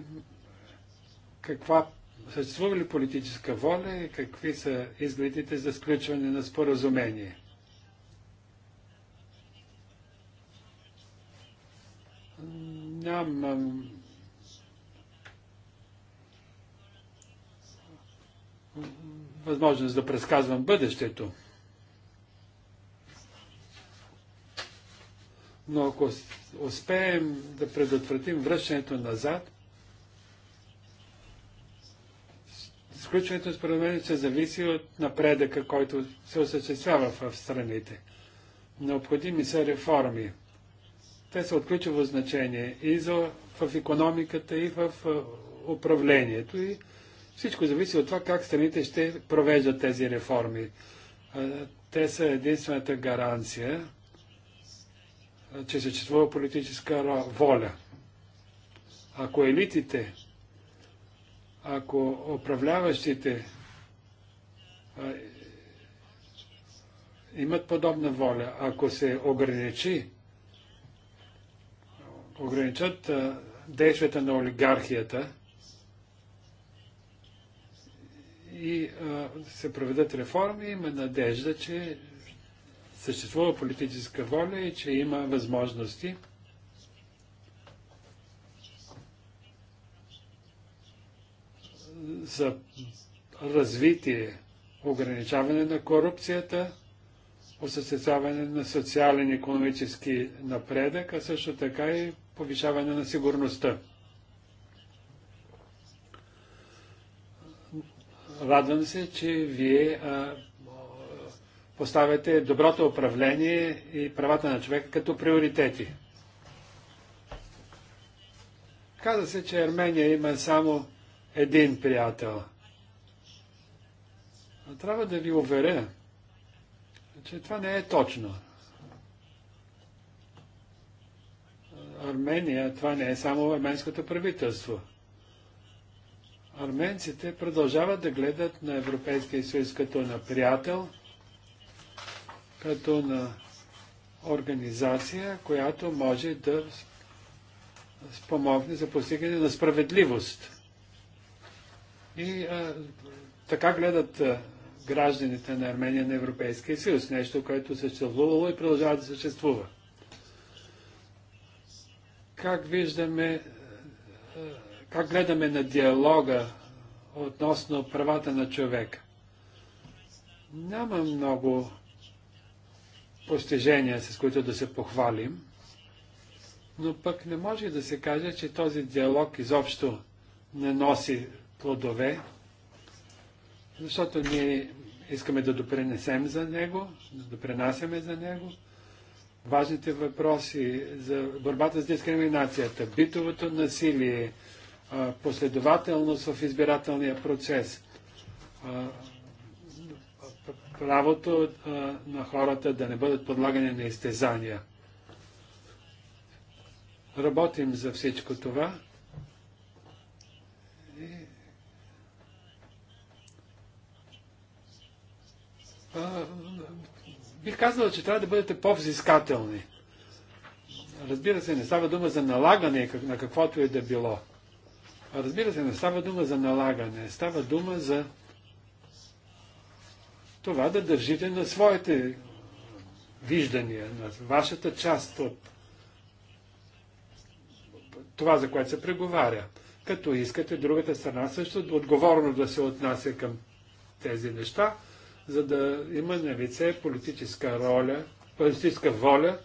каква съществува ли политическа воля и какви са изгледите за сключване на споразумение? Нямам възможност да предсказвам бъдещето. но ако успеем да предотвратим връщането назад, сключването според мен се зависи от напредъка, който се осъществява в страните. Необходими са реформи. Те са от ключово значение и за, в економиката, и в управлението. И всичко зависи от това как страните ще провеждат тези реформи. Те са единствената гаранция че значи съществува политическа воля. Ако елитите, ако управляващите имат подобна воля, ако се ограничи, ограничат действията на олигархията и се проведат реформи, има надежда, че съществува политическа воля и че има възможности. за развитие, ограничаване на корупцията, осъществяване на социален и економически напредък, а също така и повишаване на сигурността. Радвам се, че вие а, поставяте доброто управление и правата на човека като приоритети. Каза се, че Армения има само един приятел. Но трябва да ви уверя, че това не е точно. Армения, това не е само арменското правителство. Арменците продължават да гледат на Европейския съюз като на приятел – като на организация, която може да спомогне за постигане на справедливост. И а, така гледат а, гражданите на Армения на Европейския съюз, нещо, което съществувало и продължава да съществува. Как виждаме, а, как гледаме на диалога относно правата на човека? Няма много постижения, с които да се похвалим, но пък не може да се каже, че този диалог изобщо не носи плодове, защото ние искаме да допренесем за него, да допренасяме за него. Важните въпроси за борбата с дискриминацията, битовото насилие, последователност в избирателния процес, правото а, на хората да не бъдат подлагани на изтезания. Работим за всичко това. И... А, бих казала, че трябва да бъдете по-взискателни. Разбира се, не става дума за налагане на каквото и е да било. Разбира се, не става дума за налагане, става дума за това да държите на своите виждания, на вашата част от това, за което се преговаря. Като искате другата страна също отговорно да се отнася към тези неща, за да има на лице политическа роля, политическа воля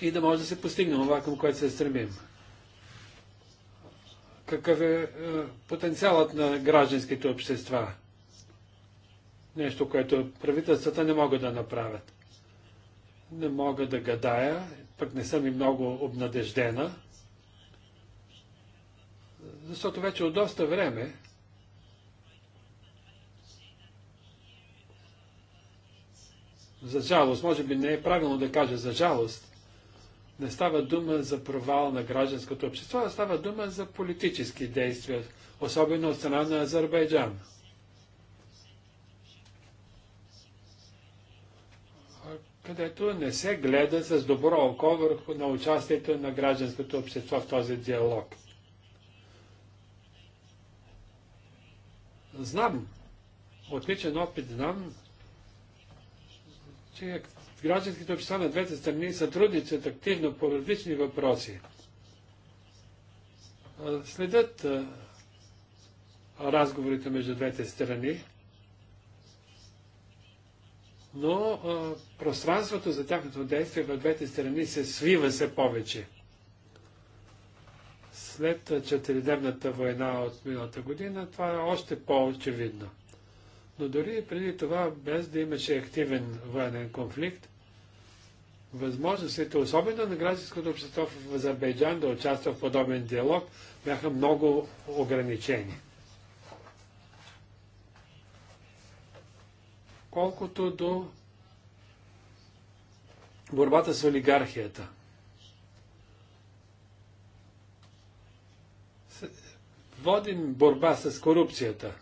и да може да се постигне това, към което се стремим. Какъв е, е потенциалът на гражданските общества? Нещо, което правителствата не могат да направят. Не мога да гадая, пък не съм и много обнадеждена, защото вече от доста време за жалост, може би не е правилно да кажа за жалост, не става дума за провал на гражданското общество, а става дума за политически действия, особено от страна на Азербайджан. където не се гледа с добро око върху на участието на гражданското общество в този диалог. Знам, от личен опит знам, че гражданските общества на двете страни сътрудничат активно по различни въпроси. Следят разговорите между двете страни но а, пространството за тяхното действие в двете страни се свива се повече. След четиридневната война от миналата година това е още по-очевидно. Но дори преди това, без да имаше активен военен конфликт, възможностите, особено на гражданското общество в Азербайджан да участва в подобен диалог, бяха много ограничени. Колкото до борбата с олигархията. Водим борба с корупцията.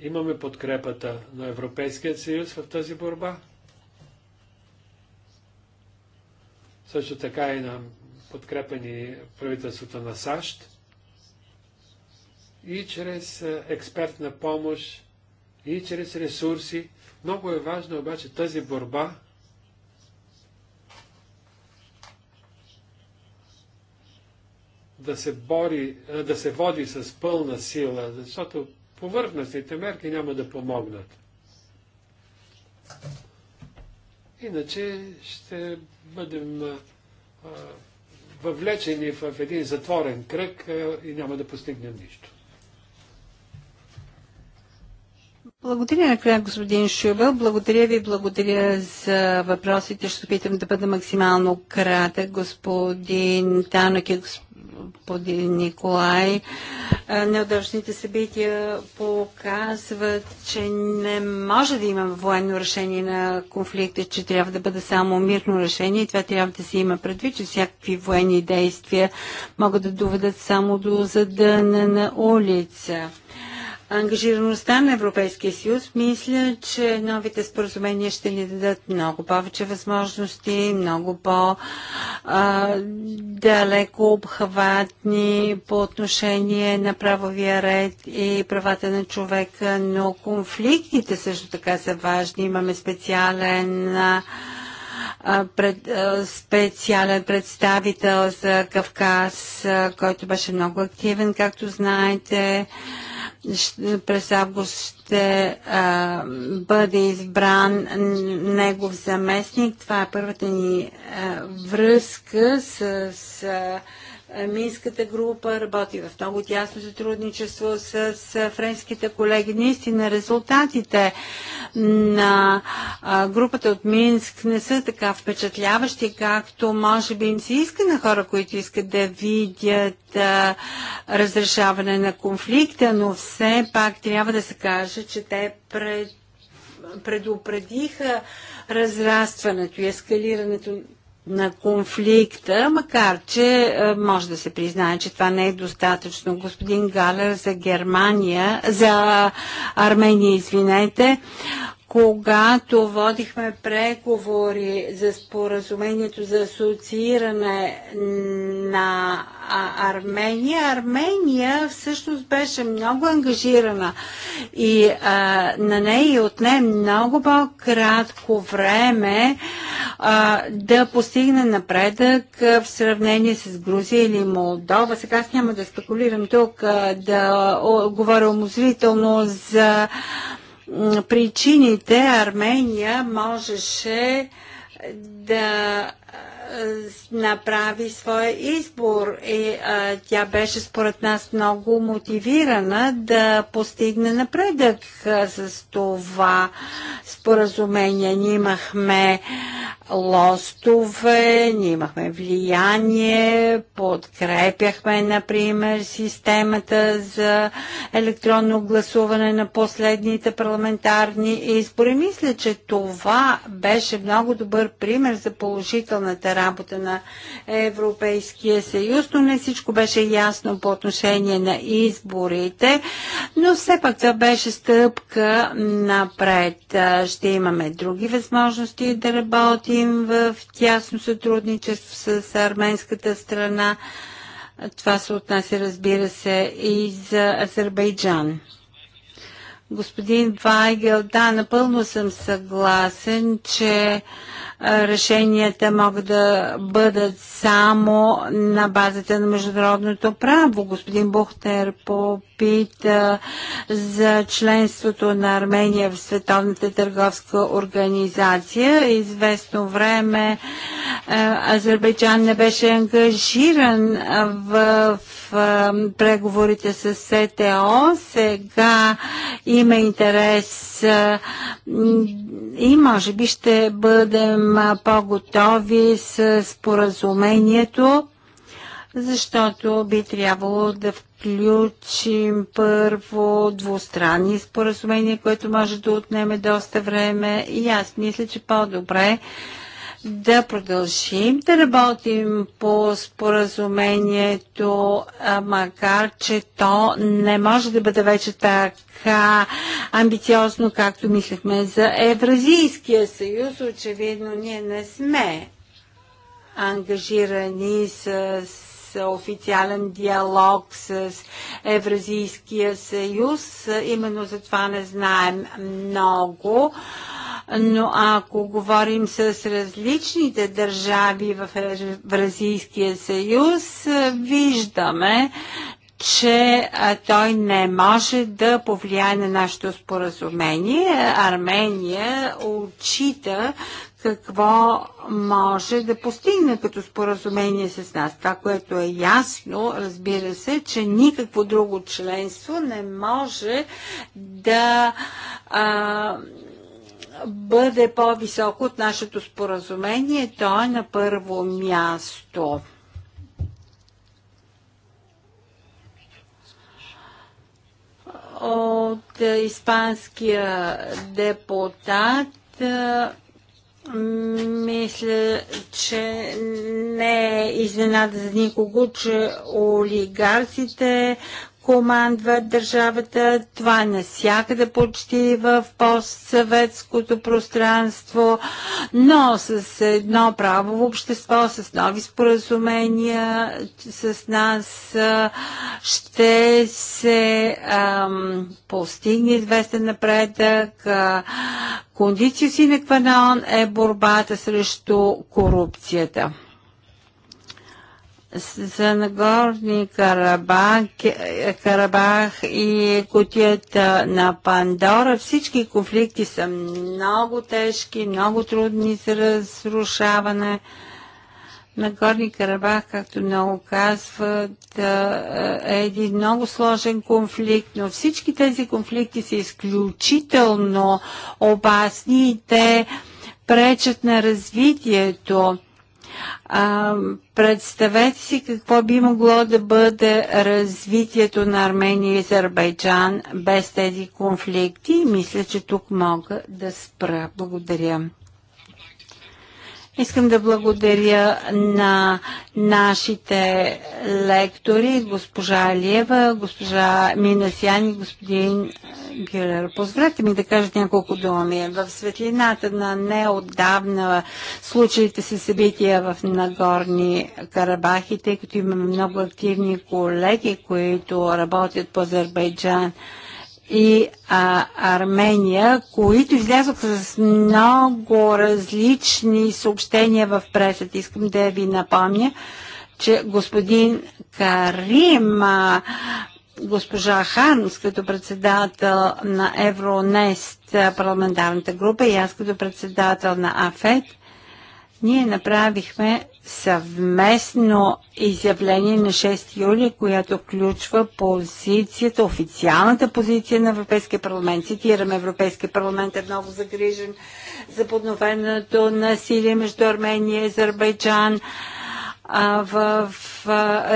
Имаме подкрепата на Европейския съюз в тази борба. Също така и на подкрепени правителството на САЩ и чрез е, експертна помощ и чрез ресурси. Много е важно обаче тази борба да се, бори, да се води с пълна сила, защото повърхностните мерки няма да помогнат. Иначе ще бъдем въвлечени в един затворен кръг и няма да постигнем нищо. Благодаря накрая, господин Шубел. Благодаря ви, благодаря за въпросите. Ще опитам да бъда максимално кратък, господин Танък и господин Николай. Неудачните събития показват, че не може да има военно решение на конфликта, че трябва да бъде само мирно решение и това трябва да се има предвид, че всякакви военни действия могат да доведат само до задъна на улица ангажираността на Европейския съюз, мисля, че новите споразумения ще ни дадат много повече възможности, много по-далеко обхватни по отношение на правовия ред и правата на човека, но конфликтите също така са важни. Имаме специален пред, специален представител за Кавказ, който беше много активен, както знаете през август ще а, бъде избран негов заместник. Това е първата ни а, връзка с, а, е, Минската група работи в много тясно сътрудничество с френските колеги. Наистина резултатите на групата от Минск не са така впечатляващи, както може би им се иска на хора, които искат да видят а, разрешаване на конфликта, но все пак трябва да се каже, че те пред предупредиха разрастването и ескалирането на конфликта, макар че е, може да се признае, че това не е достатъчно. Господин Галер за Германия, за Армения, извинете, когато водихме преговори за споразумението за асоцииране на Армения, Армения всъщност беше много ангажирана и а, на нея и отне много по-кратко време а, да постигне напредък в сравнение с Грузия или Молдова. Сега няма да спекулирам тук, а, да о, говоря омозрително за причините Армения можеше да е, направи своя избор и а, е, тя беше според нас много мотивирана да постигне напредък а, е, с това споразумение. Ние имахме лостове, ние имахме влияние, подкрепяхме, например, системата за електронно гласуване на последните парламентарни избори. Мисля, че това беше много добър пример за положителната работа на Европейския съюз, но не всичко беше ясно по отношение на изборите, но все пак това беше стъпка напред. Ще имаме други възможности да работим в тясно сътрудничество с арменската страна. Това се отнася, разбира се, и за Азербайджан. Господин Вайгел, да, напълно съм съгласен, че решенията могат да бъдат само на базата на международното право. Господин Бухтер попита за членството на Армения в Световната търговска организация. Известно време Азербайджан не беше ангажиран в преговорите с СТО. Сега има интерес и може би ще бъдем по-готови с споразумението, защото би трябвало да включим първо двустранни споразумения, което може да отнеме доста време и аз мисля, че по-добре да продължим да работим по споразумението, макар че то не може да бъде вече така амбициозно, както мислехме за Евразийския съюз. Очевидно ние не сме ангажирани с официален диалог с Евразийския съюз. Именно за това не знаем много. Но ако говорим с различните държави в Евразийския съюз, виждаме, че той не може да повлияе на нашето споразумение. Армения отчита какво може да постигне като споразумение с нас. Това, което е ясно, разбира се, че никакво друго членство не може да а, бъде по-високо от нашето споразумение. То е на първо място. От испанския депутат мисля, че не е изненада за никого, че олигарсите командват държавата. Това насякъде почти в постсъветското пространство, но с едно право в общество, с нови споразумения с нас ще се ам, постигне известен напредък. Кондиция си на е борбата срещу корупцията за Нагорни Карабах, Карабах и кутията на Пандора. Всички конфликти са много тежки, много трудни за разрушаване. Нагорни Карабах, както много казват, е, е един много сложен конфликт, но всички тези конфликти са изключително опасни и те пречат на развитието а, представете си какво би могло да бъде развитието на Армения и Азербайджан без тези конфликти. Мисля, че тук мога да спра. Благодаря. Искам да благодаря на нашите лектори, госпожа Алиева, госпожа Минасян и господин Гюлер. Позволете ми да кажа няколко думи. В светлината на неотдавна случаите се събития в Нагорни Карабахи, тъй като имаме много активни колеги, които работят по Азербайджан, и а, Армения, които излязоха с много различни съобщения в пресата. Искам да ви напомня, че господин Карим, а, госпожа Ханс като председател на Евронест парламентарната група и аз като председател на АФЕД, ние направихме съвместно изявление на 6 юли, която включва позицията, официалната позиция на Европейския парламент. Цитираме, Европейския парламент е много загрижен за подновеното насилие между Армения и Азербайджан. А в, в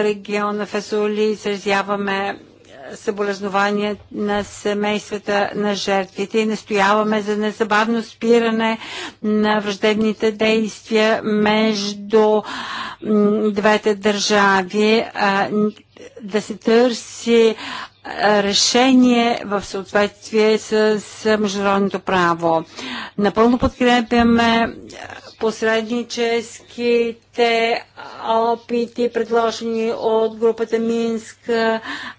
региона Фесули изразяваме съболезнования на семействата на жертвите и настояваме за незабавно спиране на враждебните действия между двете държави, да се търси решение в съответствие с международното право. Напълно подкрепяме посредническите опити, предложени от групата Минск,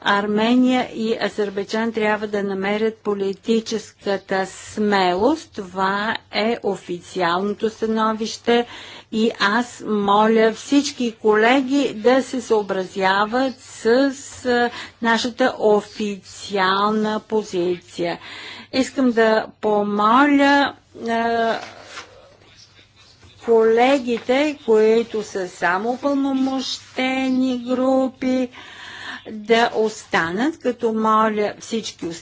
Армения и Азербайджан трябва да намерят политическата смелост. Това е официалното становище и аз моля всички колеги да се съобразяват с нашата официална позиция. Искам да помоля колегите, които са само пълномощени групи, да останат, като моля всички